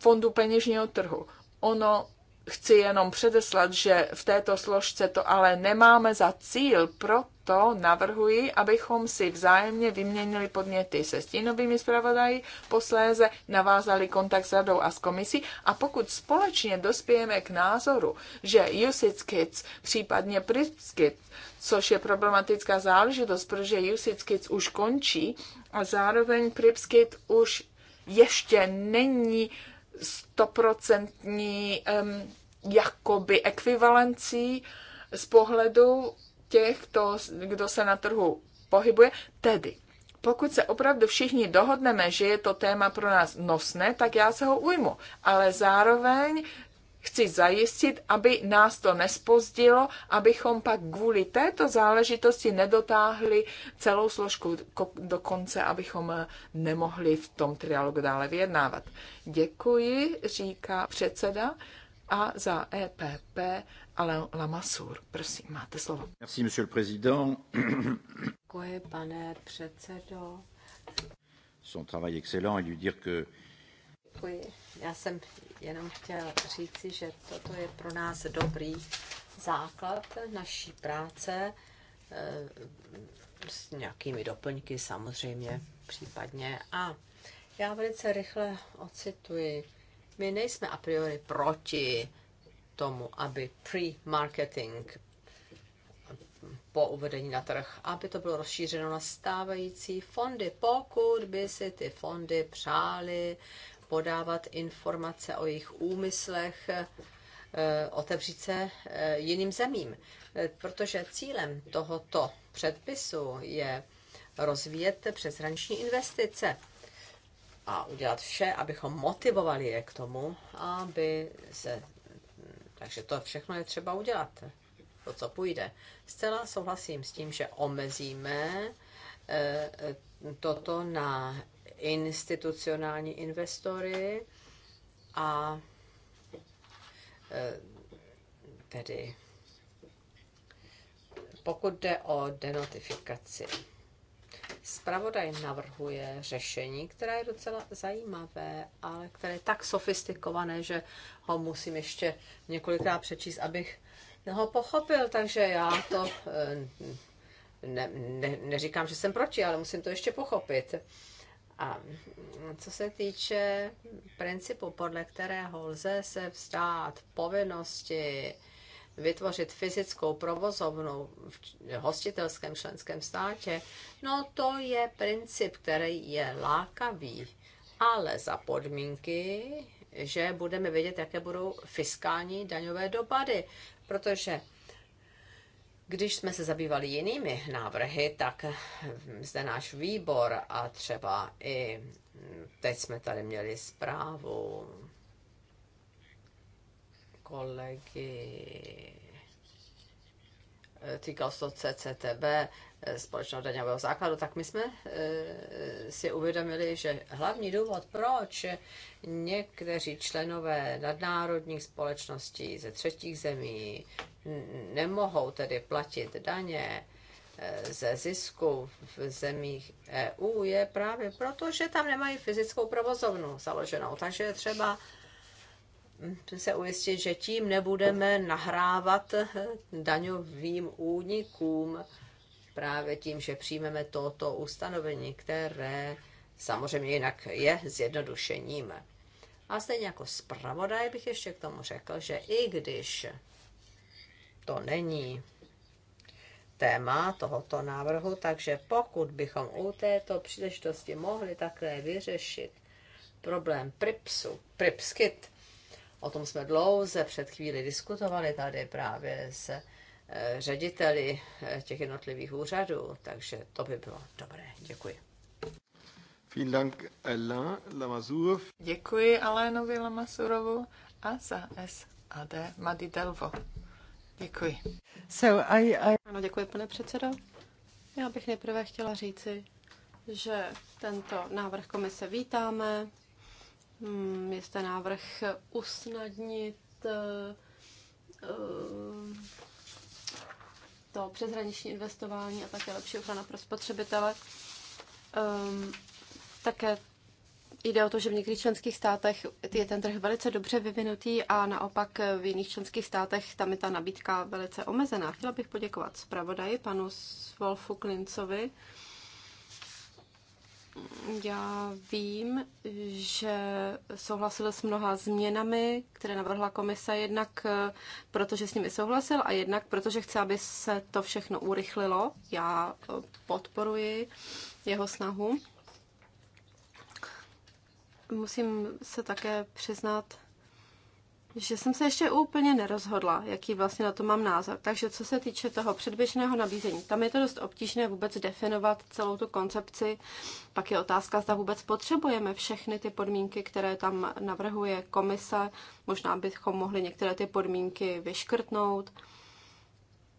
fondů peněžního trhu. Ono chci jenom předeslat, že v této složce to ale nemáme za cíl, proto navrhuji, abychom si vzájemně vyměnili podněty se stínovými zpravodaji, posléze navázali kontakt s radou a s komisí a pokud společně dospějeme k názoru, že USIC Kids, případně PRIPS Kids, což je problematická záležitost, protože USIC Kids už končí a zároveň PRIPS Kids už ještě není uh, stoprocentní jakoby ekvivalencí z pohledu těch, kdo, kdo se na trhu pohybuje. Tedy, pokud se opravdu všichni dohodneme, že je to téma pro nás nosné, tak já se ho ujmu. Ale zároveň chci zajistit, aby nás to nespozdilo, abychom pak kvůli této záležitosti nedotáhli celou složku do konce, abychom eh, nemohli v tom trialogu dále vyjednávat. Děkuji, říká předseda a za EPP ale Lamassur. Prosím, máte slovo. Merci, monsieur le président. Děkuji, pane předsedo. Son travail excellent et lui dire que... Děkuji. Já jsem jenom chtěl říci, že toto je pro nás dobrý základ naší práce e, s nějakými doplňky samozřejmě případně. A já velice rychle ocituji. My nejsme a priori proti tomu, aby pre-marketing po uvedení na trh, aby to bylo rozšířeno na stávající fondy, pokud by si ty fondy přáli podávat informace o jejich úmyslech, eh, otevřít se eh, jiným zemím. Eh, protože cílem tohoto předpisu je rozvíjet přeshraniční investice a udělat vše, abychom motivovali je k tomu, aby se... Hm, takže to všechno je třeba udělat, to, co půjde. Zcela souhlasím s tím, že omezíme toto na institucionální investory a eh, tedy pokud jde o denotifikaci. Spravodaj navrhuje řešení, které je docela zajímavé, ale které je tak sofistikované, že ho musím ještě několikrát přečíst, abych ho pochopil. Takže já to eh, ne, ne, neříkám, že jsem proti, ale musím to ještě pochopit. A co se týče principu, podle kterého lze se vzdát povinnosti vytvořit fyzickou provozovnu v hostitelském členském státě, no to je princip, který je lákavý, ale za podmínky, že budeme vědět, jaké budou fiskální daňové dopady, protože když jsme se zabývali jinými návrhy, tak eh, zde náš výbor a třeba i hm, teď jsme tady měli zprávu kolegy eh, týkal se to CCTB, eh, společného daňového základu, tak my jsme si uvědomili, že hlavní důvod, proč někteří členové nadnárodních společností ze třetích zemí nemohou tedy platit daně eh, ze zisku v zemích EU, je právě proto, že tam nemají fyzickou provozovnu založenou. Takže je třeba mm, se ujistit, že tím nebudeme nahrávat eh, daňovým únikům právě tím, že přijmeme toto ustanovení, které samozřejmě jinak je zjednodušením. A stejně jako zpravodaj bych ještě k tomu řekl, že i když to není téma tohoto návrhu, takže pokud bychom u této příležitosti mohli také vyřešit problém PRIPSu, PRIPSKIT, o tom jsme dlouze před chvíli diskutovali tady právě s eh, řediteli eh, těch jednotlivých úřadů, takže to by bylo dobré. Děkuji. Děkuji Alénovi Lamassurovu a za SAD Madidelvo. Děkuji. So I, I... Ano, děkuji, pane předsedo. Já bych nejprve chtěla říci, že tento návrh komise vítáme. Hmm, je zde návrh usnadnit eh, to přeshraniční investování a také lepší ochrana pro spotřebitele. Ehm, také Jde o to, že v některých členských státech je ten trh velice dobře vyvinutý a naopak v jiných členských státech tam je ta nabídka velice omezená. Chtěla bych poděkovat zpravodaji panu Wolfu Klincovi. Já vím, že souhlasil s mnoha změnami, které navrhla komise, jednak eh, protože s nimi souhlasil a jednak protože chce, aby se to všechno urychlilo. Já eh, podporuji jeho snahu musím se také přiznat, že jsem se ještě úplně nerozhodla, jaký vlastně na to mám názor. Takže co se týče toho předběžného nabízení, tam je to dost obtížné vůbec definovat celou tu koncepci. Pak je otázka, zda vůbec potřebujeme všechny ty podmínky, které tam navrhuje komise. Možná bychom mohli některé ty podmínky vyškrtnout.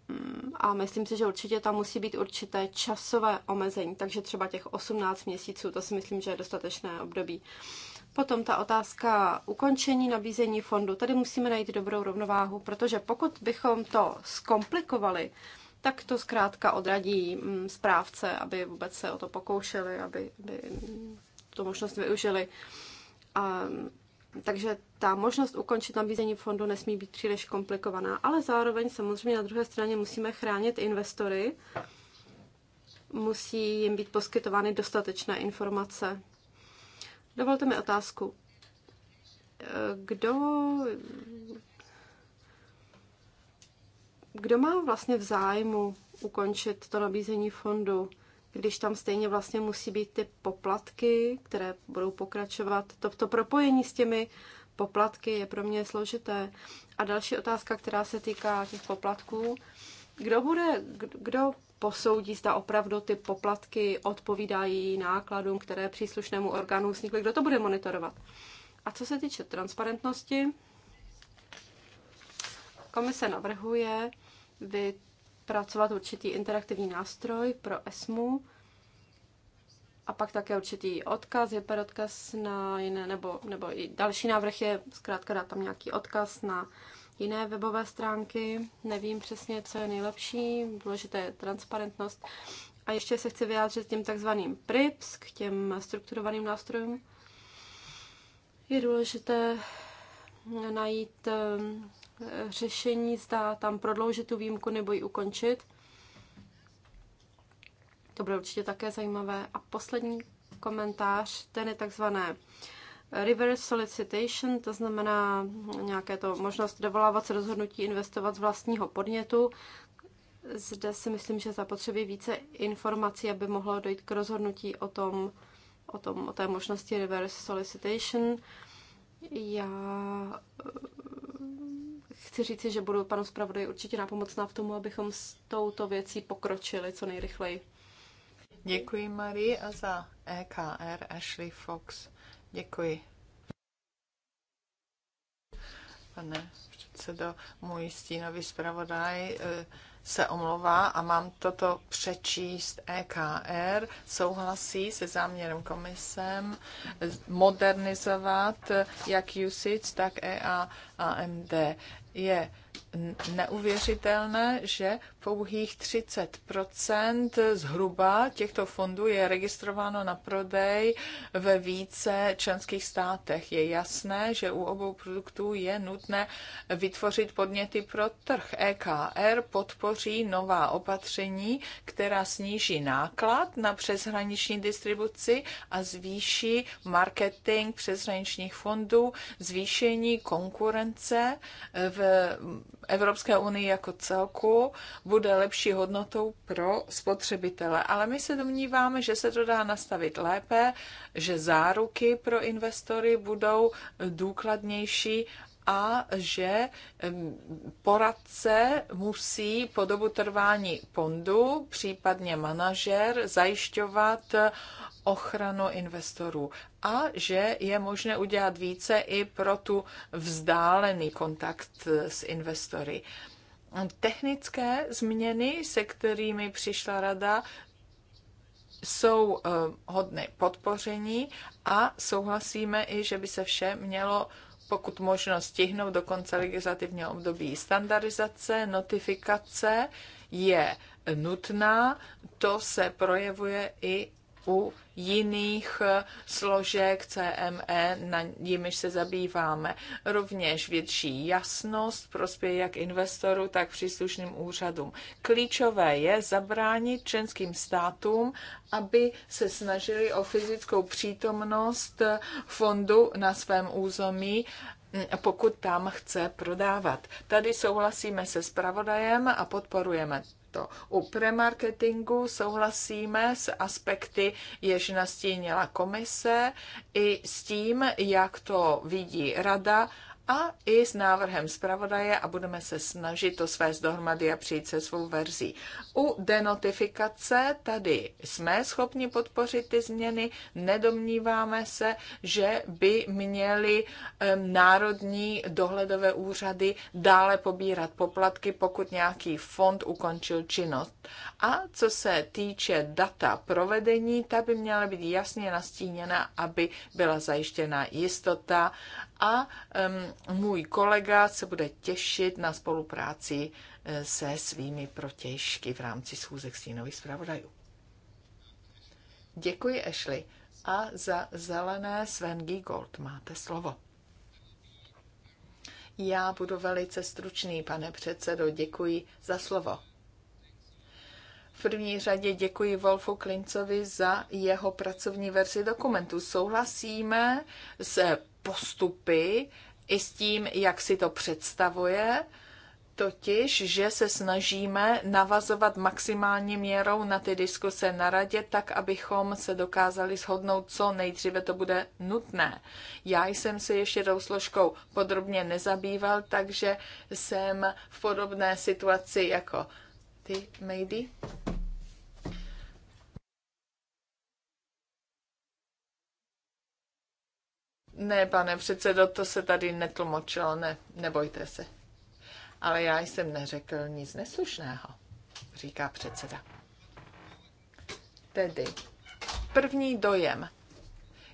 Mm, a myslím si, že určitě tam musí být určité časové omezení, takže třeba těch 18 měsíců, to si myslím, že je dostatečné období. Potom ta otázka ukončení nabízení fondu. Tady musíme najít dobrou rovnováhu, protože pokud bychom to zkomplikovali, tak to zkrátka odradí mm, správce, aby vůbec se o to pokoušeli, aby, aby tu možnost využili. A takže ta možnost ukončit nabízení fondu nesmí být příliš komplikovaná, ale zároveň samozřejmě na druhé straně musíme chránit investory, musí jim být poskytovány dostatečné informace. Dovolte mi otázku. Kdo, kdo má vlastně v zájmu ukončit to nabízení fondu? když tam stejně vlastně musí být ty poplatky, které budou pokračovat. To, to propojení s těmi poplatky je pro mě složité. A další otázka, která se týká těch poplatků. Kdo bude, kdo posoudí, zda opravdu ty poplatky odpovídají nákladům, které příslušnému orgánu vznikly, kdo to bude monitorovat? A co se týče transparentnosti, komise navrhuje vy pracovat určitý interaktivní nástroj pro ESMU a pak také určitý odkaz, je odkaz na jiné, nebo, nebo i další návrh je zkrátka dát tam nějaký odkaz na jiné webové stránky. Nevím přesně, co je nejlepší, důležité je transparentnost. A ještě se chci vyjádřit tím takzvaným PRIPS, k těm strukturovaným nástrojům. Je důležité najít ehm, řešení, zda tam prodloužit tu výjimku nebo ji ukončit. To bude určitě také zajímavé. A poslední komentář, ten je takzvané reverse solicitation, to znamená nějaké to možnost dovolávat se rozhodnutí investovat z vlastního podnětu. Zde si myslím, že zapotřebí více informací, aby mohlo dojít k rozhodnutí o tom, o, tom, o té možnosti reverse solicitation. Já chci říci, že budu panu zpravodaji určitě nápomocná v tomu, abychom s touto věcí pokročili co nejrychleji. Děkuji Marie a za EKR Ashley Fox. Děkuji. Pane předsedo, můj stínový zpravodaj eh, se omlouvá a mám toto přečíst. EKR souhlasí se záměrem komisem modernizovat jak USIC, tak EAMD. Je neuvěřitelné, že pouhých 30 zhruba těchto fondů je registrováno na prodej ve více členských státech. Je jasné, že u obou produktů je nutné vytvořit podněty pro trh. EKR podpoří nová opatření, která sníží náklad na přeshraniční distribuci a zvýší marketing přeshraničních fondů, zvýšení konkurence v Evropské unii jako celku bude lepší hodnotou pro spotřebitele. Ale my se domníváme, že se to dá nastavit lépe, že záruky pro investory budou důkladnější a že poradce musí po dobu trvání fondu, případně manažer, zajišťovat ochranu investorů a že je možné udělat více i pro tu vzdálený kontakt s investory. Technické změny, se kterými přišla rada, jsou eh, hodné podpoření a souhlasíme i, že by se vše mělo pokud možno stihnout do konce legislativního období. Standardizace, notifikace je nutná, to se projevuje i u jiných eh, složek CME, na nimiž se zabýváme. Rovněž větší jasnost prospěje jak investoru, tak příslušným úřadům. Klíčové je zabránit členským státům, aby se snažili o fyzickou přítomnost fondu na svém území mm, pokud tam chce prodávat. Tady souhlasíme se spravodajem a podporujeme takto. U premarketingu souhlasíme s aspekty, jež nastínila komise, i s tím, jak to vidí rada a i s návrhem zpravodaje a budeme se snažit to svést dohromady a přijít se svou verzí. U denotifikace tady jsme schopni podpořit ty změny, nedomníváme se, že by měly národní dohledové úřady dále pobírat poplatky, pokud nějaký fond ukončil činnost. A co se týče data provedení, ta by měla být jasně nastíněna, aby byla zajištěna jistota a um, můj kolega se bude těšit na spolupráci e, se svými protěžky v rámci schůzek stínových zpravodajů. Děkuji, Ashley. A za zelené Sven Gold máte slovo. Já budu velice stručný, pane předsedo, děkuji za slovo. V první řadě děkuji Wolfu Klincovi za jeho pracovní verzi dokumentu. Souhlasíme s postupy i s tím, jak si to představuje, totiž, že se snažíme navazovat maximální měrou na ty diskuse na radě, tak abychom se dokázali shodnout, co nejdříve to bude nutné. Já jsem se ještě tou složkou podrobně nezabýval, takže jsem v podobné situaci jako ty, Mejdy. Ne, pane předsedo, to se tady netlmočilo, ne, nebojte se. Ale já jsem neřekl nic neslušného, říká předseda. Tedy, první dojem,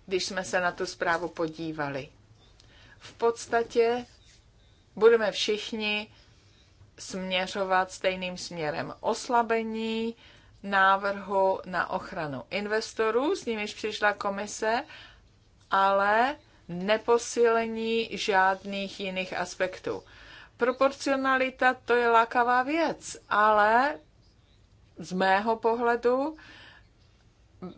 když jsme se na tu zprávu podívali. V podstatě budeme všichni směřovat stejným směrem. Oslabení návrhu na ochranu investorů, s nimiž přišla komise, ale neposílení žádných jiných aspektů. Proporcionalita to je lákavá věc, ale z mého pohledu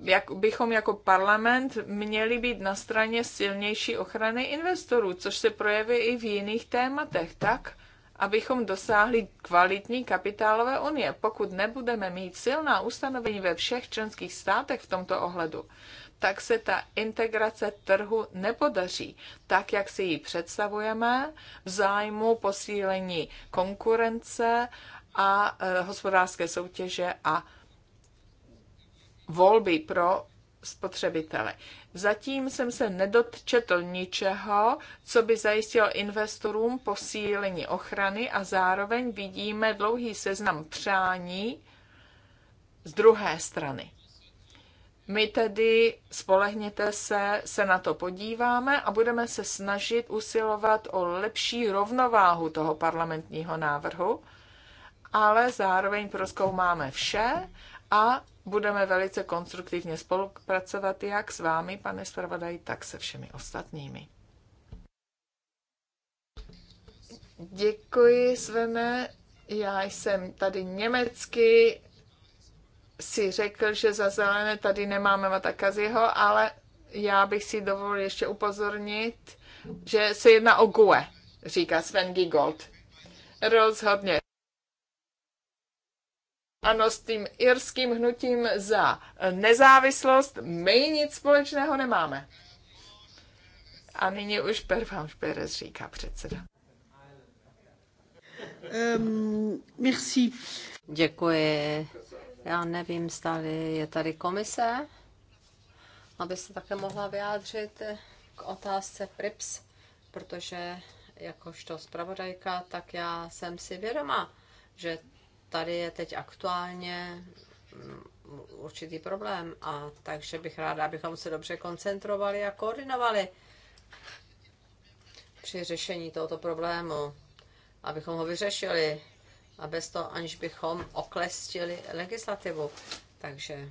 jak bychom jako parlament měli být na straně silnější ochrany investorů, což se projeví i v jiných tématech, tak, abychom dosáhli kvalitní kapitálové unie. Pokud nebudeme mít silná ustanovení ve všech členských státech v tomto ohledu, tak se ta integrace trhu nepodaří tak, jak si ji představujeme, v zájmu posílení konkurence a e, hospodářské soutěže a volby pro spotřebitele. Zatím jsem se nedotčetl ničeho, co by zajistilo investorům posílení ochrany a zároveň vidíme dlouhý seznam přání z druhé strany. My tedy spolehněte se, se na to podíváme a budeme se snažit usilovat o lepší rovnováhu toho parlamentního návrhu, ale zároveň proskoumáme vše a budeme velice konstruktivně spolupracovat jak s vámi, pane zpravodaji, tak se všemi ostatními. Děkuji, Svene. Já jsem tady německy si řekl, že za zelené tady nemáme Matakaziho, ale já bych si dovolil ještě upozornit, že se jedná o GUE, říká Sven Gigold. Rozhodně. Ano, s tím irským hnutím za nezávislost my nic společného nemáme. A nyní už Pervám Šperes říká předseda. Um, merci. Děkuji. Já nevím, zdali je tady komise, aby se také mohla vyjádřit k otázce PRIPS, protože jakožto zpravodajka, tak já jsem si vědoma, že tady je teď aktuálně mm, určitý problém a takže bych ráda, abychom se dobře koncentrovali a koordinovali při řešení tohoto problému, abychom ho vyřešili a bez toho, aniž bychom oklestili legislativu. Takže,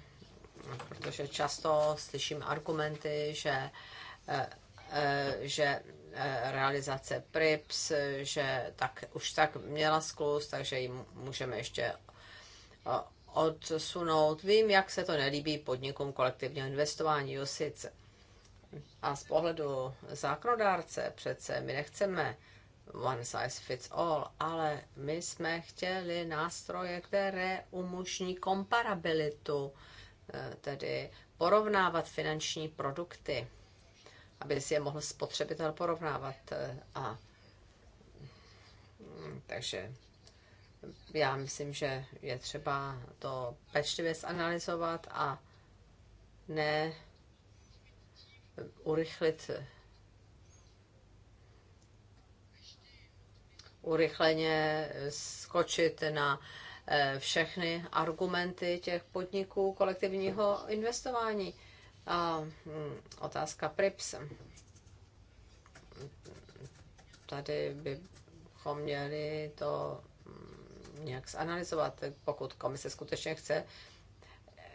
protože často slyším argumenty, že, eh, eh, že eh, realizace PRIPS, že tak, už tak měla sklus, takže ji můžeme ještě odsunout. Vím, jak se to nelíbí podnikům kolektivního investování, jo, sice. A z pohledu zákonodárce přece my nechceme one size fits all, ale my jsme chtěli nástroje, které umožní komparabilitu, eh, tedy porovnávat finanční produkty, aby si je mohl spotřebitel porovnávat. Eh, a mm, takže já myslím, že je třeba to pečlivě zanalizovat a ne urychlit urychleně skočit na eh, všechny argumenty těch podniků kolektivního investování. A hm, otázka PRIPS. Tady bychom měli to hm, nějak zanalizovat, pokud komise skutečně chce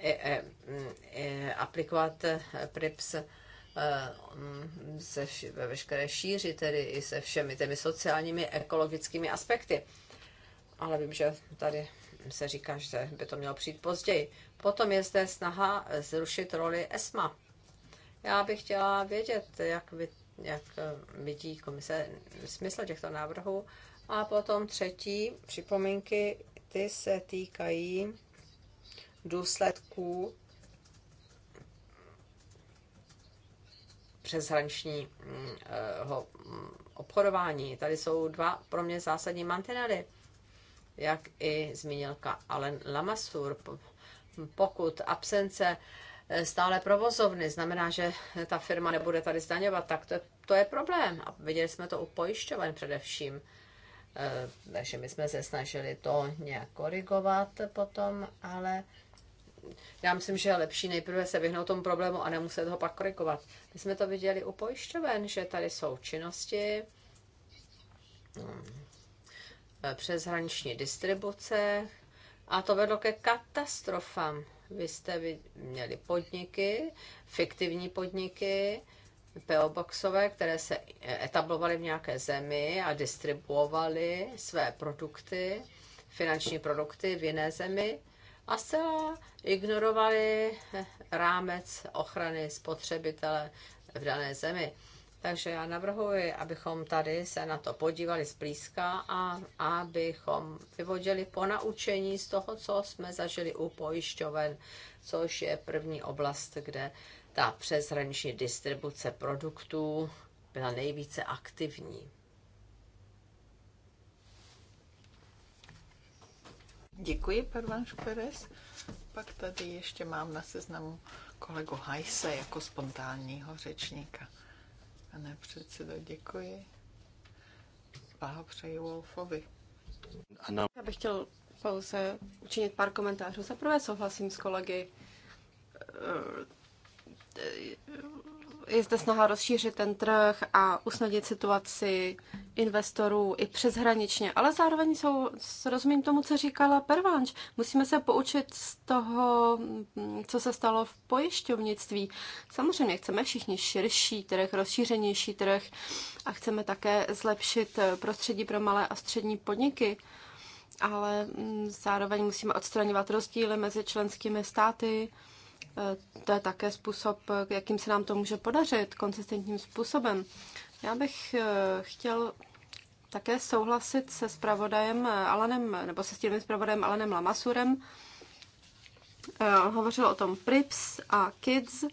eh, eh, hm, aplikovat PRIPS Eh, se vš- ve veškeré šíři, tedy i se všemi těmi sociálními, ekologickými aspekty. Ale vím, že tady se říká, že by to mělo přijít později. Potom je zde snaha zrušit roli ESMA. Já bych chtěla vědět, jak, vy, jak vidí komise smysl těchto návrhů. A potom třetí připomínky, ty se týkají důsledků přeshraničního eh, obchodování. Tady jsou dva pro mě zásadní mantinely, jak i zmínilka Alen Lamassur. Pokud absence eh, stále provozovny znamená, že ta firma nebude tady zdaňovat, tak to je, to je problém. A viděli jsme to u pojišťoven především. Eh, takže my jsme se snažili to nějak korigovat potom, ale já myslím, že je lepší nejprve se vyhnout tomu problému a nemuset ho pak korekovat. My jsme to viděli u pojišťoven, že tady jsou činnosti, mm, přeshraniční distribuce a to vedlo ke katastrofám. Vy jste měli podniky, fiktivní podniky, PO boxové, které se e, etablovaly v nějaké zemi a distribuovaly své produkty, finanční produkty v jiné zemi a zcela ignorovali rámec ochrany spotřebitele v dané zemi. Takže já navrhuji, abychom tady se na to podívali zblízka a abychom vyvodili ponaučení z toho, co jsme zažili u pojišťoven, což je první oblast, kde ta přeshraniční distribuce produktů byla nejvíce aktivní. Děkuji, Pervanš Perez. Pak tady ještě mám na seznamu kolegu Hajse jako spontánního řečníka. Pane předsedo, děkuji. Blahopřeji Wolfovi. Ano. Já bych chtěl pouze učinit pár komentářů. Za prvé souhlasím s kolegy eh, je zde snaha rozšířit ten trh a usnadnit situaci investorů i přeshraničně, ale zároveň jsou, rozumím tomu, co říkala Pervanč, musíme se poučit z toho, mm, co se stalo v pojišťovnictví. Samozřejmě chceme všichni širší trh, rozšířenější trh a chceme také zlepšit prostředí pro malé a střední podniky, ale mm, zároveň musíme odstraňovat rozdíly mezi členskými státy, Eh, to je také způsob, jakým se nám to může podařit, konsistentním způsobem. Já bych eh, chtěl také souhlasit se spravodajem eh, Alanem, nebo se stílným spravodajem Alanem Lamasurem. hovořil o tom PRIPS a KIDS.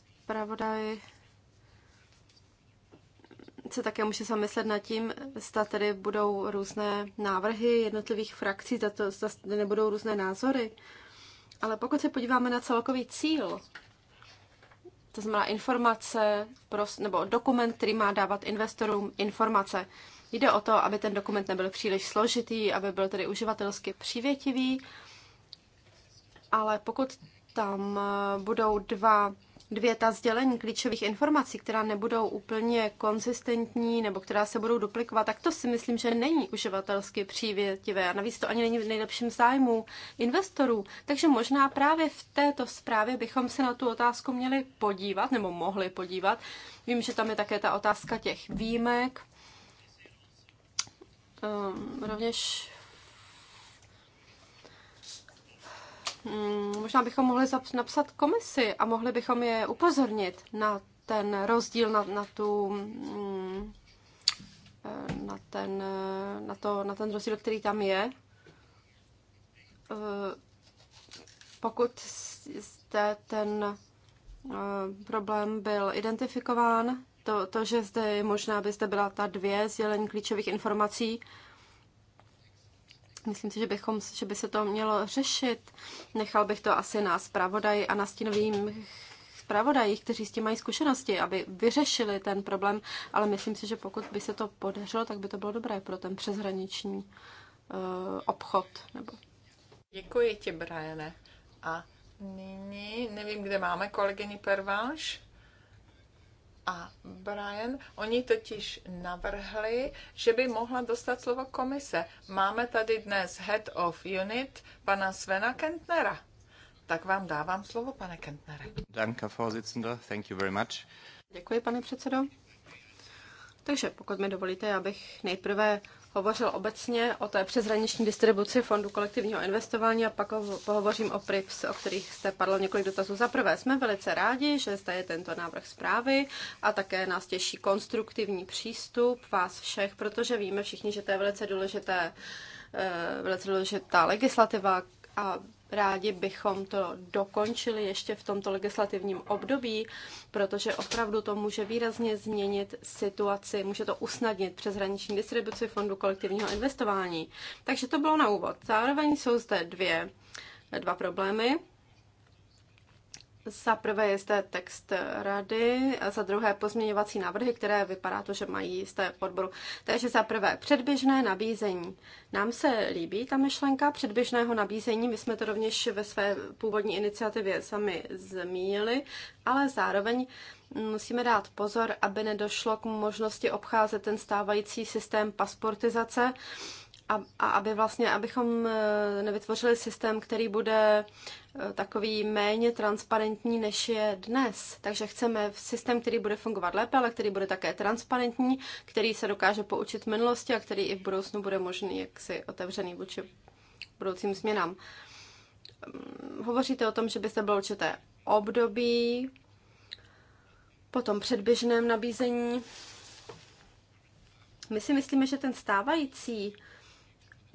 Spravodaj ehm, se také může zamyslet nad tím, zda tady budou různé návrhy jednotlivých frakcí, zda, to, zda nebudou různé názory. Ale pokud se podíváme na celkový cíl, to znamená informace pro, nebo dokument, který má dávat investorům informace, jde o to, aby ten dokument nebyl příliš složitý, aby byl tedy uživatelsky přívětivý, ale pokud tam budou dva dvě ta sdělení klíčových informací, která nebudou úplně konzistentní nebo která se budou duplikovat, tak to si myslím, že není uživatelsky přívětivé a navíc to ani není v nejlepším zájmu investorů. Takže možná právě v této zprávě bychom se na tu otázku měli podívat nebo mohli podívat. Vím, že tam je také ta otázka těch výjimek. Um, rovněž Mm, možná bychom mohli napsat komisi a mohli bychom je upozornit na ten rozdíl, na, na tu mm, eh, na ten, eh, na, to, na ten rozdíl, který tam je. Eh, pokud jste ten problém byl identifikován, to, to že zde je možná, aby zde byla ta dvě sdělení klíčových informací, Myslím si, že, bychom, že by se to mělo řešit. Nechal bych to asi na zpravodaji a na stínovým zpravodajích, kteří s tím mají zkušenosti, aby vyřešili ten problém, ale myslím si, že pokud by se to podařilo, tak by to bylo dobré pro ten přeshraniční uh, obchod. Nebo... Děkuji ti, Brajene. A nyní nevím, kde máme kolegyni Perváš a Brian, oni totiž navrhli, že by mohla dostat slovo komise. Máme tady dnes head of unit pana Svena Kentnera. Tak vám dávám slovo, pane Kentnere. Danke, Vorsitzender. Thank you very much. Děkuji, pane předsedo. Takže pokud mi dovolíte, já bych nejprve hovořil obecně o té přeshraniční distribuci fondu kolektivního investování a pak pohovořím o PRIPS, o kterých jste padlo několik dotazů. Za prvé, jsme velice rádi, že zde je tento návrh zprávy a také nás těší konstruktivní přístup vás všech, protože víme všichni, že to je velice důležité, eh, velice důležitá legislativa a Rádi bychom to dokončili ještě v tomto legislativním období, protože opravdu to může výrazně změnit situaci, může to usnadnit přeshraniční distribuci fondu kolektivního investování. Takže to bylo na úvod. Zároveň jsou zde dvě, dva problémy. Za prvé je zde text rady, za druhé pozměňovací návrhy, které vypadá to, že mají jisté podboru. Takže za prvé předběžné nabízení. Nám se líbí ta myšlenka předběžného nabízení, my jsme to rovněž ve své původní iniciativě sami zmínili, ale zároveň musíme dát pozor, aby nedošlo k možnosti obcházet ten stávající systém pasportizace, a, a aby vlastně, abychom eh, nevytvořili systém, který bude eh, takový méně transparentní, než je dnes. Takže chceme systém, který bude fungovat lépe, ale který bude také transparentní, který se dokáže poučit v minulosti a který i v budoucnu bude možný jaksi otevřený vůči budoucím změnám. Mm, hovoříte o tom, že byste bylo určité období, tom předběžném nabízení. My si myslíme, že ten stávající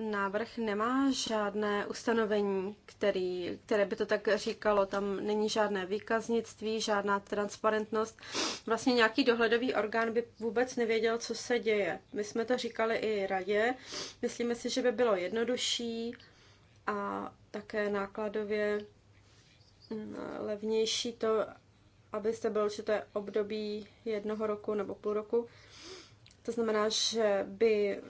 návrh nemá žádné ustanovení, který, které by to tak říkalo. Tam není žádné výkaznictví, žádná transparentnost. Vlastně nějaký dohledový orgán by vůbec nevěděl, co se děje. My jsme to říkali i radě. Myslíme si, že by bylo jednodušší a také nákladově mm, levnější to, abyste bylo určité období jednoho roku nebo půl roku, to znamená, že by eh,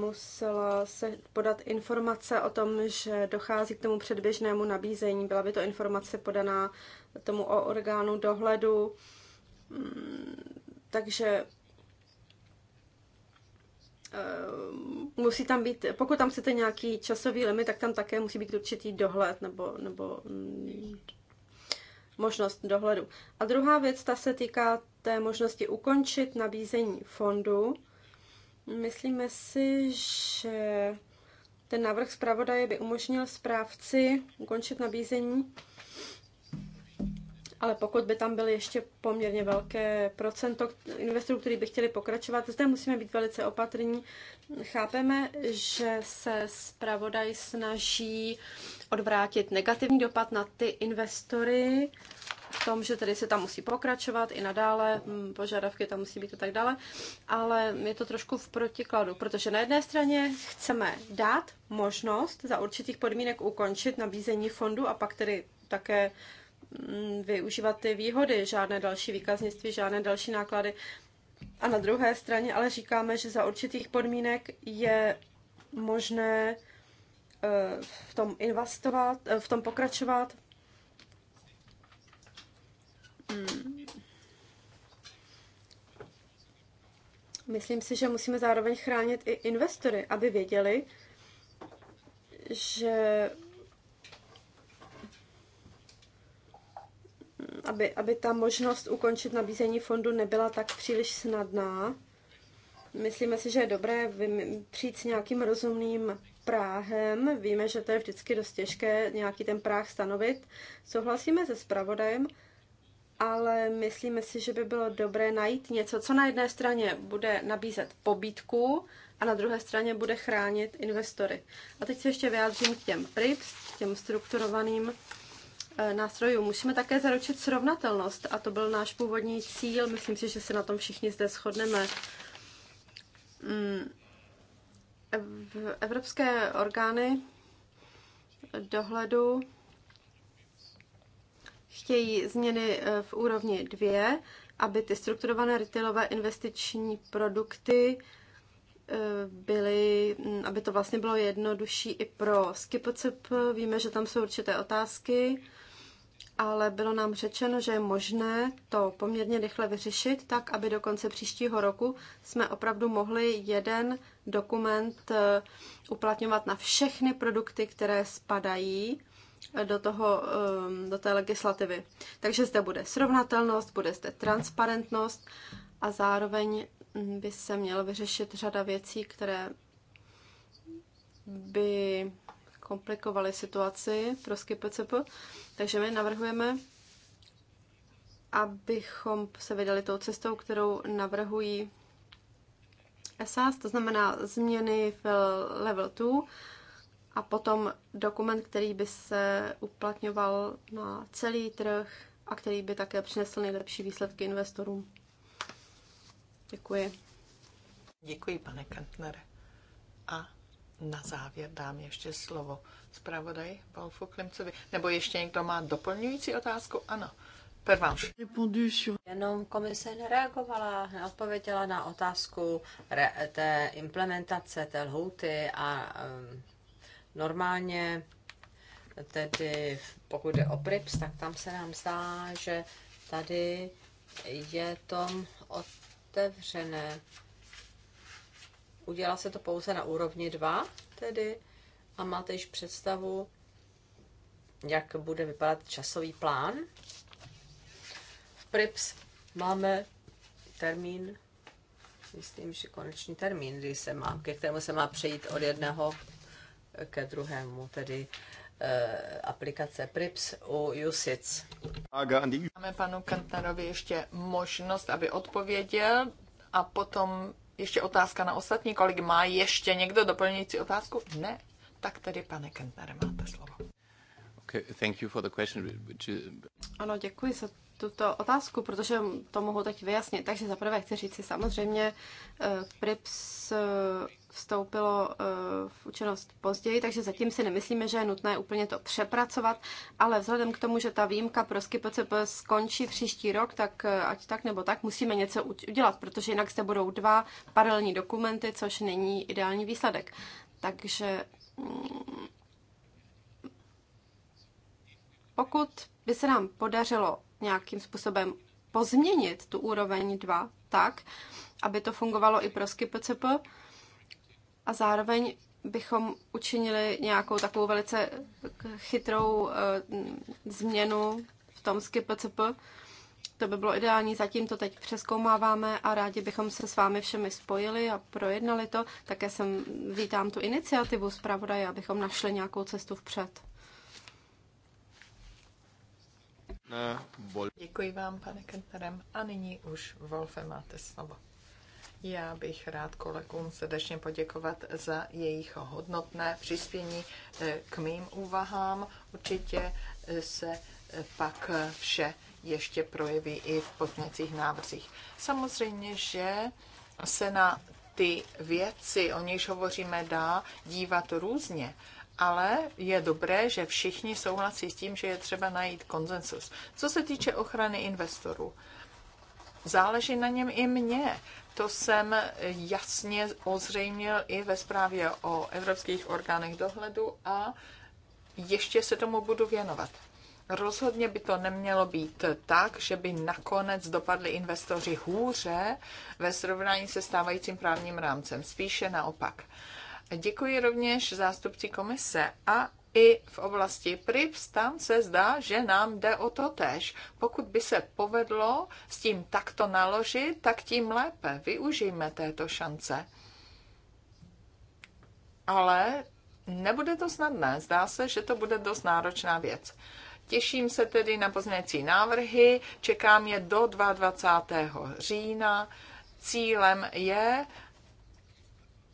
musela se podat informace o tom, že dochází k tomu předběžnému nabízení. Byla by to informace podaná tomu o orgánu dohledu. Mm, takže eh, musí tam být, pokud tam chcete nějaký časový limit, tak tam také musí být určitý dohled nebo, nebo mm, možnost dohledu. A druhá věc, ta se týká té možnosti ukončit nabízení fondu. Myslíme si, že ten návrh zpravodaje by umožnil správci ukončit nabízení ale pokud by tam byly ještě poměrně velké procento investorů, kteří by chtěli pokračovat, zde musíme být velice opatrní. Chápeme, že se zpravodaj snaží odvrátit negativní dopad na ty investory, v tom, že tedy se tam musí pokračovat i nadále, hm, požadavky tam musí být a tak dále, ale je to trošku v protikladu, protože na jedné straně chceme dát možnost za určitých podmínek ukončit nabízení fondu a pak tedy také Mm, využívat ty výhody, žádné další výkaznictví, žádné další náklady. A na druhé straně ale říkáme, že za určitých podmínek je možné eh, v tom investovat, eh, v tom pokračovat. Hmm. Myslím si, že musíme zároveň chránit i investory, aby věděli, že aby, aby ta možnost ukončit nabízení fondu nebyla tak příliš snadná. Myslíme si, že je dobré přijít s nějakým rozumným práhem. Víme, že to je vždycky dost těžké nějaký ten práh stanovit. Souhlasíme se zpravodajem, ale myslíme si, že by bylo dobré najít něco, co na jedné straně bude nabízet pobítku a na druhé straně bude chránit investory. A teď se ještě vyjádřím k těm PRIPS, k těm strukturovaným Eh, nástrojů. Musíme také zaručit srovnatelnost a to byl náš původní cíl. Myslím si, že se na tom všichni zde shodneme. Mm. Evropské orgány dohledu chtějí změny eh, v úrovni 2, aby ty strukturované retailové investiční produkty eh, byly, mm, aby to vlastně bylo jednodušší i pro skipocep. Víme, že tam jsou určité otázky ale bylo nám řečeno, že je možné to poměrně rychle vyřešit, tak aby do konce příštího roku jsme opravdu mohli jeden dokument eh, uplatňovat na všechny produkty, které spadají eh, do, toho, ehm, do té legislativy. Takže zde bude srovnatelnost, bude zde transparentnost a zároveň hm, by se měla vyřešit řada věcí, které by komplikovaly situaci pro SkyPCP, takže my navrhujeme, abychom se vydali tou cestou, kterou navrhují SAS, to znamená změny v level 2 a potom dokument, který by se uplatňoval na celý trh a který by také přinesl nejlepší výsledky investorům. Děkuji. Děkuji, pane Kantnere. A na závěr dám ještě slovo zpravodaj Wolfu Klimcovi. Nebo ještě někdo má doplňující otázku? Ano. Pervanš. Jenom komise nereagovala, neodpověděla na otázku re- té implementace té lhouty a um, normálně tedy pokud jde o PRIPS, tak tam se nám zdá, že tady je tom otevřené udělá se to pouze na úrovni 2 tedy a máte již představu, jak bude vypadat časový plán. V PRIPS máme termín, myslím, že konečný termín, kdy se má, ke kterému se má přejít od jednoho ke druhému, tedy eh, aplikace PRIPS u USIC. Máme panu Kantnerovi ještě možnost, aby odpověděl a potom ještě otázka na ostatní kolik Má ještě někdo doplňující otázku? Ne. Tak tedy, pane Kentner, máte slovo. Okay, thank you for the question. Ano, děkuji za tuto otázku, protože to mohu teď vyjasnit. Takže zaprvé chci říct si samozřejmě, eh, PRIPS eh, vstoupilo eh, v účinnost později, takže zatím si nemyslíme, že je nutné úplně to přepracovat, ale vzhledem k tomu, že ta výjimka pro SkyPCP skončí příští rok, tak ať tak nebo tak musíme něco udělat, protože jinak zde budou dva paralelní dokumenty, což není ideální výsledek. Takže mm, pokud by se nám podařilo nějakým způsobem pozměnit tu úroveň 2 tak, aby to fungovalo i pro SkyPCP a zároveň bychom učinili nějakou takovou velice chytrou eh, změnu v tom SkyPCP. To by bylo ideální, zatím to teď přeskoumáváme a rádi bychom se s vámi všemi spojili a projednali to. Také jsem vítám tu iniciativu zpravodaje, abychom našli nějakou cestu vpřed. Děkuji vám, pane Kenterem. A nyní už, Wolfe, máte slovo. Já bych rád kolegům srdečně poděkovat za jejich hodnotné přispění eh, k mým úvahám. Určitě eh, se eh, pak vše ještě projeví i v pozměcích návrzích. Samozřejmě, že se na ty věci, o nichž hovoříme, dá dívat různě ale je dobré, že všichni souhlasí s tím, že je třeba najít konsensus. Co se týče ochrany investorů, záleží na něm i mně. To jsem jasně ozřejmil i ve zprávě o evropských orgánech dohledu a ještě se tomu budu věnovat. Rozhodně by to nemělo být tak, že by nakonec dopadli investoři hůře ve srovnání se stávajícím právním rámcem. Spíše naopak. Uh, děkuji rovněž zástupci komise a i v oblasti PRIPS tam se zdá, že nám jde o to tež. Pokud by se povedlo s tím takto naložit, tak tím lépe. Využijme této šance. Ale nebude to snadné. Zdá se, že to bude dost náročná věc. Těším se tedy na pozměňovací návrhy, čekám je do 22. října. Cílem je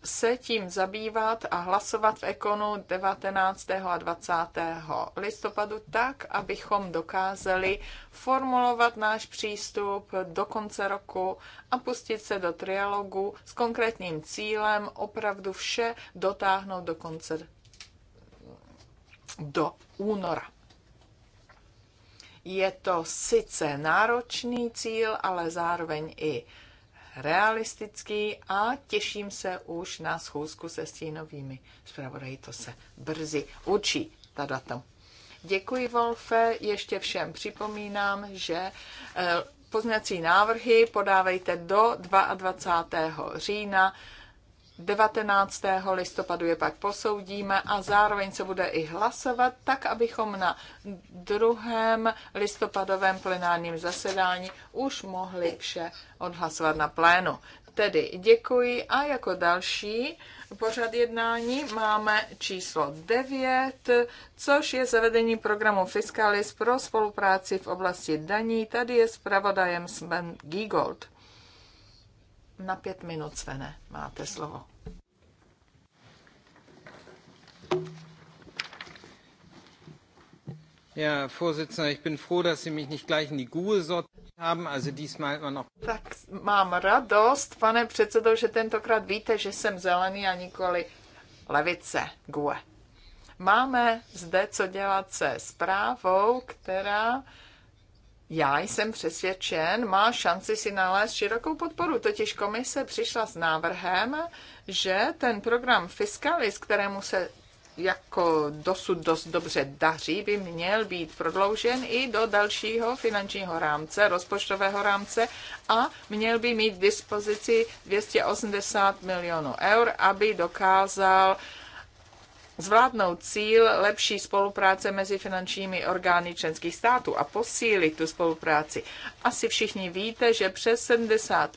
se tím zabývat a hlasovat v ekonu 19. a 20. listopadu tak, abychom dokázali formulovat náš přístup do konce roku a pustit se do trialogu s konkrétním cílem opravdu vše dotáhnout do konce do února. Je to sice náročný cíl, ale zároveň i realistický a těším se už na schůzku se stínovými zpravodají. To se brzy učí ta data. Děkuji, Wolfe. Ještě všem připomínám, že eh, poznací návrhy podávejte do 22. října 19. listopadu je pak posoudíme a zároveň se bude i hlasovat, tak abychom na druhém listopadovém plenárním zasedání už mohli vše odhlasovat na plénu. Tedy děkuji a jako další pořad jednání máme číslo 9, což je zavedení programu Fiscalis pro spolupráci v oblasti daní. Tady je zpravodajem Sven Giegold. Na pět minut, Svene, máte slovo. Herr Vorsitzender, ich bin froh, dass Sie mich nicht gleich in die GUE sortiert haben. Also diesmal immer noch. Tak mám radost, pane předsedo, že tentokrát víte, že jsem zelený a nikoli levice GUE. Máme zde co dělat se zprávou, která já jsem přesvědčen, má šanci si nalézt širokou podporu. Totiž komise přišla s návrhem, že ten program Fiscalis, kterému se jako dosud dost dobře daří, by měl být prodloužen i do dalšího finančního rámce, rozpočtového rámce a měl by mít v dispozici 280 milionů eur, aby dokázal zvládnout cíl lepší spolupráce mezi finančními orgány členských států a posílit tu spolupráci. Asi všichni víte, že přes 70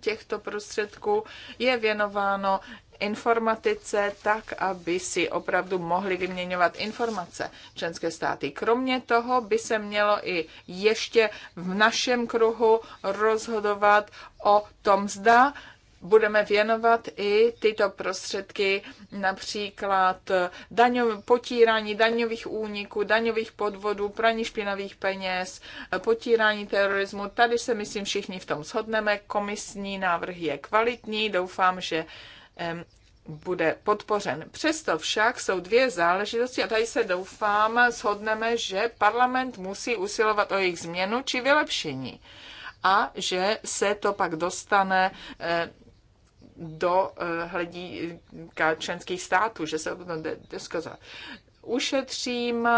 těchto prostředků je věnováno informatice tak, aby si opravdu mohli vyměňovat informace členské státy. Kromě toho by se mělo i ještě v našem kruhu rozhodovat o tom, zda budeme věnovat i tyto prostředky například daňov, potírání daňových úniků, daňových podvodů, praní špinavých peněz, potírání terorismu. Tady se myslím všichni v tom shodneme. Komisní návrh je kvalitní. Doufám, že bude podpořen. Přesto však jsou dvě záležitosti a tady se doufám shodneme, že parlament musí usilovat o jejich změnu či vylepšení a že se to pak dostane eh, do eh, hledíka členských států, že se o tom diskutovat ušetřím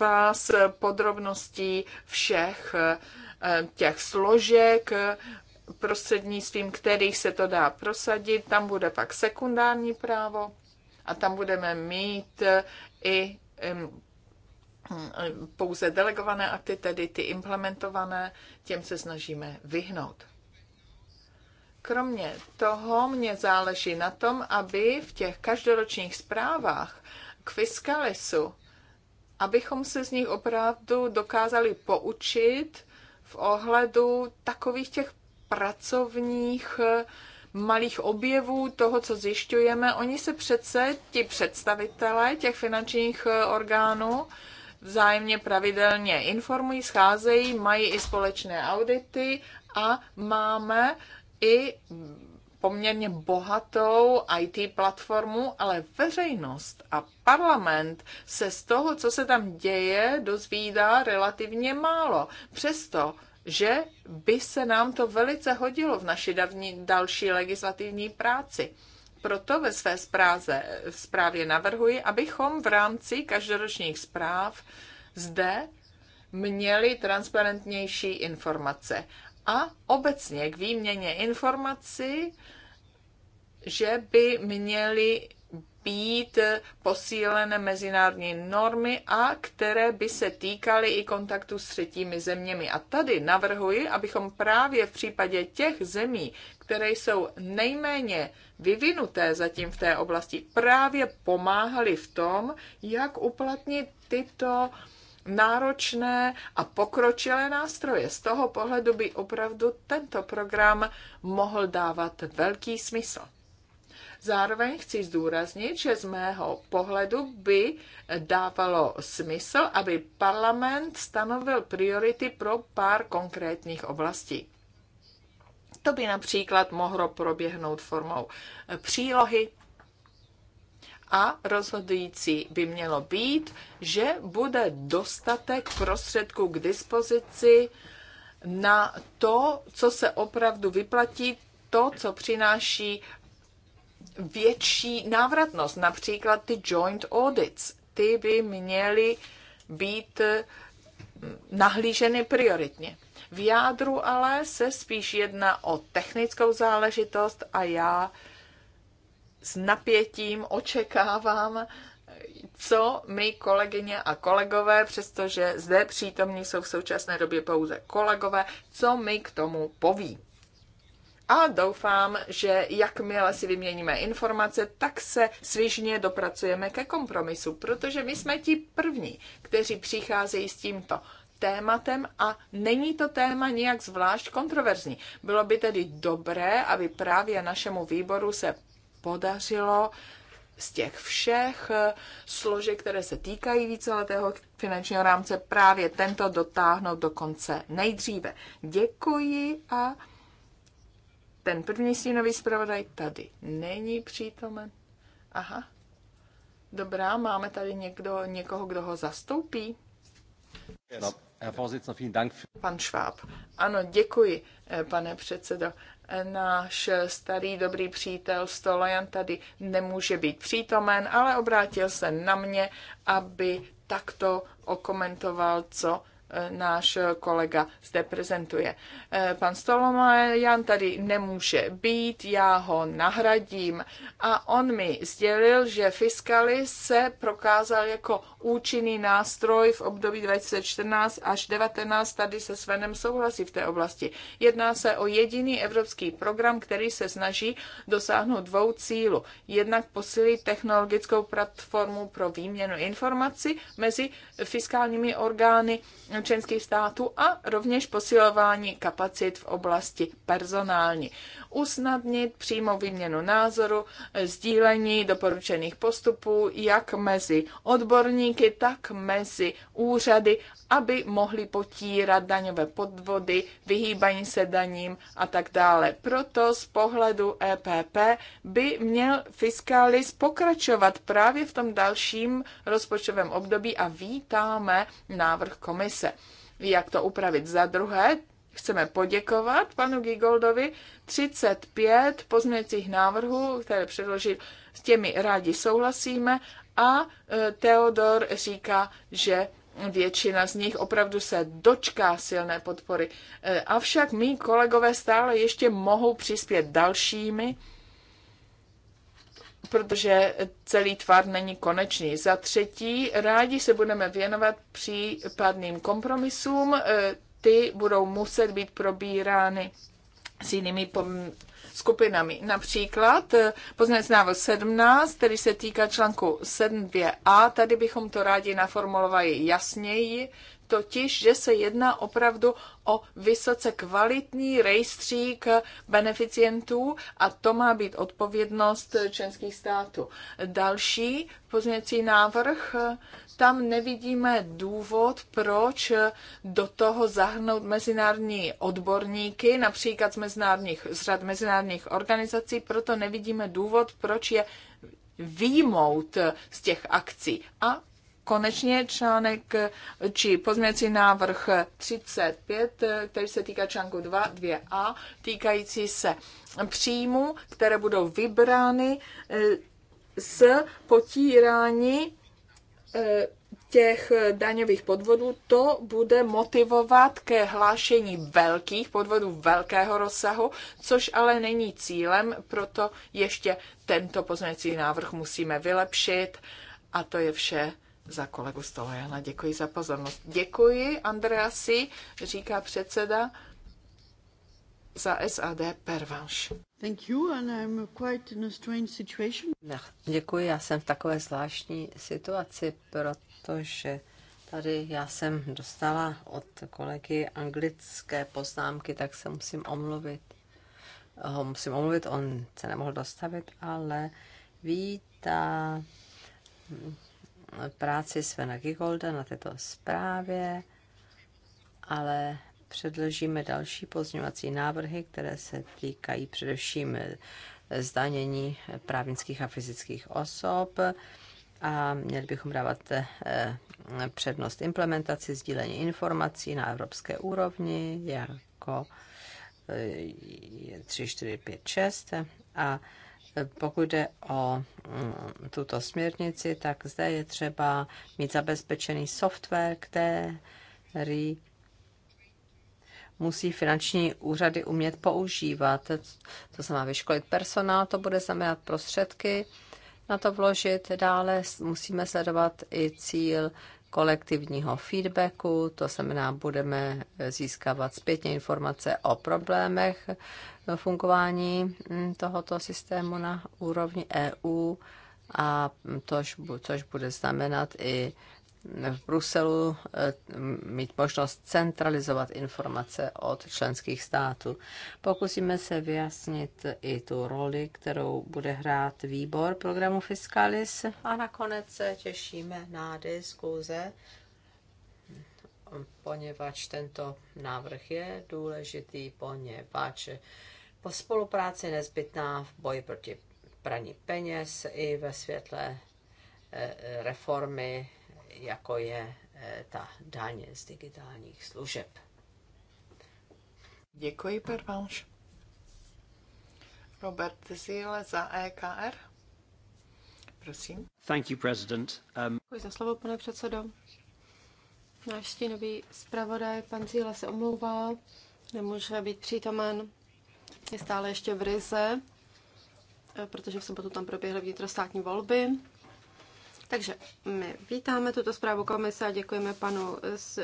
vás podrobností všech eh, těch složek prostřednictvím kterých se to dá prosadit. Tam bude pak sekundární právo a tam budeme mít eh, i pouze delegované akty, tedy ty implementované, těm se snažíme vyhnout. Kromě toho mě záleží na tom, aby v těch každoročních zprávách k fiskalisu, abychom se z nich opravdu dokázali poučit v ohledu takových těch pracovních eh, malých objevů toho, co zjišťujeme. Oni se přece, ti představitelé těch finančních eh, orgánů, vzájemně pravidelně informují, scházejí, mají i společné audity a máme i poměrně bohatou IT platformu, ale veřejnost a parlament se z toho, co se tam děje, dozvídá relativně málo. Přesto že by se nám to velice hodilo v naší davní, další legislativní práci. Proto ve své zpráze, v zprávě navrhuji, abychom v rámci každoročních zpráv zde měli transparentnější informace. A obecně k výměně informací, že by měli být posílené mezinárodní normy a které by se týkaly i kontaktu s třetími zeměmi. A tady navrhuji, abychom právě v případě těch zemí, které jsou nejméně vyvinuté zatím v té oblasti, právě pomáhali v tom, jak uplatnit tyto náročné a pokročilé nástroje. Z toho pohledu by opravdu tento program mohl dávat velký smysl. Zároveň chci zdůraznit, že z mého pohledu by dávalo smysl, aby parlament stanovil priority pro pár konkrétních oblastí. To by například mohlo proběhnout formou přílohy a rozhodující by mělo být, že bude dostatek prostředků k dispozici na to, co se opravdu vyplatí, to, co přináší větší návratnost. Například ty joint audits, ty by měly být eh, nahlíženy prioritně. V jádru ale se spíš jedná o technickou záležitost a já s napětím očekávám, co my kolegyně a kolegové, přestože zde přítomní jsou v současné době pouze kolegové, co mi k tomu poví a doufám, že jakmile si vyměníme informace, tak se svižně dopracujeme ke kompromisu, protože my jsme ti první, kteří přicházejí s tímto tématem a není to téma nijak zvlášť kontroverzní. Bylo by tedy dobré, aby právě našemu výboru se podařilo z těch všech eh, složek, které se týkají víceletého finančního rámce, právě tento dotáhnout do konce nejdříve. Děkuji a ten první stínový zpravodaj tady není přítomen. Aha. Dobrá, máme tady někdo, někoho, kdo ho zastoupí? No, Pan Šváb. Ano, děkuji, eh, pane předsedo. Eh, náš eh, starý dobrý přítel Stolojan tady nemůže být přítomen, ale obrátil se na mě, aby takto okomentoval, co náš kolega zde prezentuje. Eh, pan Stolomajan tady nemůže být, já ho nahradím a on mi sdělil, že fiskalis se prokázal jako účinný nástroj v období 2014 až 2019, tady se Svenem souhlasí v té oblasti. Jedná se o jediný evropský program, který se snaží dosáhnout dvou cílů. Jednak posílit technologickou platformu pro výměnu informací mezi fiskálními orgány členských států a rovněž posilování kapacit v oblasti personální usnadnit přímo výměnu názoru, sdílení doporučených postupů jak mezi odborníky, tak mezi úřady, aby mohli potírat daňové podvody, vyhýbaní se daním a tak dále. Proto z pohledu EPP by měl fiskalis pokračovat právě v tom dalším rozpočtovém období a vítáme návrh komise jak to upravit. Za druhé, chceme poděkovat panu Gigoldovi. 35 pozměňujících návrhů, které předložil, s těmi rádi souhlasíme a e, Teodor říká, že většina z nich opravdu se dočká silné podpory. E, avšak mý kolegové stále ještě mohou přispět dalšími, protože celý tvar není konečný. Za třetí, rádi se budeme věnovat případným kompromisům e, ty budou muset být probírány s jinými skupinami. Například eh, poznanec návrh 17, který se týká článku 7.2a, tady bychom to rádi naformulovali jasněji, totiž, že se jedná opravdu o vysoce kvalitní rejstřík beneficientů a to má být odpovědnost členských států. Další pozměcí návrh, tam nevidíme důvod, proč do toho zahrnout mezinárodní odborníky, například z, mezinárodních, z řad mezinárodních organizací, proto nevidíme důvod, proč je výjmout z těch akcí. A konečně článek či pozměcí návrh 35, který se týká článku 2, 2a, týkající se příjmu, které budou vybrány e, z potírání e, těch daňových podvodů, to bude motivovat ke hlášení velkých podvodů velkého rozsahu, což ale není cílem, proto ještě tento pozměcí návrh musíme vylepšit. A to je vše za kolegu Stolojana. Děkuji za pozornost. Děkuji, Andreasi, říká předseda za SAD Pervanš. Thank you and I'm quite in a strange situation. děkuji, já jsem v takové zvláštní situaci, protože tady já jsem dostala od kolegy anglické poznámky, tak se musím omluvit. Ho musím omluvit, on se nemohl dostavit, ale vítá práci Svena Gigolda na této zprávě, ale předložíme další pozměňovací návrhy, které se týkají především zdanění právnických a fyzických osob a měli bychom dávat eh, přednost implementaci sdílení informací na evropské úrovni jako 3, 4, 5, 6 a pokud jde o mm, tuto směrnici, tak zde je třeba mít zabezpečený software, který musí finanční úřady umět používat. To se má vyškolit personál, to bude znamenat prostředky na to vložit. Dále musíme sledovat i cíl kolektivního feedbacku, to znamená, budeme získávat zpětně informace o problémech fungování tohoto systému na úrovni EU, a tož, což bude znamenat i v Bruselu eh, mít možnost centralizovat informace od členských států. Pokusíme se vyjasnit i tu roli, kterou bude hrát výbor programu Fiscalis a nakonec se těšíme na diskuze, poněvadž tento návrh je důležitý, poněvadž po spolupráci nezbytná v boji proti praní peněz i ve světle eh, reformy jako je eh, ta daň z digitálních služeb. Děkuji, Pervanš. Robert Zíle za EKR. Prosím. Thank you, President. Um... Děkuji za slovo, pane předsedo. Náš stínový zpravodaj, pan Zíle, se omlouvá, nemůže být přítomen, je stále ještě v ryze, eh, protože v sobotu tam proběhly vnitrostátní volby. Takže my vítáme tuto zprávu komise a děkujeme panu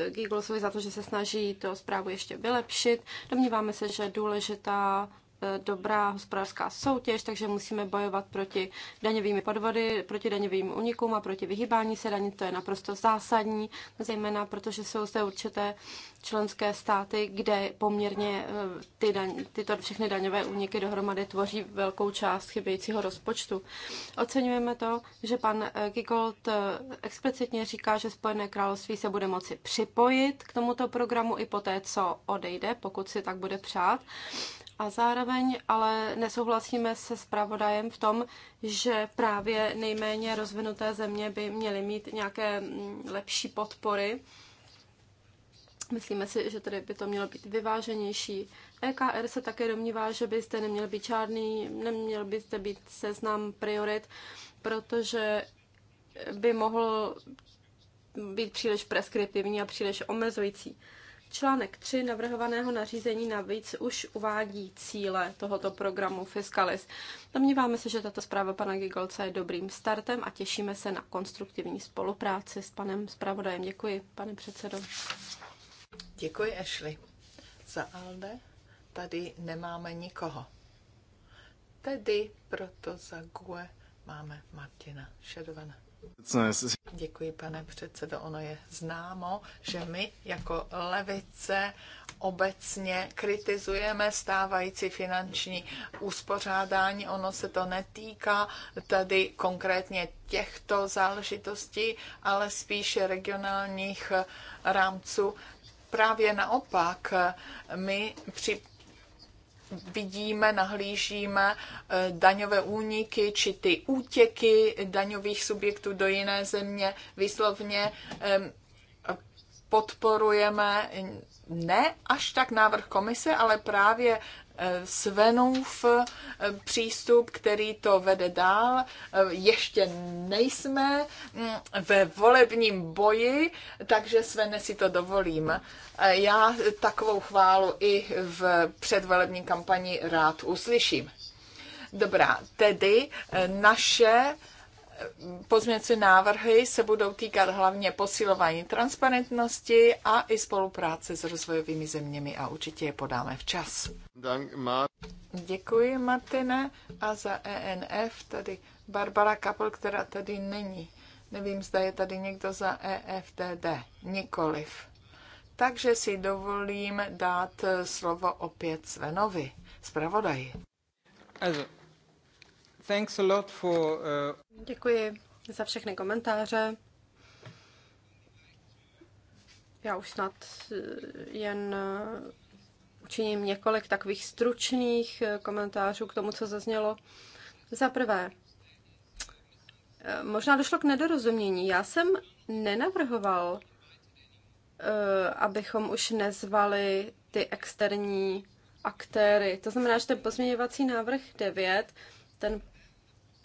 Giglosovi za to, že se snaží to zprávu ještě vylepšit. Domníváme se, že důležitá Eh, dobrá hospodářská soutěž, takže musíme bojovat proti daňovými podvody, proti daňovým unikům a proti vyhýbání se daní. To je naprosto zásadní, zejména protože jsou zde určité členské státy, kde poměrně eh, ty daň, tyto všechny daňové úniky dohromady tvoří velkou část chybějícího rozpočtu. Oceňujeme to, že pan eh, Gigold explicitně říká, že Spojené království se bude moci připojit k tomuto programu i poté, co odejde, pokud si tak bude přát. A zároveň ale nesouhlasíme se zpravodajem v tom, že právě nejméně rozvinuté země by měly mít nějaké mm, lepší podpory. Myslíme si, že tady by to mělo být vyváženější. EKR se také domnívá, že byste neměl být žádný, neměl byste být seznam priorit, protože by mohl být příliš preskriptivní a příliš omezující. Článek 3 navrhovaného nařízení navíc už uvádí cíle tohoto programu Fiscalis. Domníváme se, že tato zpráva pana Gigolce je dobrým startem a těšíme se na konstruktivní spolupráci s panem zpravodajem. Děkuji, pane předsedo. Děkuji, Ashley. Za Alde tady nemáme nikoho. Tedy proto za GUE máme Martina Šedovana. Děkuji, pane předsedo. Ono je známo, že my jako levice obecně kritizujeme stávající finanční uspořádání. Ono se to netýká tady konkrétně těchto záležitostí, ale spíše regionálních rámců. Právě naopak, my při vidíme, nahlížíme eh, daňové úniky či ty útěky daňových subjektů do jiné země, výslovně podporujeme ne až tak návrh komise, ale právě Svenův eh, přístup, který to vede dál. Eh, ještě nejsme mm, ve volebním boji, takže Svene si to dovolím. Eh, já takovou chválu i v předvolební kampani rád uslyším. Dobrá, tedy naše pozměňovací návrhy se budou týkat hlavně posilování transparentnosti a i spolupráce s rozvojovými zeměmi a určitě je podáme včas. Děkuji, Martine. A za ENF tady Barbara Kapel, která tady není. Nevím, zda je tady někdo za EFTD. Nikoliv. Takže si dovolím dát slovo opět Svenovi, zpravodaji. Also, Thanks a lot for, uh... Děkuji za všechny komentáře. Já už snad eh, jen eh, učiním několik takových stručných eh, komentářů k tomu, co zaznělo. Za prvé, možná došlo k nedorozumění. Já jsem nenavrhoval, abychom už nezvali ty externí aktéry. To znamená, že ten pozměňovací návrh 9, ten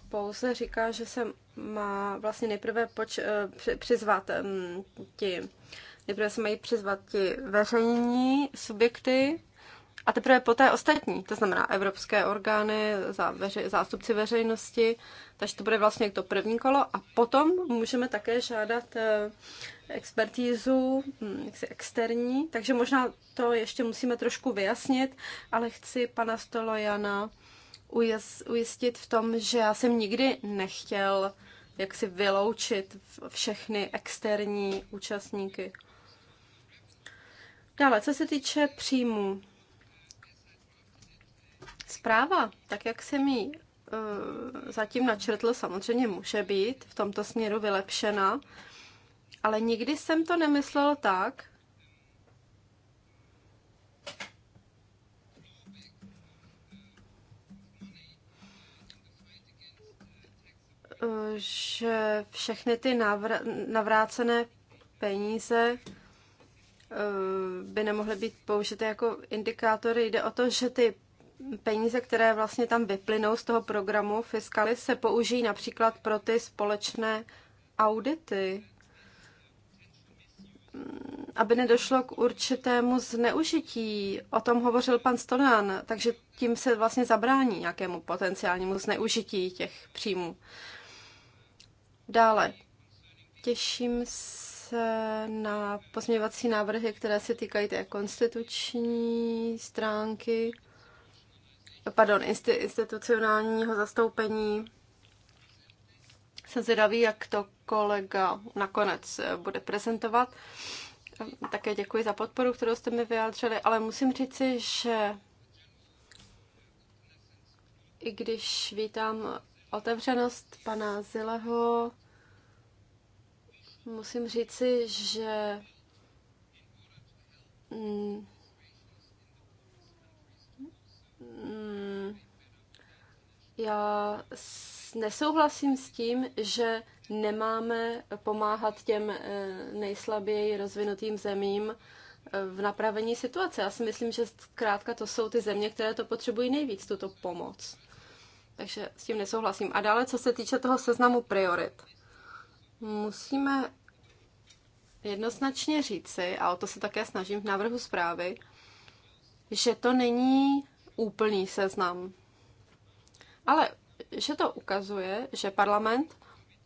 pouze říká, že se má vlastně nejprve poč, eh, přizvat ti, nejprve se mají přizvat ti veřejní subjekty a teprve poté ostatní, to znamená evropské orgány, veři, zástupci veřejnosti, takže to bude vlastně to první kolo a potom můžeme také žádat eh, expertízu hm, jaksi externí, takže možná to ještě musíme trošku vyjasnit, ale chci pana Stolojana ujistit v tom, že já jsem nikdy nechtěl jak si vyloučit všechny externí účastníky. Dále, co se týče příjmů. Zpráva, tak jak se mi uh, eh, zatím načrtl, samozřejmě může být v tomto směru vylepšena, ale nikdy jsem to nemyslel tak, že všechny ty navr- navrácené peníze eh, by nemohly být použity jako indikátory. Jde o to, že ty peníze, které vlastně tam vyplynou z toho programu Fiskaly, se použijí například pro ty společné audity, mm, aby nedošlo k určitému zneužití. O tom hovořil pan Stonan, takže tím se vlastně zabrání nějakému potenciálnímu zneužití těch příjmů. Dále těším se na pozměňovací návrhy, které se týkají té konstituční stránky, pardon, institucionálního zastoupení. Jsem zvědavý, jak to kolega nakonec eh, bude prezentovat. Ehm, také děkuji za podporu, kterou jste mi vyjádřili, ale musím říci, že i když vítám otevřenost pana Zileho. Musím říci, že mm, mm, já nesouhlasím s tím, že nemáme pomáhat těm eh, nejslaběji rozvinutým zemím eh, v napravení situace. Já si myslím, že zkrátka to jsou ty země, které to potřebují nejvíc, tuto pomoc. Takže s tím nesouhlasím. A dále, co se týče toho seznamu priorit. Musíme jednoznačně říci, a o to se také snažím v návrhu zprávy, že to není úplný seznam. Ale že to ukazuje, že parlament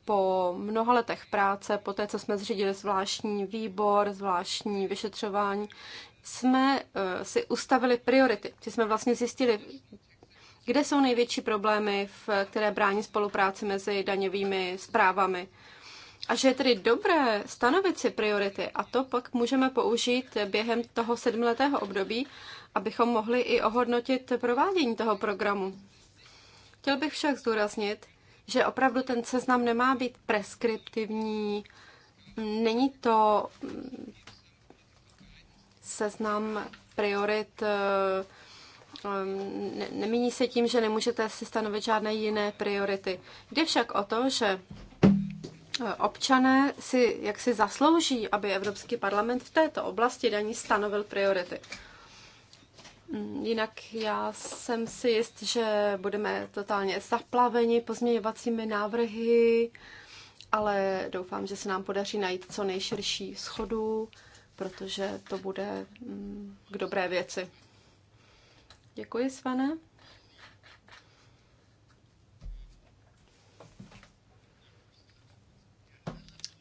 po mnoha letech práce, po té, co jsme zřídili zvláštní výbor, zvláštní vyšetřování, jsme eh, si ustavili priority. Ty jsme vlastně zjistili, kde jsou největší problémy, v které brání spolupráci mezi daňovými zprávami? A že je tedy dobré stanovit si priority a to pak můžeme použít během toho sedmiletého období, abychom mohli i ohodnotit provádění toho programu. Chtěl bych však zdůraznit, že opravdu ten seznam nemá být preskriptivní, není to mm, seznam priorit eh, Ehm, ne, nemíní se tím, že nemůžete si stanovit žádné jiné priority. Jde však o to, že eh, občané si jak si zaslouží, aby Evropský parlament v této oblasti daní stanovil priority. Mm, jinak já jsem si jist, že budeme totálně zaplaveni pozměňovacími návrhy, ale doufám, že se nám podaří najít co nejširší schodu, protože to bude mm, k dobré věci. Děkuji, Svane.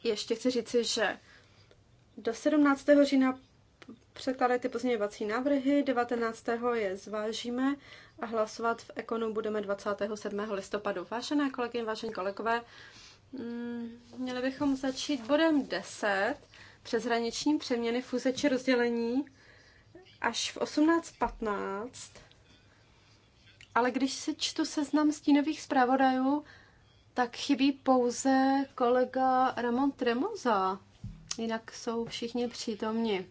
Ještě chci říci, že do 17. října překládají ty pozměňovací návrhy, 19. je zvážíme a hlasovat v Ekonu budeme 27. listopadu. Vážené kolegyně, vážení kolegové, mm, měli bychom začít bodem 10, přeshraniční přeměny, fuze či rozdělení až v 18.15, ale když se čtu seznam stínových zpravodajů, tak chybí pouze kolega Ramon Tremoza. Jinak jsou všichni přítomni.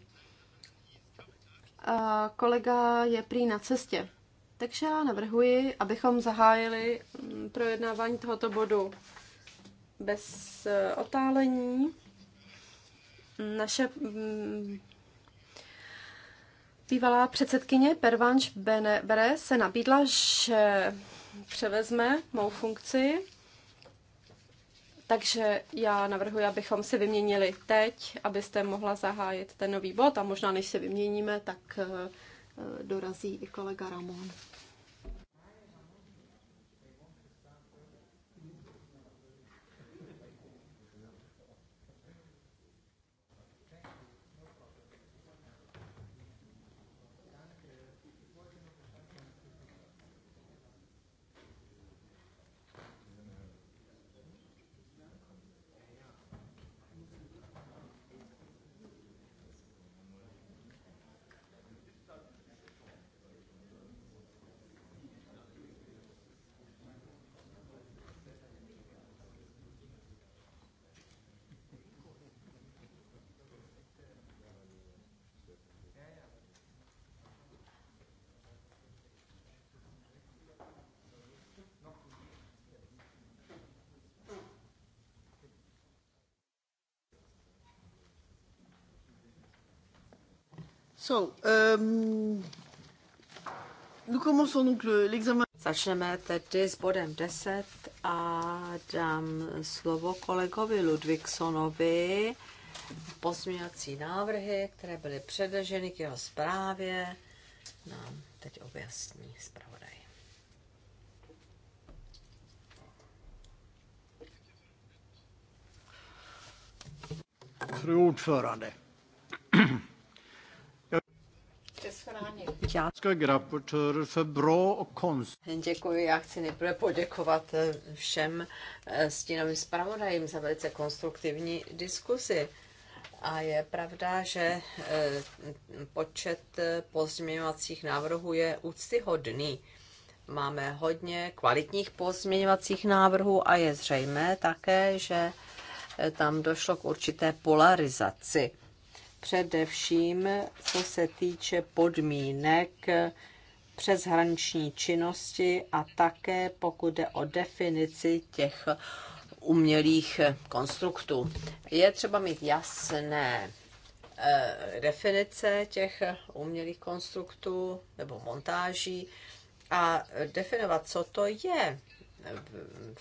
A kolega je prý na cestě. Takže já navrhuji, abychom zahájili mm, projednávání tohoto bodu bez eh, otálení. Naše mm, Bývalá předsedkyně Pervanš Bere se nabídla, že převezme mou funkci, takže já navrhuji, abychom si vyměnili teď, abyste mohla zahájit ten nový bod a možná, než se vyměníme, tak eh, dorazí i kolega Ramon. Um, Začneme tedy s bodem 10 a dám slovo kolegovi Ludvíksonovi. Pozměňovací návrhy, které byly předloženy k jeho zprávě, nám teď objasní zpravodaj. Fru já. Děkuji, já chci nejprve poděkovat eh, všem eh, stínovým zpravodajím za velice konstruktivní diskusi. A je pravda, že eh, počet pozměňovacích návrhů je úctyhodný. Máme hodně kvalitních pozměňovacích návrhů a je zřejmé také, že tam došlo k určité polarizaci především co se týče podmínek přeshraniční činnosti a také pokud jde o definici těch umělých konstruktů. Je třeba mít jasné eh, definice těch umělých konstruktů nebo montáží a definovat, co to je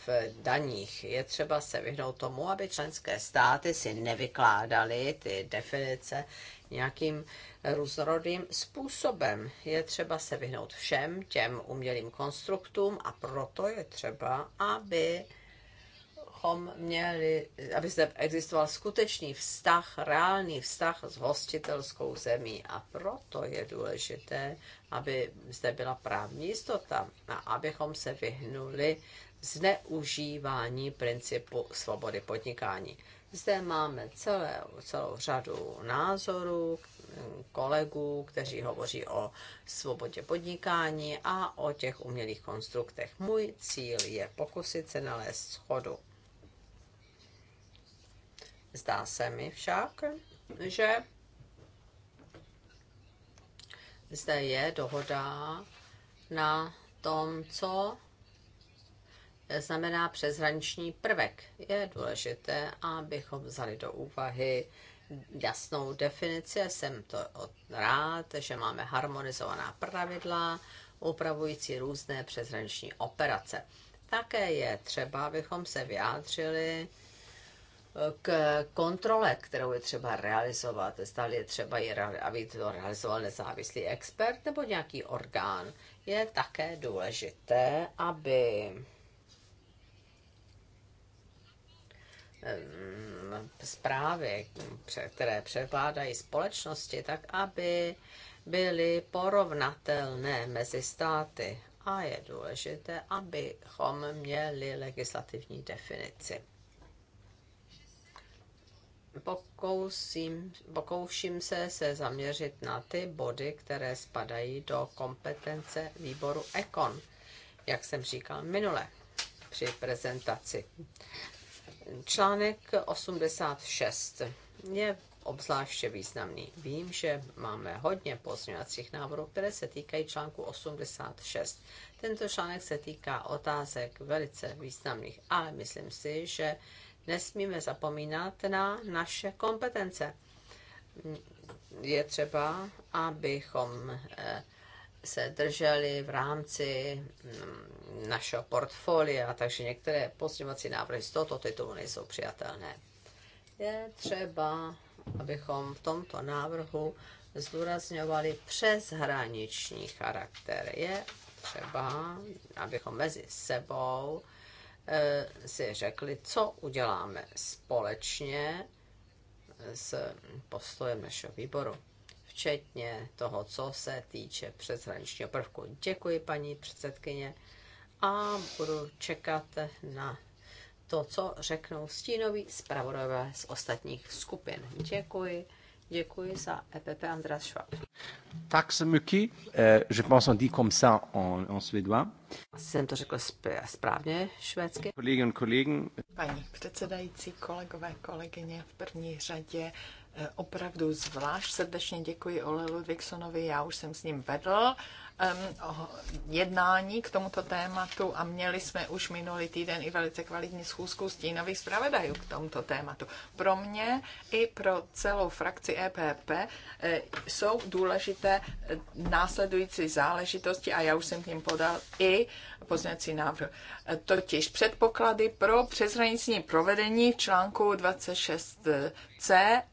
v daních. Je třeba se vyhnout tomu, aby členské státy si nevykládaly ty definice nějakým různorodým způsobem. Je třeba se vyhnout všem těm umělým konstruktům a proto je třeba, aby měli, aby zde existoval skutečný vztah, reálný vztah s hostitelskou zemí. A proto je důležité, aby zde byla právní jistota a abychom se vyhnuli zneužívání principu svobody podnikání. Zde máme celé, celou řadu názorů, kolegů, kteří hovoří o svobodě podnikání a o těch umělých konstruktech. Můj cíl je pokusit se nalézt schodu. Zdá se mi však, že zde je dohoda na tom, co znamená přeshraniční prvek. Je důležité, abychom vzali do úvahy jasnou definici. Jsem to rád, že máme harmonizovaná pravidla upravující různé přeshraniční operace. Také je třeba, abychom se vyjádřili k kontrole, kterou je třeba realizovat. Stále je třeba, je aby to realizoval nezávislý expert nebo nějaký orgán. Je také důležité, aby zprávy, které převládají společnosti, tak aby byly porovnatelné mezi státy. A je důležité, abychom měli legislativní definici pokousím, pokouším se se zaměřit na ty body, které spadají do kompetence výboru ECON, jak jsem říkal minule při prezentaci. Článek 86 je obzvláště významný. Vím, že máme hodně pozměňovacích návrhů, které se týkají článku 86. Tento článek se týká otázek velice významných, ale myslím si, že nesmíme zapomínat na naše kompetence. Je třeba, abychom eh, se drželi v rámci mm, našeho portfolia, takže některé pozměňovací návrhy z tohoto titulu nejsou přijatelné. Je třeba, abychom v tomto návrhu zdůrazňovali přeshraniční charakter. Je třeba, abychom mezi sebou Eh, si řekli, co uděláme společně s postojem našeho výboru, včetně toho, co se týče přeshraničního prvku. Děkuji, paní předsedkyně, a budu čekat na to, co řeknou stínoví zpravodajové z ostatních skupin. Děkuji. Děkuji za EPP András Schwab. Tak se myky, je pense on dit comme ça en, en suédois. Jsem to řekl správně švédsky. Kolegen, kolegen. Paní předsedající, kolegové, kolegyně, v první řadě eh, opravdu zvlášť srdečně děkuji Ole Ludvigsonovi, já už jsem s ním vedl jednání k tomuto tématu a měli jsme už minulý týden i velice kvalitní schůzku stínových zpravodajů k tomuto tématu. Pro mě i pro celou frakci EPP eh, jsou důležité eh, následující záležitosti a já už jsem k ním podal i poznací návrh. Eh, totiž předpoklady pro přeshraniční provedení v článku 26c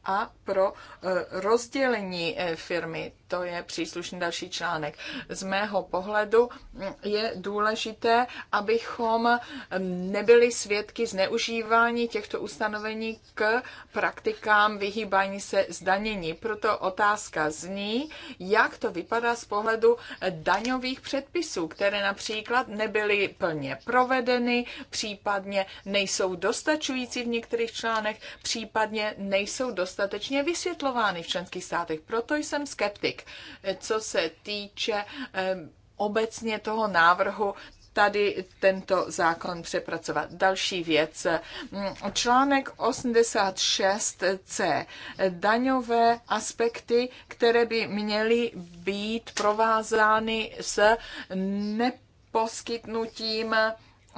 a pro eh, rozdělení eh, firmy. To je příslušný další článek. Z mého pohledu mm, je důležité, abychom mm, nebyli svědky zneužívání těchto ustanovení k praktikám vyhýbání se zdanění. Proto otázka zní, jak to vypadá z pohledu eh, daňových předpisů, které například nebyly plně provedeny, případně nejsou dostačující v některých článech, případně nejsou dostatečně jasně vysvětlovány v členských státech. Proto jsem skeptik, co se týče obecně toho návrhu tady tento zákon přepracovat. Další věc. Článek 86c. Daňové aspekty, které by měly být provázány s neposkytnutím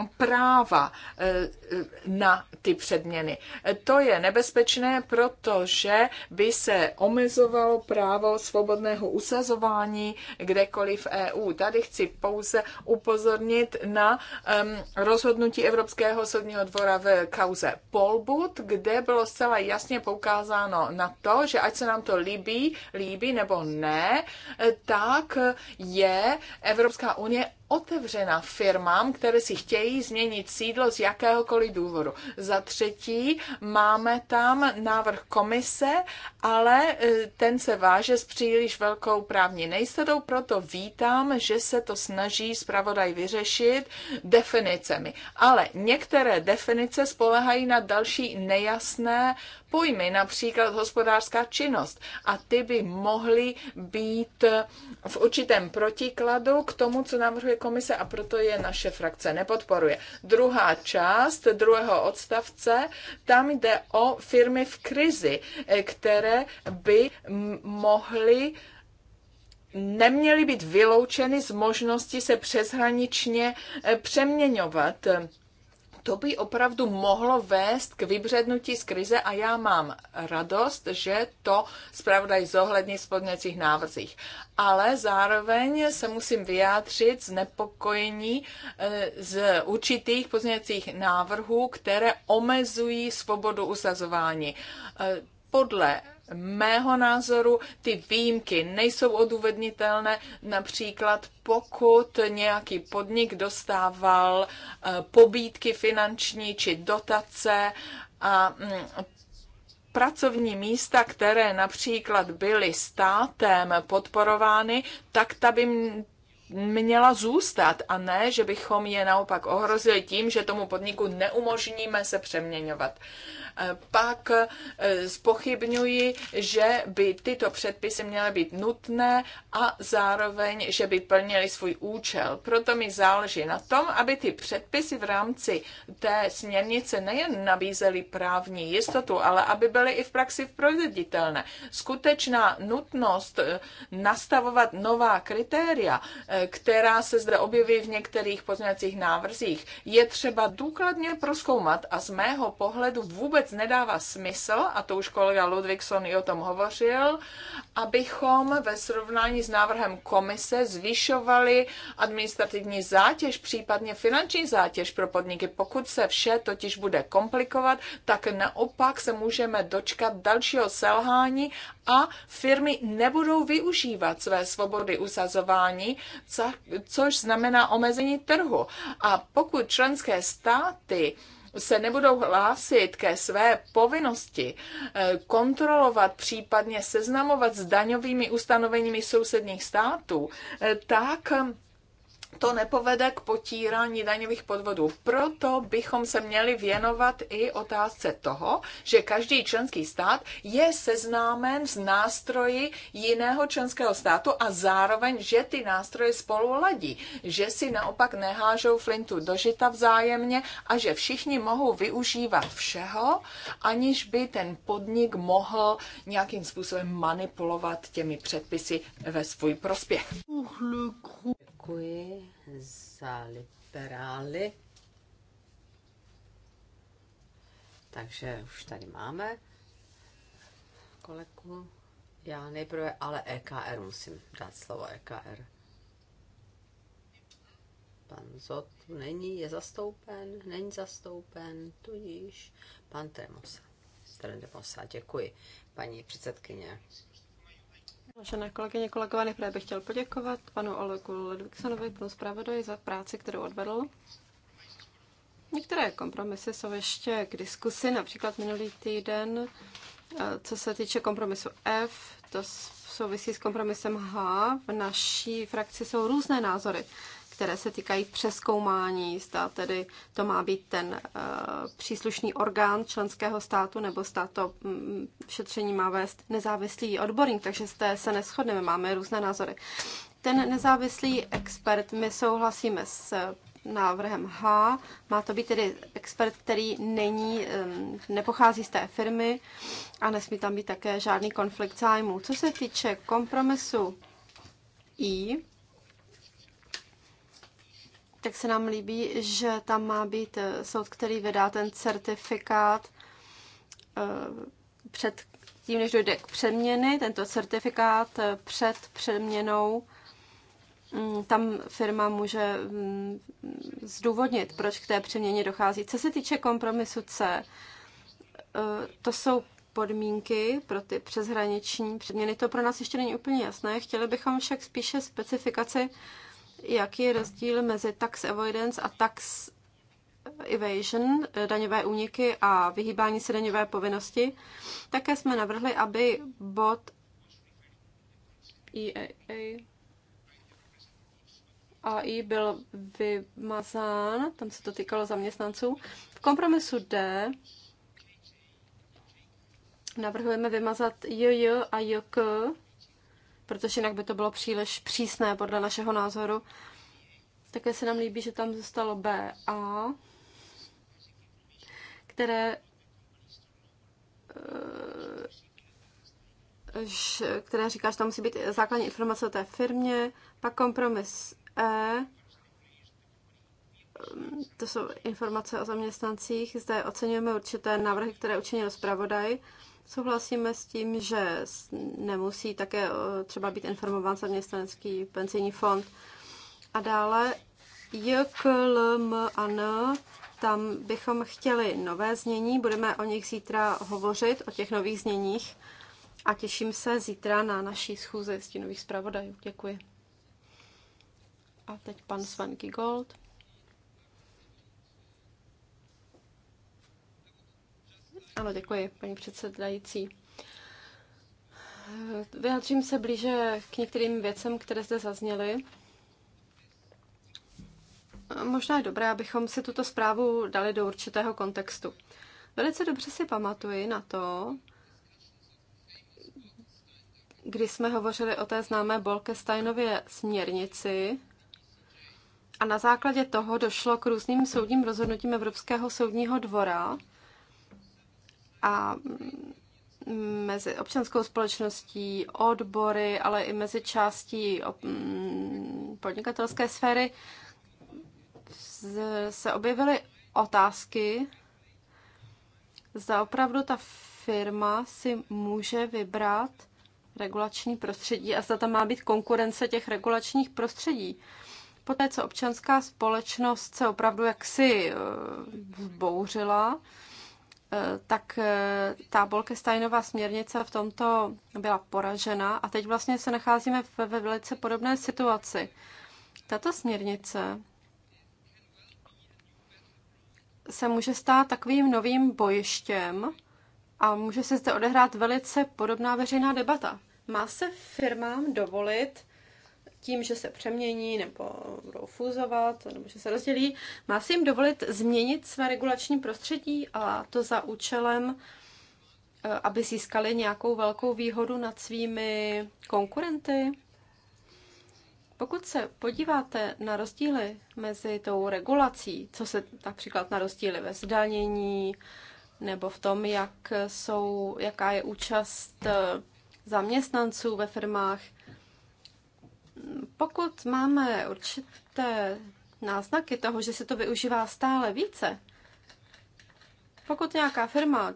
práva eh, eh, na ty předměny. To je nebezpečné, protože by se omezovalo právo svobodného usazování kdekoliv v EU. Tady chci pouze upozornit na rozhodnutí Evropského soudního dvora v kauze Polbut, kde bylo zcela jasně poukázáno na to, že ať se nám to líbí, líbí nebo ne, eh, tak je Evropská unie otevřena firmám, které si chtějí změnit sídlo z jakéhokoliv důvodu. Za třetí máme tam návrh komise, ale e, ten se váže s příliš velkou právní nejistotou, proto vítám, že se to snaží zpravodaj vyřešit definicemi. Ale některé definice spolehají na další nejasné pojmy, například hospodářská činnost. A ty by mohly být v určitém protikladu k tomu, co navrhuje komise a proto je naše frakce nepodporuje. Druhá část druhého odstavce, tam jde o firmy v krizi, které by mohly neměly být vyloučeny z možnosti se přeshraničně eh, přeměňovat to by opravdu mohlo vést k vybřednutí z krize a já mám radost, že to zpravodaj zohlední v spodněcích návrzích. Ale zároveň se musím vyjádřit znepokojení eh, z určitých pozměňovacích návrhů, které omezují svobodu usazování. Eh, podle mého názoru ty výjimky nejsou odůvodnitelné, například pokud nějaký podnik dostával eh, pobídky finanční či dotace a mm, pracovní místa, které například byly státem podporovány, tak ta by měla zůstat a ne, že bychom je naopak ohrozili tím, že tomu podniku neumožníme se přeměňovat. Uh, pak eh, spochybňuji, že by tyto předpisy měly být nutné a zároveň, že by plnili svůj účel. Proto mi záleží na tom, aby ty předpisy v rámci té směrnice nejen nabízely právní jistotu, ale aby byly i v praxi proveditelné. Skutečná nutnost eh, nastavovat nová kritéria, eh, která se zde objeví v některých pozměňovacích návrzích, je třeba důkladně proskoumat a z mého pohledu vůbec vůbec nedává smysl, a to už kolega Ludvíkson i o tom hovořil, abychom ve srovnání s návrhem komise zvyšovali administrativní zátěž, případně finanční zátěž pro podniky. Pokud se vše totiž bude komplikovat, tak naopak se můžeme dočkat dalšího selhání a firmy nebudou využívat své svobody usazování, což znamená omezení trhu. A pokud členské státy se nebudou hlásit ke své povinnosti eh, kontrolovat, případně seznamovat s daňovými ustanoveními sousedních států, eh, tak eh, to nepovede k potírání daňových podvodů. Proto bychom se měli věnovat i otázce toho, že každý členský stát je seznámen s nástroji jiného členského státu a zároveň, že ty nástroje spolu ladí, že si naopak nehážou flintu do žita vzájemně a že všichni mohou využívat všeho, aniž by ten podnik mohl nějakým způsobem manipulovat těmi předpisy ve svůj prospěch. Děkuji za liberály. Takže už tady máme kolegu. Já nejprve, ale EKR musím dát slovo EKR. Pan Zot není, je zastoupen, není zastoupen, tudíž pan Tremosa. Tremosa, děkuji, paní předsedkyně. Vážené kolegyně, kolegové, nejprve bych chtěl poděkovat panu Olegu Ludvíksonovi, panu zpravodaji, za práci, kterou odvedl. Některé kompromisy jsou ještě k diskusi, například minulý týden, eh, co se týče kompromisu F, to souvisí s kompromisem H. V naší frakci jsou různé názory které se týkají přeskoumání, zda tedy to má být ten eh, příslušný orgán členského státu, nebo zda to mm, šetření má vést nezávislý odborník, takže té se neschodneme, máme různé názory. Ten nezávislý expert, my souhlasíme s eh, návrhem H. Má to být tedy expert, který není, nepochází z té firmy a nesmí tam být také žádný konflikt zájmů. Co se týče kompromisu I, tak se nám líbí, že tam má být eh, soud, který vydá ten certifikát eh, před tím, než dojde k přeměny, tento certifikát eh, před přeměnou, mm, tam firma může mm, zdůvodnit, proč k té přeměně dochází. Co se týče kompromisu C, to jsou podmínky pro ty přeshraniční přeměny. To pro nás ještě není úplně jasné. Chtěli bychom však spíše specifikaci jaký je rozdíl mezi tax avoidance a tax evasion, daňové úniky a vyhýbání se daňové povinnosti. Také jsme navrhli, aby bod EAA AI byl vymazán, tam se to týkalo zaměstnanců. V kompromisu D navrhujeme vymazat JJ a JK, protože jinak by to bylo příliš přísné podle našeho názoru. Také se nám líbí, že tam zůstalo BA, které eh, které říká, že tam musí být základní informace o té firmě, pak kompromis E, to jsou informace o zaměstnancích, zde oceňujeme určité návrhy, které učinil zpravodaj, Souhlasíme s tím, že nemusí také eh, třeba být informován zaměstnanecký penzijní fond. A dále JKLMN, tam bychom chtěli nové znění, budeme o nich zítra hovořit, o těch nových zněních a těším se zítra na naší schůzi stínových zpravodajů. Děkuji. A teď pan Svenky Gold. Ano, děkuji, paní předsedající. Vyjádřím se blíže k některým věcem, které zde zazněly. Možná je dobré, abychom si tuto zprávu dali do určitého kontextu. Velice dobře si pamatuji na to, kdy jsme hovořili o té známé Bolkesteinově směrnici a na základě toho došlo k různým soudním rozhodnutím Evropského soudního dvora, a mezi občanskou společností, odbory, ale i mezi částí mm, podnikatelské sféry se objevily otázky, zda opravdu ta firma si může vybrat regulační prostředí a zda tam má být konkurence těch regulačních prostředí. Poté, co občanská společnost se opravdu jaksi eh, zbouřila, Eh, tak eh, ta Bolkesteinová směrnice v tomto byla poražena a teď vlastně se nacházíme ve velice podobné situaci. Tato směrnice se může stát takovým novým bojištěm a může se zde odehrát velice podobná veřejná debata. Má se firmám dovolit tím, že se přemění nebo budou fúzovat nebo že se rozdělí, má si jim dovolit změnit své regulační prostředí a to za účelem, eh, aby získali nějakou velkou výhodu nad svými konkurenty. Pokud se podíváte na rozdíly mezi tou regulací, co se například na rozdíly ve zdanění nebo v tom, jak jsou, jaká je účast eh, zaměstnanců ve firmách, pokud máme určité náznaky toho, že se to využívá stále více, pokud nějaká firma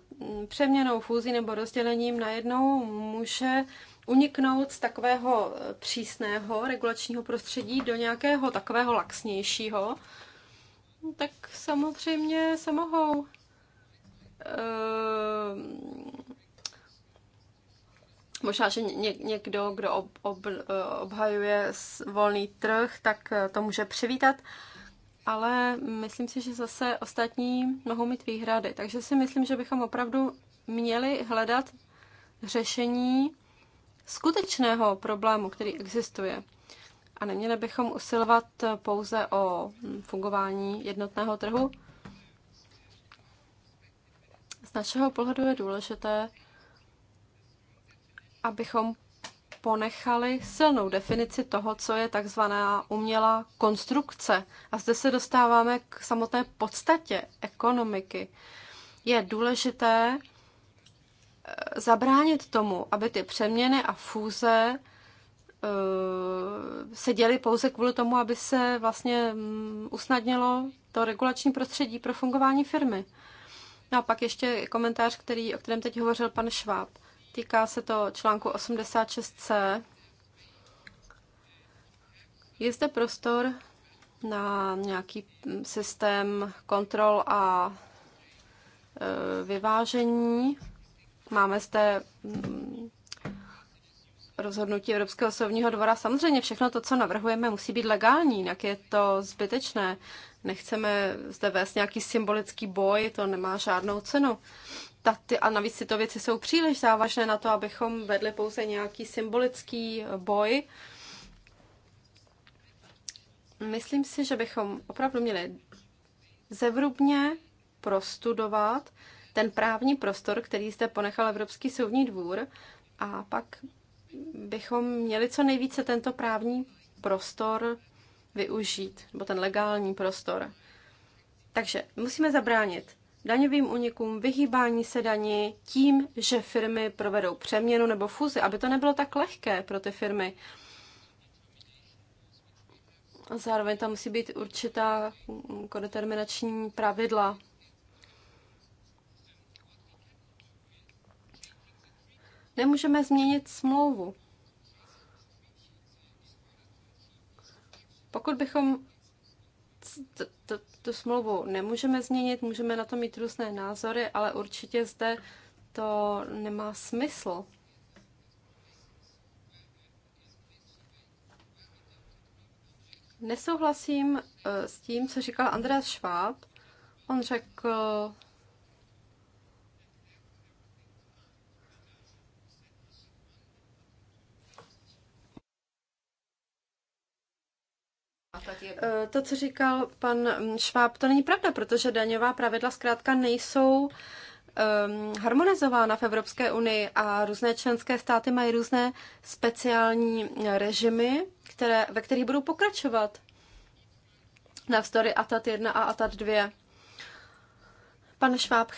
přeměnou fúzí nebo rozdělením najednou může uniknout z takového přísného regulačního prostředí do nějakého takového laxnějšího, tak samozřejmě se mohou eh, Možná, že někdo, kdo ob, ob, eh, obhajuje volný trh, tak eh, to může přivítat, ale myslím si, že zase ostatní mohou mít výhrady. Takže si myslím, že bychom opravdu měli hledat řešení skutečného problému, který existuje. A neměli bychom usilovat pouze o fungování jednotného trhu. Z našeho pohledu je důležité abychom ponechali silnou definici toho, co je takzvaná umělá konstrukce. A zde se dostáváme k samotné podstatě ekonomiky. Je důležité eh, zabránit tomu, aby ty přeměny a fúze eh, se děly pouze kvůli tomu, aby se vlastně mm, usnadnilo to regulační prostředí pro fungování firmy. No a pak ještě komentář, který, o kterém teď hovořil pan Šváb. Týká se to článku 86c. Je zde prostor na nějaký systém kontrol a e, vyvážení. Máme zde mm, rozhodnutí Evropského soudního dvora. Samozřejmě všechno to, co navrhujeme, musí být legální, jinak je to zbytečné. Nechceme zde vést nějaký symbolický boj, to nemá žádnou cenu ty, a navíc tyto věci jsou příliš závažné na to, abychom vedli pouze nějaký symbolický boj. Myslím si, že bychom opravdu měli zevrubně prostudovat ten právní prostor, který zde ponechal Evropský soudní dvůr a pak bychom měli co nejvíce tento právní prostor využít, nebo ten legální prostor. Takže musíme zabránit daňovým unikům, vyhýbání se daní tím, že firmy provedou přeměnu nebo fuzi, aby to nebylo tak lehké pro ty firmy. A zároveň tam musí být určitá kodeterminační pravidla. Nemůžeme změnit smlouvu. Pokud bychom tu smlouvu nemůžeme změnit, můžeme na to mít různé názory, ale určitě zde to nemá smysl. Nesouhlasím eh, s tím, co říkal Andreas Schwab. On řekl, to, co říkal pan mm, Šváb, to není pravda, protože daňová pravidla zkrátka nejsou um, harmonizována v Evropské unii a různé členské státy mají různé speciální mm, režimy, které, ve kterých budou pokračovat navzdory ATAT 1 a ATAT 2. Pan Šváb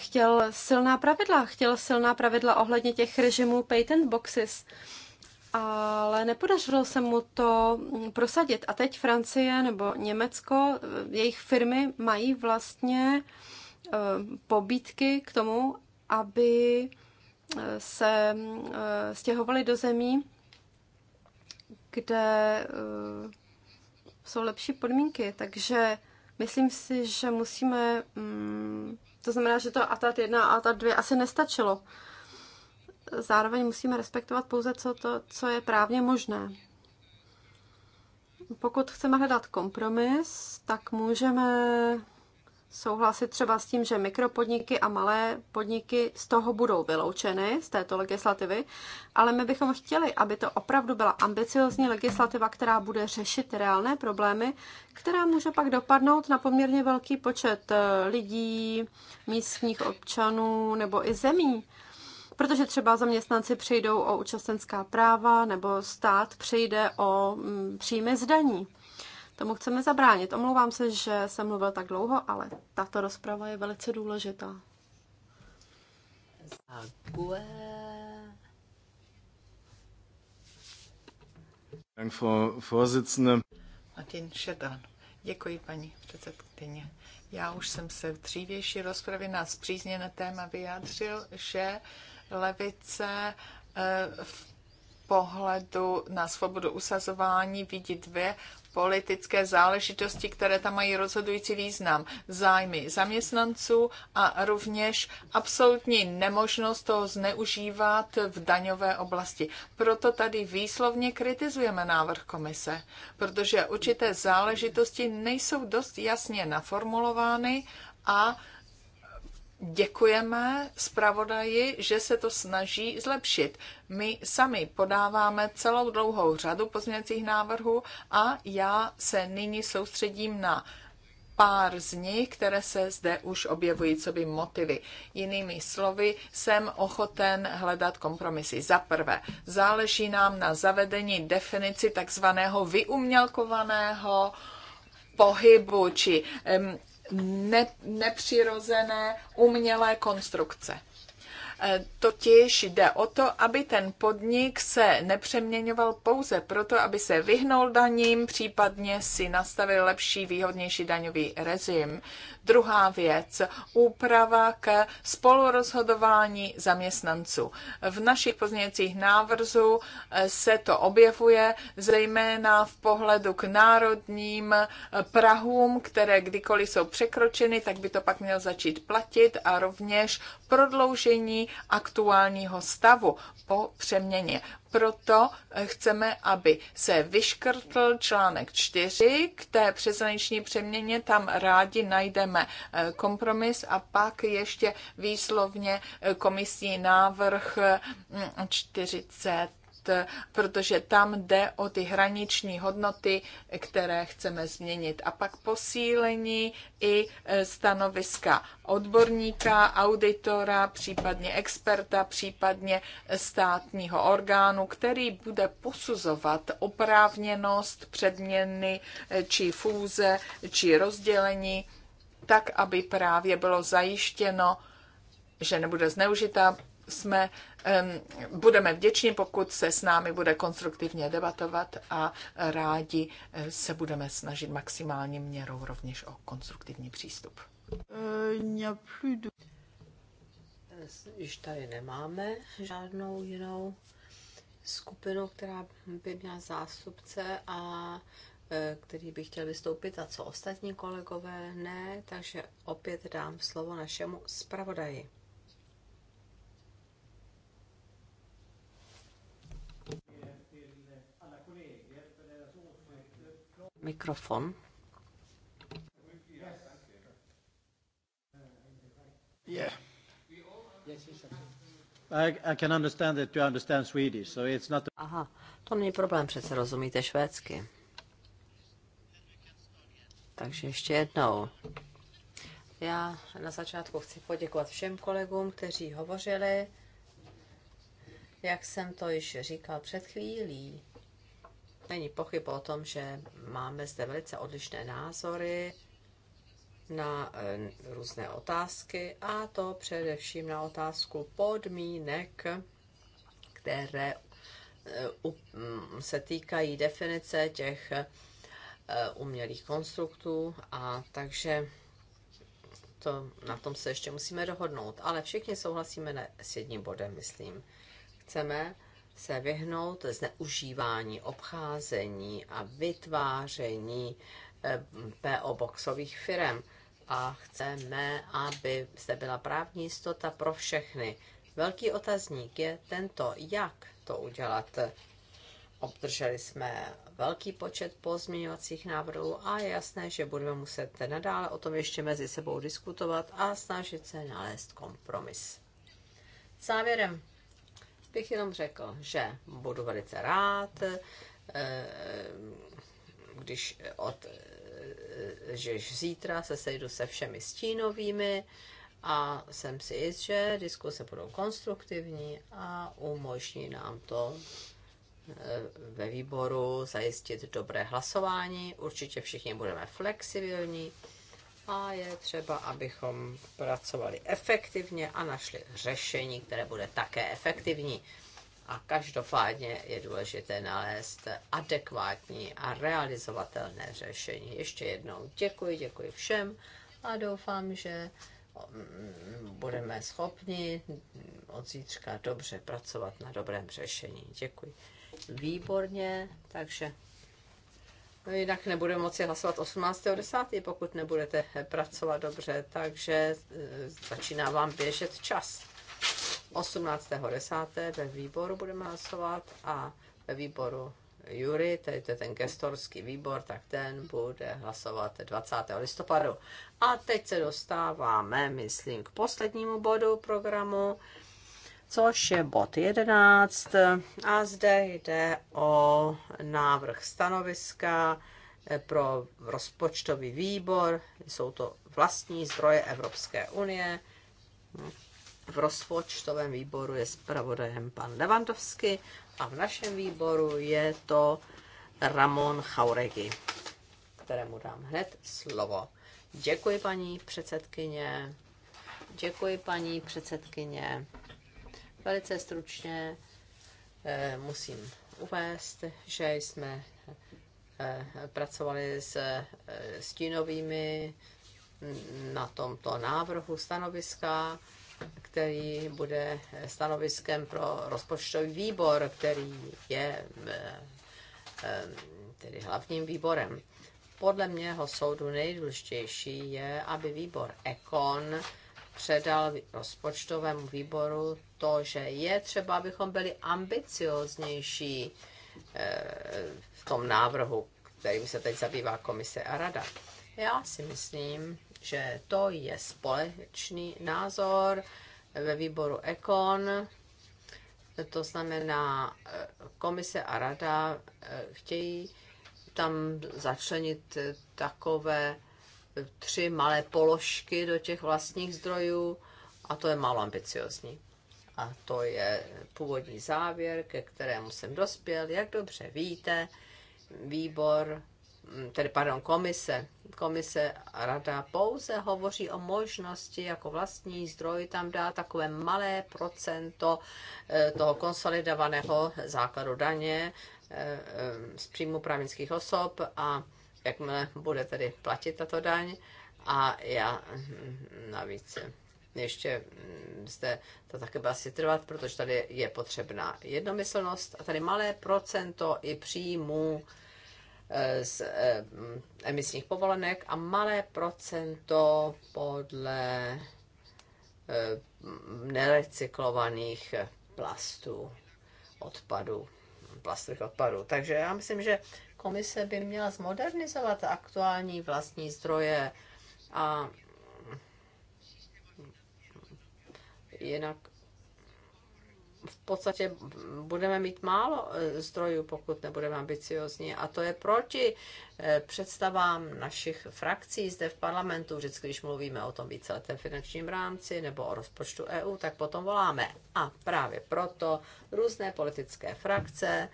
chtěl silná pravidla, chtěl silná pravidla ohledně těch režimů patent boxes ale nepodařilo se mu to prosadit. A teď Francie nebo Německo, eh, jejich firmy mají vlastně eh, pobítky k tomu, aby eh, se stěhovali do zemí, kde jsou lepší podmínky. Takže myslím si, že musíme. Mm, to znamená, že to ATAT 1 a ATAT 2 asi nestačilo zároveň musíme respektovat pouze co, to, co je právně možné. Pokud chceme hledat kompromis, tak můžeme souhlasit třeba s tím, že mikropodniky a malé podniky z toho budou vyloučeny, z této legislativy, ale my bychom chtěli, aby to opravdu byla ambiciozní legislativa, která bude řešit reálné problémy, která může pak dopadnout na poměrně velký počet eh, lidí, místních občanů nebo i zemí protože třeba zaměstnanci přijdou o účastenská práva nebo stát přijde o mm, příjmy zdaní. Tomu chceme zabránit. Omlouvám se, že jsem mluvil tak dlouho, ale tato rozprava je velice důležitá. Martin Šedan. Děkuji, paní předsedkyně. Já už jsem se v dřívější rozpravě na zpřízněné téma vyjádřil, že levice eh, v pohledu na svobodu usazování vidí dvě politické záležitosti, které tam mají rozhodující význam. Zájmy zaměstnanců a rovněž absolutní nemožnost toho zneužívat v daňové oblasti. Proto tady výslovně kritizujeme návrh komise, protože určité záležitosti nejsou dost jasně naformulovány a Děkujeme zpravodaji, že se to snaží zlepšit. My sami podáváme celou dlouhou řadu pozměňovacích návrhů a já se nyní soustředím na pár z nich, které se zde už objevují, co by motivy. Jinými slovy, jsem ochoten hledat kompromisy. Za prvé, záleží nám na zavedení definici takzvaného vyumělkovaného pohybu či um, ne, nepřirozené umělé konstrukce. Eh, totiž jde o to, aby ten podnik se nepřeměňoval pouze proto, aby se vyhnul daním, případně si nastavil lepší, výhodnější daňový režim. Druhá věc, úprava k spolurozhodování zaměstnanců. V našich pozměňujících návrzů eh, se to objevuje, zejména v pohledu k národním eh, Prahům, které kdykoliv jsou překročeny, tak by to pak měl začít platit a rovněž prodloužení aktuálního stavu po přeměně. Proto eh, chceme, aby se vyškrtl článek 4 k té přeshraniční přeměně. Tam rádi najdeme eh, kompromis a pak ještě výslovně eh, komisní návrh 40 mm, protože tam jde o ty hraniční hodnoty, které chceme změnit. A pak posílení i e, stanoviska odborníka, auditora, případně experta, případně státního orgánu, který bude posuzovat oprávněnost předměny e, či fůze či rozdělení, tak aby právě bylo zajištěno, že nebude zneužita jsme, budeme vděční, pokud se s námi bude konstruktivně debatovat a rádi eh, se budeme snažit maximální měrou rovněž o konstruktivní přístup. Eh, již tady nemáme žádnou jinou skupinu, která by měla zástupce a eh, který by chtěl vystoupit a co ostatní kolegové ne, takže opět dám slovo našemu zpravodaji. Mikrofon. Yeah. I, I can understand that you understand Swedish, so it's not... Aha, to není problém, přece rozumíte švédsky. Takže ještě jednou. Já na začátku chci poděkovat všem kolegům, kteří hovořili. Jak jsem to již říkal před chvílí, Není pochyb o tom, že máme zde velice odlišné názory na eh, různé otázky, a to především na otázku podmínek, které eh, mm, se týkají definice těch eh, umělých konstruktů a takže to, na tom se ještě musíme dohodnout. Ale všichni souhlasíme s jedním bodem, myslím. Chceme, se vyhnout zneužívání, obcházení a vytváření eh, PO boxových firm a chceme, aby zde byla právní jistota pro všechny. Velký otazník je tento, jak to udělat. Obdrželi jsme velký počet pozměňovacích návrhů a je jasné, že budeme muset nadále o tom ještě mezi sebou diskutovat a snažit se nalézt kompromis. Závěrem bych jenom řekl, že budu velice rád, eh, když od, eh, že zítra se sejdu se všemi stínovými a jsem si jist, že diskuse budou konstruktivní a umožní nám to eh, ve výboru zajistit dobré hlasování. Určitě všichni budeme flexibilní a je třeba, abychom pracovali efektivně a našli řešení, které bude také efektivní. A každopádně je důležité nalézt adekvátní a realizovatelné řešení. Ještě jednou děkuji, děkuji všem a doufám, že mm, budeme schopni od zítřka dobře pracovat na dobrém řešení. Děkuji. Výborně, takže Jinak nebudeme moci hlasovat 18.10., pokud nebudete pracovat dobře, takže e, začíná vám běžet čas. 18.10. ve výboru budeme hlasovat a ve výboru Jury, tedy to je ten gestorský výbor, tak ten bude hlasovat 20. listopadu. A teď se dostáváme, myslím, k poslednímu bodu programu, což je bod 11. A zde jde o návrh stanoviska pro rozpočtový výbor. Jsou to vlastní zdroje Evropské unie. V rozpočtovém výboru je zpravodajem pan Levandovský a v našem výboru je to Ramon Chauregi, kterému dám hned slovo. Děkuji, paní předsedkyně. Děkuji, paní předsedkyně. Velice stručně eh, musím uvést, že jsme eh, pracovali s eh, stínovými na tomto návrhu stanoviska, který bude stanoviskem pro rozpočtový výbor, který je tedy hlavním výborem. Podle mého soudu nejdůležitější je, aby výbor EKON předal rozpočtovému výboru to, že je třeba, abychom byli ambicioznější eh, v tom návrhu, kterým se teď zabývá komise a rada. Já si myslím, že to je společný názor ve výboru Ekon. To znamená, eh, komise a rada eh, chtějí tam začlenit takové tři malé položky do těch vlastních zdrojů a to je málo ambiciozní. A to je původní závěr, ke kterému jsem dospěl. Jak dobře víte, výbor, mm, tedy pardon, komise, komise a rada pouze hovoří o možnosti jako vlastní zdroj tam dá takové malé procento eh, toho konsolidovaného základu daně eh, eh, z příjmu právnických osob a jakmile bude tedy platit tato daň. A já hm, navíc ještě hm, zde to také bude asi trvat, protože tady je potřebná jednomyslnost a tady malé procento i příjmů eh, z eh, emisních povolenek a malé procento podle eh, nerecyklovaných plastů, odpadů, plastových odpadů. Takže já myslím, že Komise by měla zmodernizovat aktuální vlastní zdroje a jinak v podstatě budeme mít málo e, zdrojů, pokud nebudeme ambiciozní. A to je proti Eh, představám našich frakcí zde v parlamentu. Vždycky, když mluvíme o tom víceletém finančním rámci nebo o rozpočtu EU, tak potom voláme. A právě proto různé politické frakce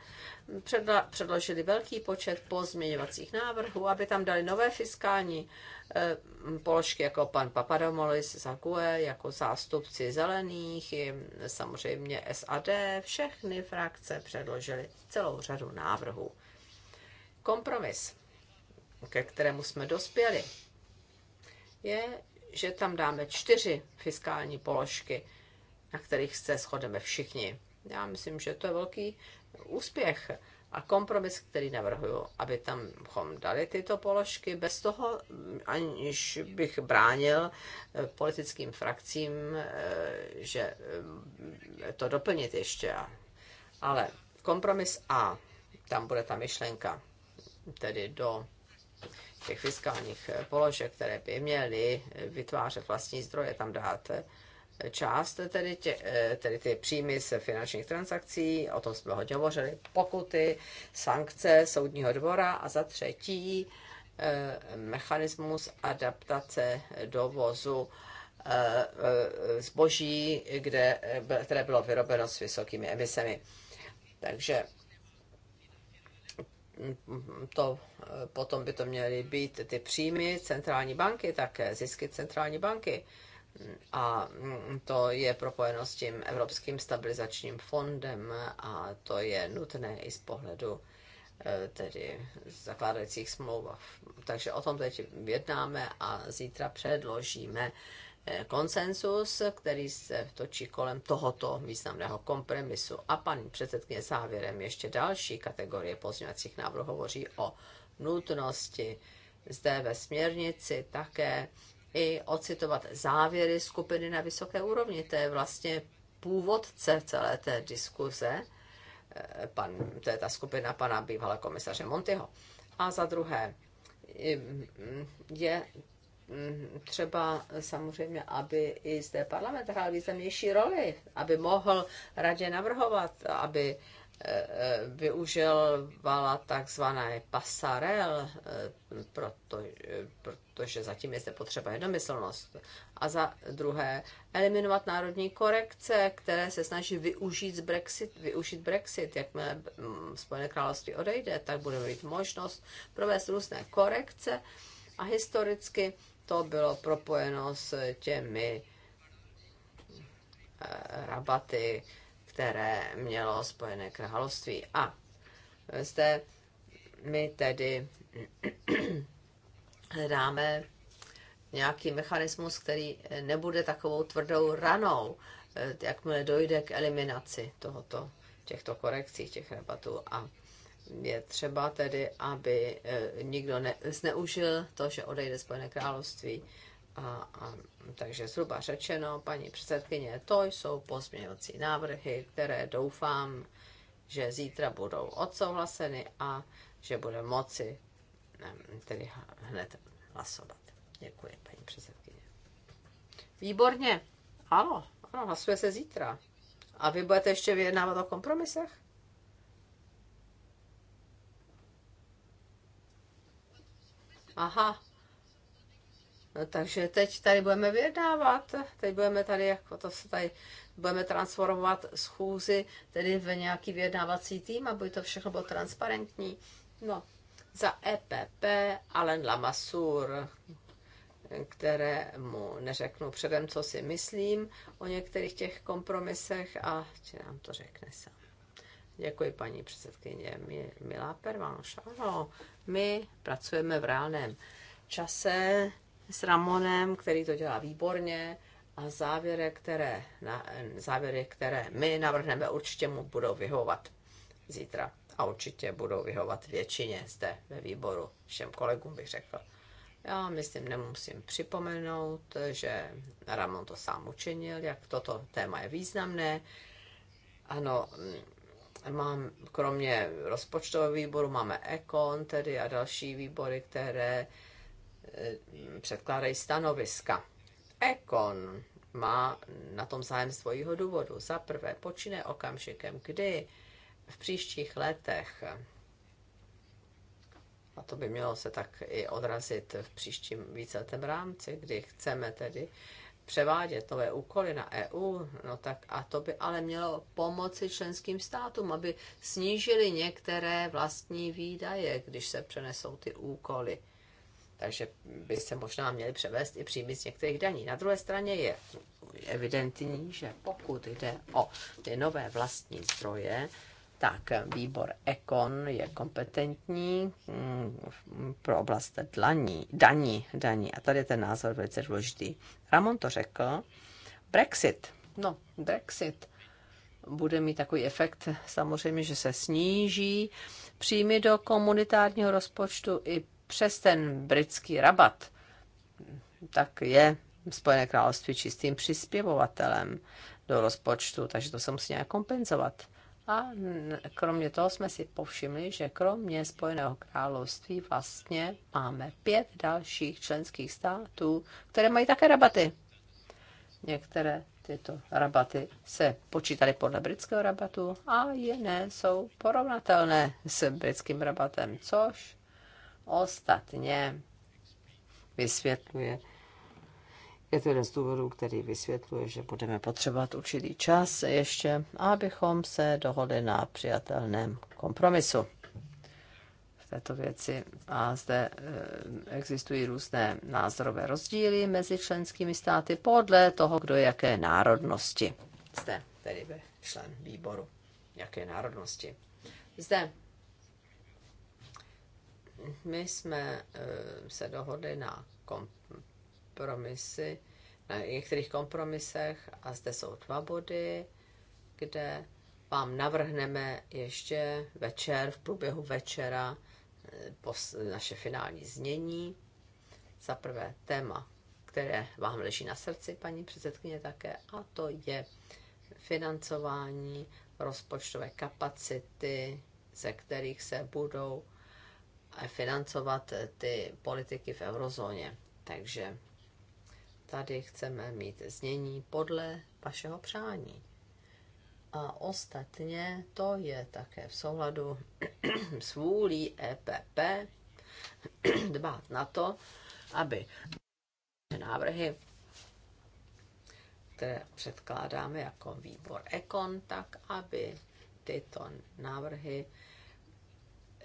předložili velký počet pozměňovacích návrhů, aby tam dali nové fiskální eh, položky, jako pan Papadomolis za GUE, jako zástupci zelených, samozřejmě SAD, všechny frakce předložili celou řadu návrhů. Kompromis ke kterému jsme dospěli, je, že tam dáme čtyři fiskální položky, na kterých se shodeme všichni. Já myslím, že to je velký úspěch a kompromis, který navrhuju, aby tam dali tyto položky bez toho, aniž bych bránil eh, politickým frakcím, eh, že eh, to doplnit ještě. Ale kompromis A, tam bude ta myšlenka, tedy do těch fiskálních eh, položek, které by měly eh, vytvářet vlastní zdroje, tam dát eh, část, tedy, tě, tedy ty příjmy z finančních transakcí, o tom jsme hodně hovořili, pokuty, sankce soudního dvora a za třetí mechanismus adaptace dovozu zboží, kde, které bylo vyrobeno s vysokými emisemi. Takže to, eh, potom by to měly být ty příjmy centrální banky, také zisky centrální banky. A mm, to je propojeno s tím Evropským stabilizačním fondem a to je nutné i z pohledu eh, tedy zakládajících smlouv. Takže o tom teď jednáme a zítra předložíme Eh, konsensus, který se točí kolem tohoto významného kompromisu. A paní předsedkyně závěrem ještě další kategorie pozměňovacích návrhů hovoří o nutnosti zde ve směrnici také i ocitovat závěry skupiny na vysoké úrovni. To je vlastně původce celé té diskuze, eh, pan, to je ta skupina pana bývalého komisaře Montyho. A za druhé, je Mm, třeba samozřejmě, aby i zde parlament hrál významnější roli, aby mohl radě navrhovat, aby eh, eh, využívala takzvané pasarel, eh, proto, protože zatím je zde potřeba jednomyslnost. A za druhé, eliminovat národní korekce, které se snaží využít, z Brexit, využít Brexit. Jakmile mm, Spojené království odejde, tak bude mít možnost provést různé korekce a historicky to bylo propojeno s těmi eh, rabaty, které mělo Spojené království. A zde my tedy hledáme nějaký mechanismus, který nebude takovou tvrdou ranou, eh, jakmile dojde k eliminaci tohoto, těchto korekcí, těch rabatů. A je třeba tedy, aby eh, nikdo ne, zneužil to, že odejde Spojené království. A, a, takže zhruba řečeno, paní předsedkyně, to jsou pozměňovací návrhy, které doufám, že zítra budou odsouhlaseny a že bude moci tedy hned hlasovat. Děkuji, paní předsedkyně. Výborně. Ano, ano, hlasuje se zítra. A vy budete ještě vyjednávat o kompromisech? aha, No, takže teď tady budeme vyjednávat, teď budeme tady, jako to se tady, budeme transformovat schůzy tedy v nějaký vyjednávací tým, aby to všechno bylo transparentní. No, za EPP Alen Lamassur, mu neřeknu předem, co si myslím o některých těch kompromisech a či nám to řekne sám. Děkuji, paní předsedkyně. Milá Pervanš, ano, my pracujeme v reálném čase s Ramonem, který to dělá výborně a závěry, které, na, závěry, které my navrhneme, určitě mu budou vyhovat zítra a určitě budou vyhovat většině zde ve výboru, všem kolegům bych řekl. Já myslím, nemusím připomenout, že Ramon to sám učinil, jak toto téma je významné. Ano, Mám, kromě rozpočtového výboru máme EKON tedy a další výbory, které eh, předkládají stanoviska. EKON má na tom zájem svojího důvodu. Za prvé, počíne okamžikem, kdy v příštích letech, a to by mělo se tak i odrazit v příštím víceletém rámci, kdy chceme tedy převádět nové úkoly na EU, no tak a to by ale mělo pomoci členským státům, aby snížili některé vlastní výdaje, když se přenesou ty úkoly. Takže by se možná měli převést i příjmy z některých daní. Na druhé straně je evidentní, že pokud jde o ty nové vlastní zdroje, tak výbor Ekon je kompetentní mm, pro oblast dlaní, daní, daní. A tady je ten názor velice důležitý. Ramon to řekl. Brexit. No, Brexit bude mít takový efekt samozřejmě, že se sníží příjmy do komunitárního rozpočtu i přes ten britský rabat. Tak je Spojené království čistým přispěvovatelem do rozpočtu, takže to se musí nějak kompenzovat. A kromě toho jsme si povšimli, že kromě Spojeného království vlastně máme pět dalších členských států, které mají také rabaty. Některé tyto rabaty se počítaly podle britského rabatu a jiné jsou porovnatelné s britským rabatem, což ostatně vysvětluje je to jeden z důvodů, který vysvětluje, že budeme potřebovat určitý čas ještě, abychom se dohodli na přijatelném kompromisu v této věci. A zde eh, existují různé názorové rozdíly mezi členskými státy podle toho, kdo je jaké národnosti. Zde tedy by člen výboru, jaké národnosti. Zde my jsme eh, se dohodli na kompromisu kompromisy, na některých kompromisech a zde jsou dva body, kde vám navrhneme ještě večer, v průběhu večera, eh, naše finální znění. Za prvé téma, které vám leží na srdci, paní předsedkyně také, a to je financování rozpočtové kapacity, ze kterých se budou eh, financovat eh, ty politiky v eurozóně. Takže Tady chceme mít znění podle vašeho přání. A ostatně to je také v souladu s vůlí EPP dbát na to, aby návrhy, které předkládáme jako výbor Ekon, tak aby tyto návrhy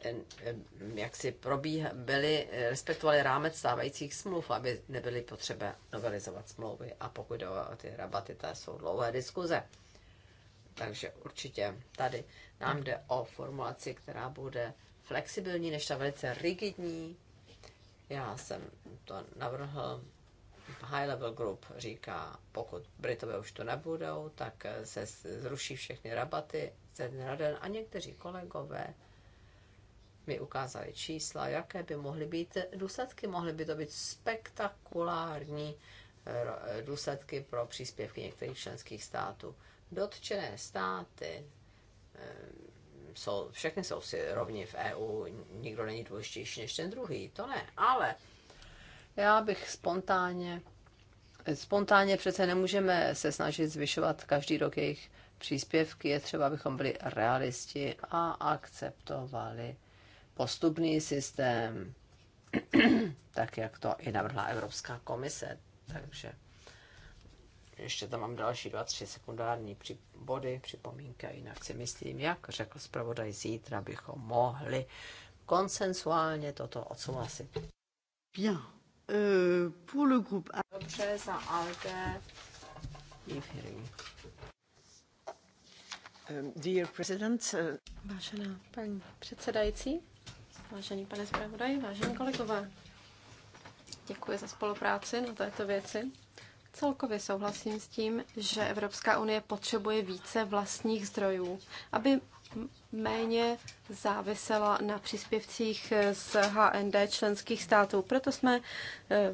Eh, eh, jak si probíh, byly, eh, respektovali rámec stávajících smluv, aby nebyly potřeba novelizovat smlouvy. A pokud o ty rabaty, to jsou dlouhé diskuze. Takže určitě tady nám jde o formulaci, která bude flexibilní, než ta velice rigidní. Já jsem to navrhl, High Level Group říká, pokud Britové už to nebudou, tak se zruší všechny rabaty ze dne na den a někteří kolegové mi ukázali čísla, jaké by mohly být důsledky. Mohly by to být spektakulární eh, důsledky pro příspěvky některých členských států. Dotčené státy eh, jsou, všechny jsou si rovni v EU, nikdo není důležitější než ten druhý, to ne, ale já bych spontánně, spontánně přece nemůžeme se snažit zvyšovat každý rok jejich příspěvky, je třeba, abychom byli realisti a akceptovali postupný systém, tak jak to i navrhla Evropská komise. Takže ještě tam mám další dva, tři sekundární při, body, připomínky a jinak si myslím, jak řekl zpravodaj, zítra bychom mohli konsensuálně toto odsouhlasit. Bien. Euh, pour le groupe A... Dobře, za um, Dear President. Uh, Vážená paní předsedající, Vážený pane zpravodaj, vážení kolegové, děkuji za spolupráci na této věci. Celkově souhlasím s tím, že Evropská unie potřebuje více vlastních zdrojů, aby méně závisela na příspěvcích z HND členských států. Proto jsme eh,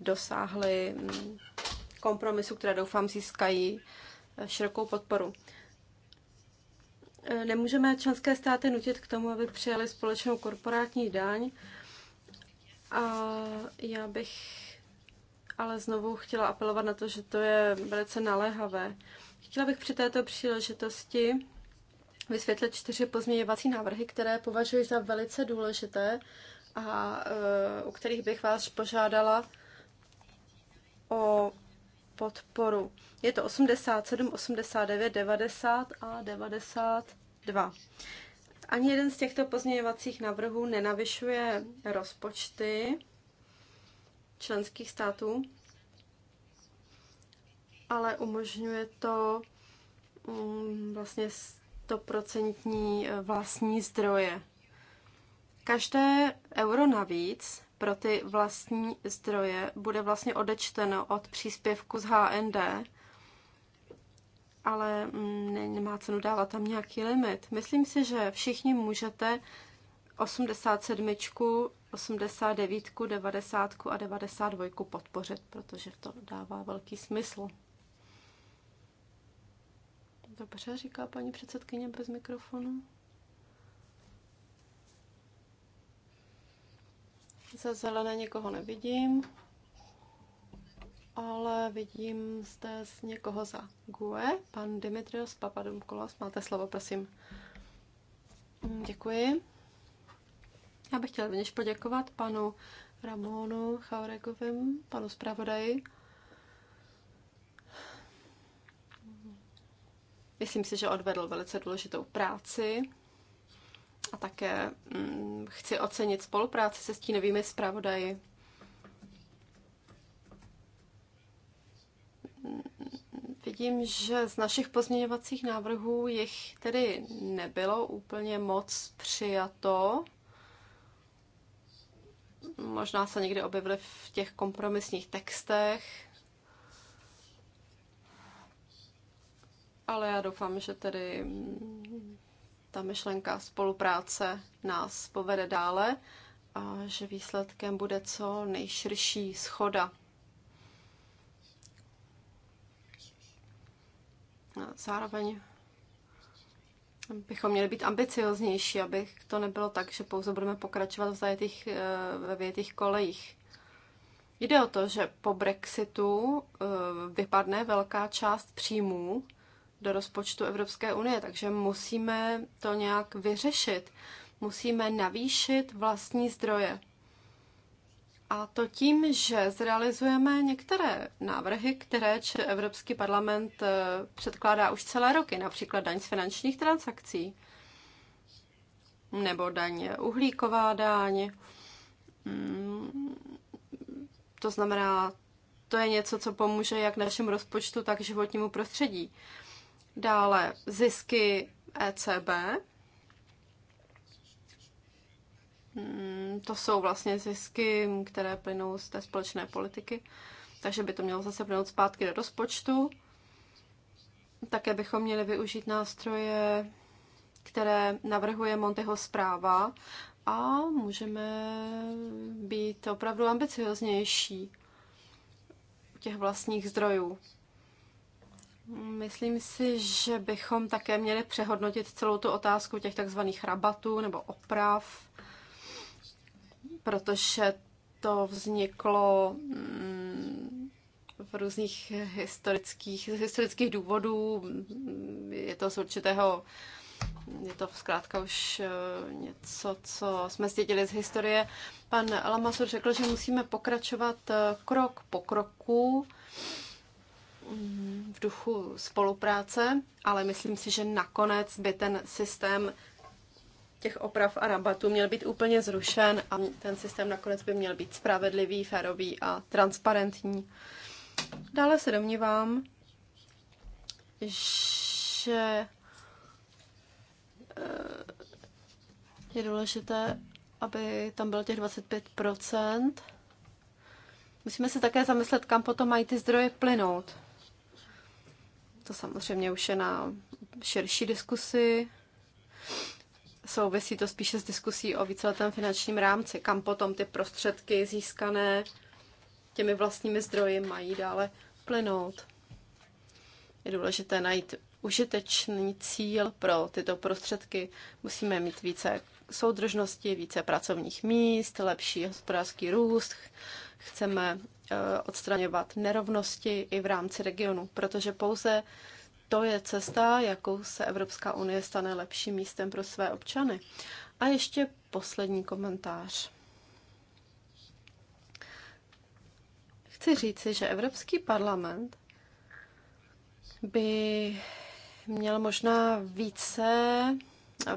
dosáhli mm, kompromisu, které doufám získají eh, širokou podporu. Eh, nemůžeme členské státy nutit k tomu, aby přijali společnou korporátní daň. A já bych ale znovu chtěla apelovat na to, že to je velice naléhavé. Chtěla bych při této příležitosti vysvětlit čtyři pozměňovací návrhy, které považuji za velice důležité a eh, u kterých bych vás požádala o podporu. Je to 87, 89, 90 a 92. Ani jeden z těchto pozměňovacích návrhů nenavyšuje rozpočty členských států, ale umožňuje to mm, vlastně stoprocentní eh, vlastní zdroje. Každé euro navíc pro ty vlastní zdroje bude vlastně odečteno od příspěvku z HND, ale mm, nemá cenu dávat tam nějaký limit. Myslím si, že všichni můžete 87, 89, 90 a 92 podpořit, protože to dává velký smysl. Dobře, říká paní předsedkyně bez mikrofonu. za zelené někoho nevidím, ale vidím zde z někoho za GUE. Pan Dimitrios Papadopoulos, máte slovo, prosím. Mm, děkuji. Já bych chtěla rovněž poděkovat panu Ramonu Chauregovým, panu zpravodaji. Myslím si, že odvedl velice důležitou práci a také mm, chci ocenit spolupráci se stínovými zpravodaji. Vidím, že z našich pozměňovacích návrhů jich tedy nebylo úplně moc přijato. Možná se někdy objevily v těch kompromisních textech. Ale já doufám, že tedy mm, ta myšlenka spolupráce nás povede dále a že výsledkem bude co nejširší schoda. A zároveň bychom měli být ambicioznější, aby to nebylo tak, že pouze budeme pokračovat v zajetých, eh, ve větých kolejích. Jde o to, že po Brexitu eh, vypadne velká část příjmů do rozpočtu Evropské unie, takže musíme to nějak vyřešit. Musíme navýšit vlastní zdroje. A to tím, že zrealizujeme některé návrhy, které Evropský parlament eh, předkládá už celé roky, například daň z finančních transakcí, nebo daň uhlíková daň. Mm, to znamená, to je něco, co pomůže jak našemu rozpočtu, tak životnímu prostředí dále zisky ECB. Hmm, to jsou vlastně zisky, které plynou z té společné politiky, takže by to mělo zase plynout zpátky do rozpočtu. Také bychom měli využít nástroje, které navrhuje Monteho zpráva a můžeme být opravdu ambicioznější těch vlastních zdrojů. Myslím si, že bychom také měli přehodnotit celou tu otázku těch takzvaných rabatů nebo oprav, protože to vzniklo mm, v různých historických, historických důvodů. Je to z určitého, je to zkrátka už eh, něco, co jsme zdědili z historie. Pan Lamasur řekl, že musíme pokračovat eh, krok po kroku v duchu spolupráce, ale myslím si, že nakonec by ten systém těch oprav a rabatů měl být úplně zrušen a ten systém nakonec by měl být spravedlivý, férový a transparentní. Dále se domnívám, že eh, je důležité, aby tam bylo těch 25 Musíme se také zamyslet, kam potom mají ty zdroje plynout. To samozřejmě už je na širší diskusi. Souvisí to spíše s diskusí o víceletém finančním rámci, kam potom ty prostředky získané těmi vlastními zdroji mají dále plynout. Je důležité najít užitečný cíl pro tyto prostředky. Musíme mít více soudržnosti, více pracovních míst, lepší hospodářský růst. Chceme Eh, odstraňovat nerovnosti i v rámci regionu, protože pouze to je cesta, jakou se Evropská unie stane lepším místem pro své občany. A ještě poslední komentář. Chci říci, že Evropský parlament by měl možná více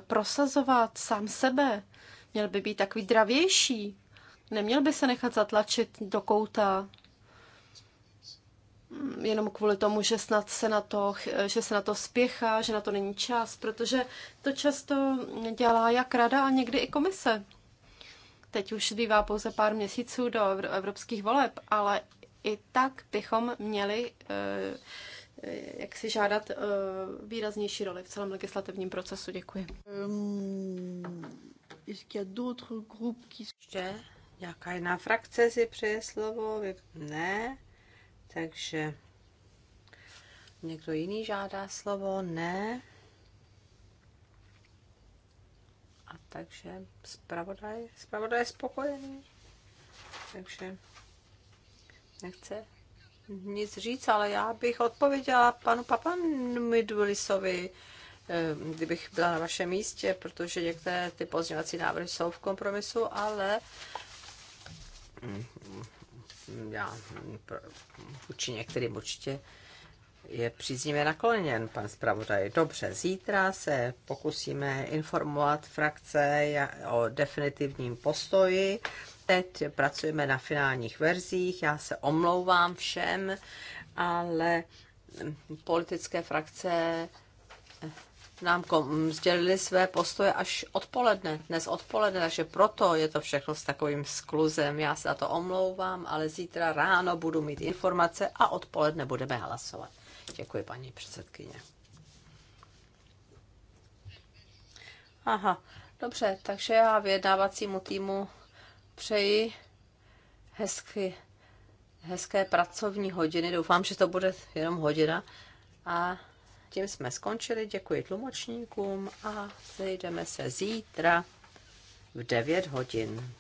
prosazovat sám sebe, měl by být takový dravější, Neměl by se nechat zatlačit do kouta jenom kvůli tomu, že snad se na to, že se na to spěchá, že na to není čas, protože to často dělá jak rada a někdy i komise. Teď už zbývá pouze pár měsíců do evropských voleb, ale i tak bychom měli eh, jak si žádat eh, výraznější roli v celém legislativním procesu. Děkuji. Um, Ještě Nějaká jiná frakce si přeje slovo? Ne. Takže někdo jiný žádá slovo? Ne. A takže zpravodaj, zpravodaj je spokojený. Takže nechce nic říct, ale já bych odpověděla panu Papamidulisovi, eh, kdybych byla na vašem místě, protože některé ty pozměňovací návrhy jsou v kompromisu, ale já vůči některým určitě je příznivě nakloněn pan zpravodaj. Dobře, zítra se pokusíme informovat frakce o definitivním postoji. Teď pracujeme na finálních verzích, já se omlouvám všem, ale politické frakce nám sdělili své postoje až odpoledne, dnes odpoledne, takže proto je to všechno s takovým skluzem. Já se na to omlouvám, ale zítra ráno budu mít informace a odpoledne budeme hlasovat. Děkuji, paní předsedkyně. Aha, dobře, takže já vyjednávacímu týmu přeji hezky, hezké pracovní hodiny. Doufám, že to bude jenom hodina. A tím jsme skončili. Děkuji tlumočníkům a sejdeme se zítra v 9 hodin.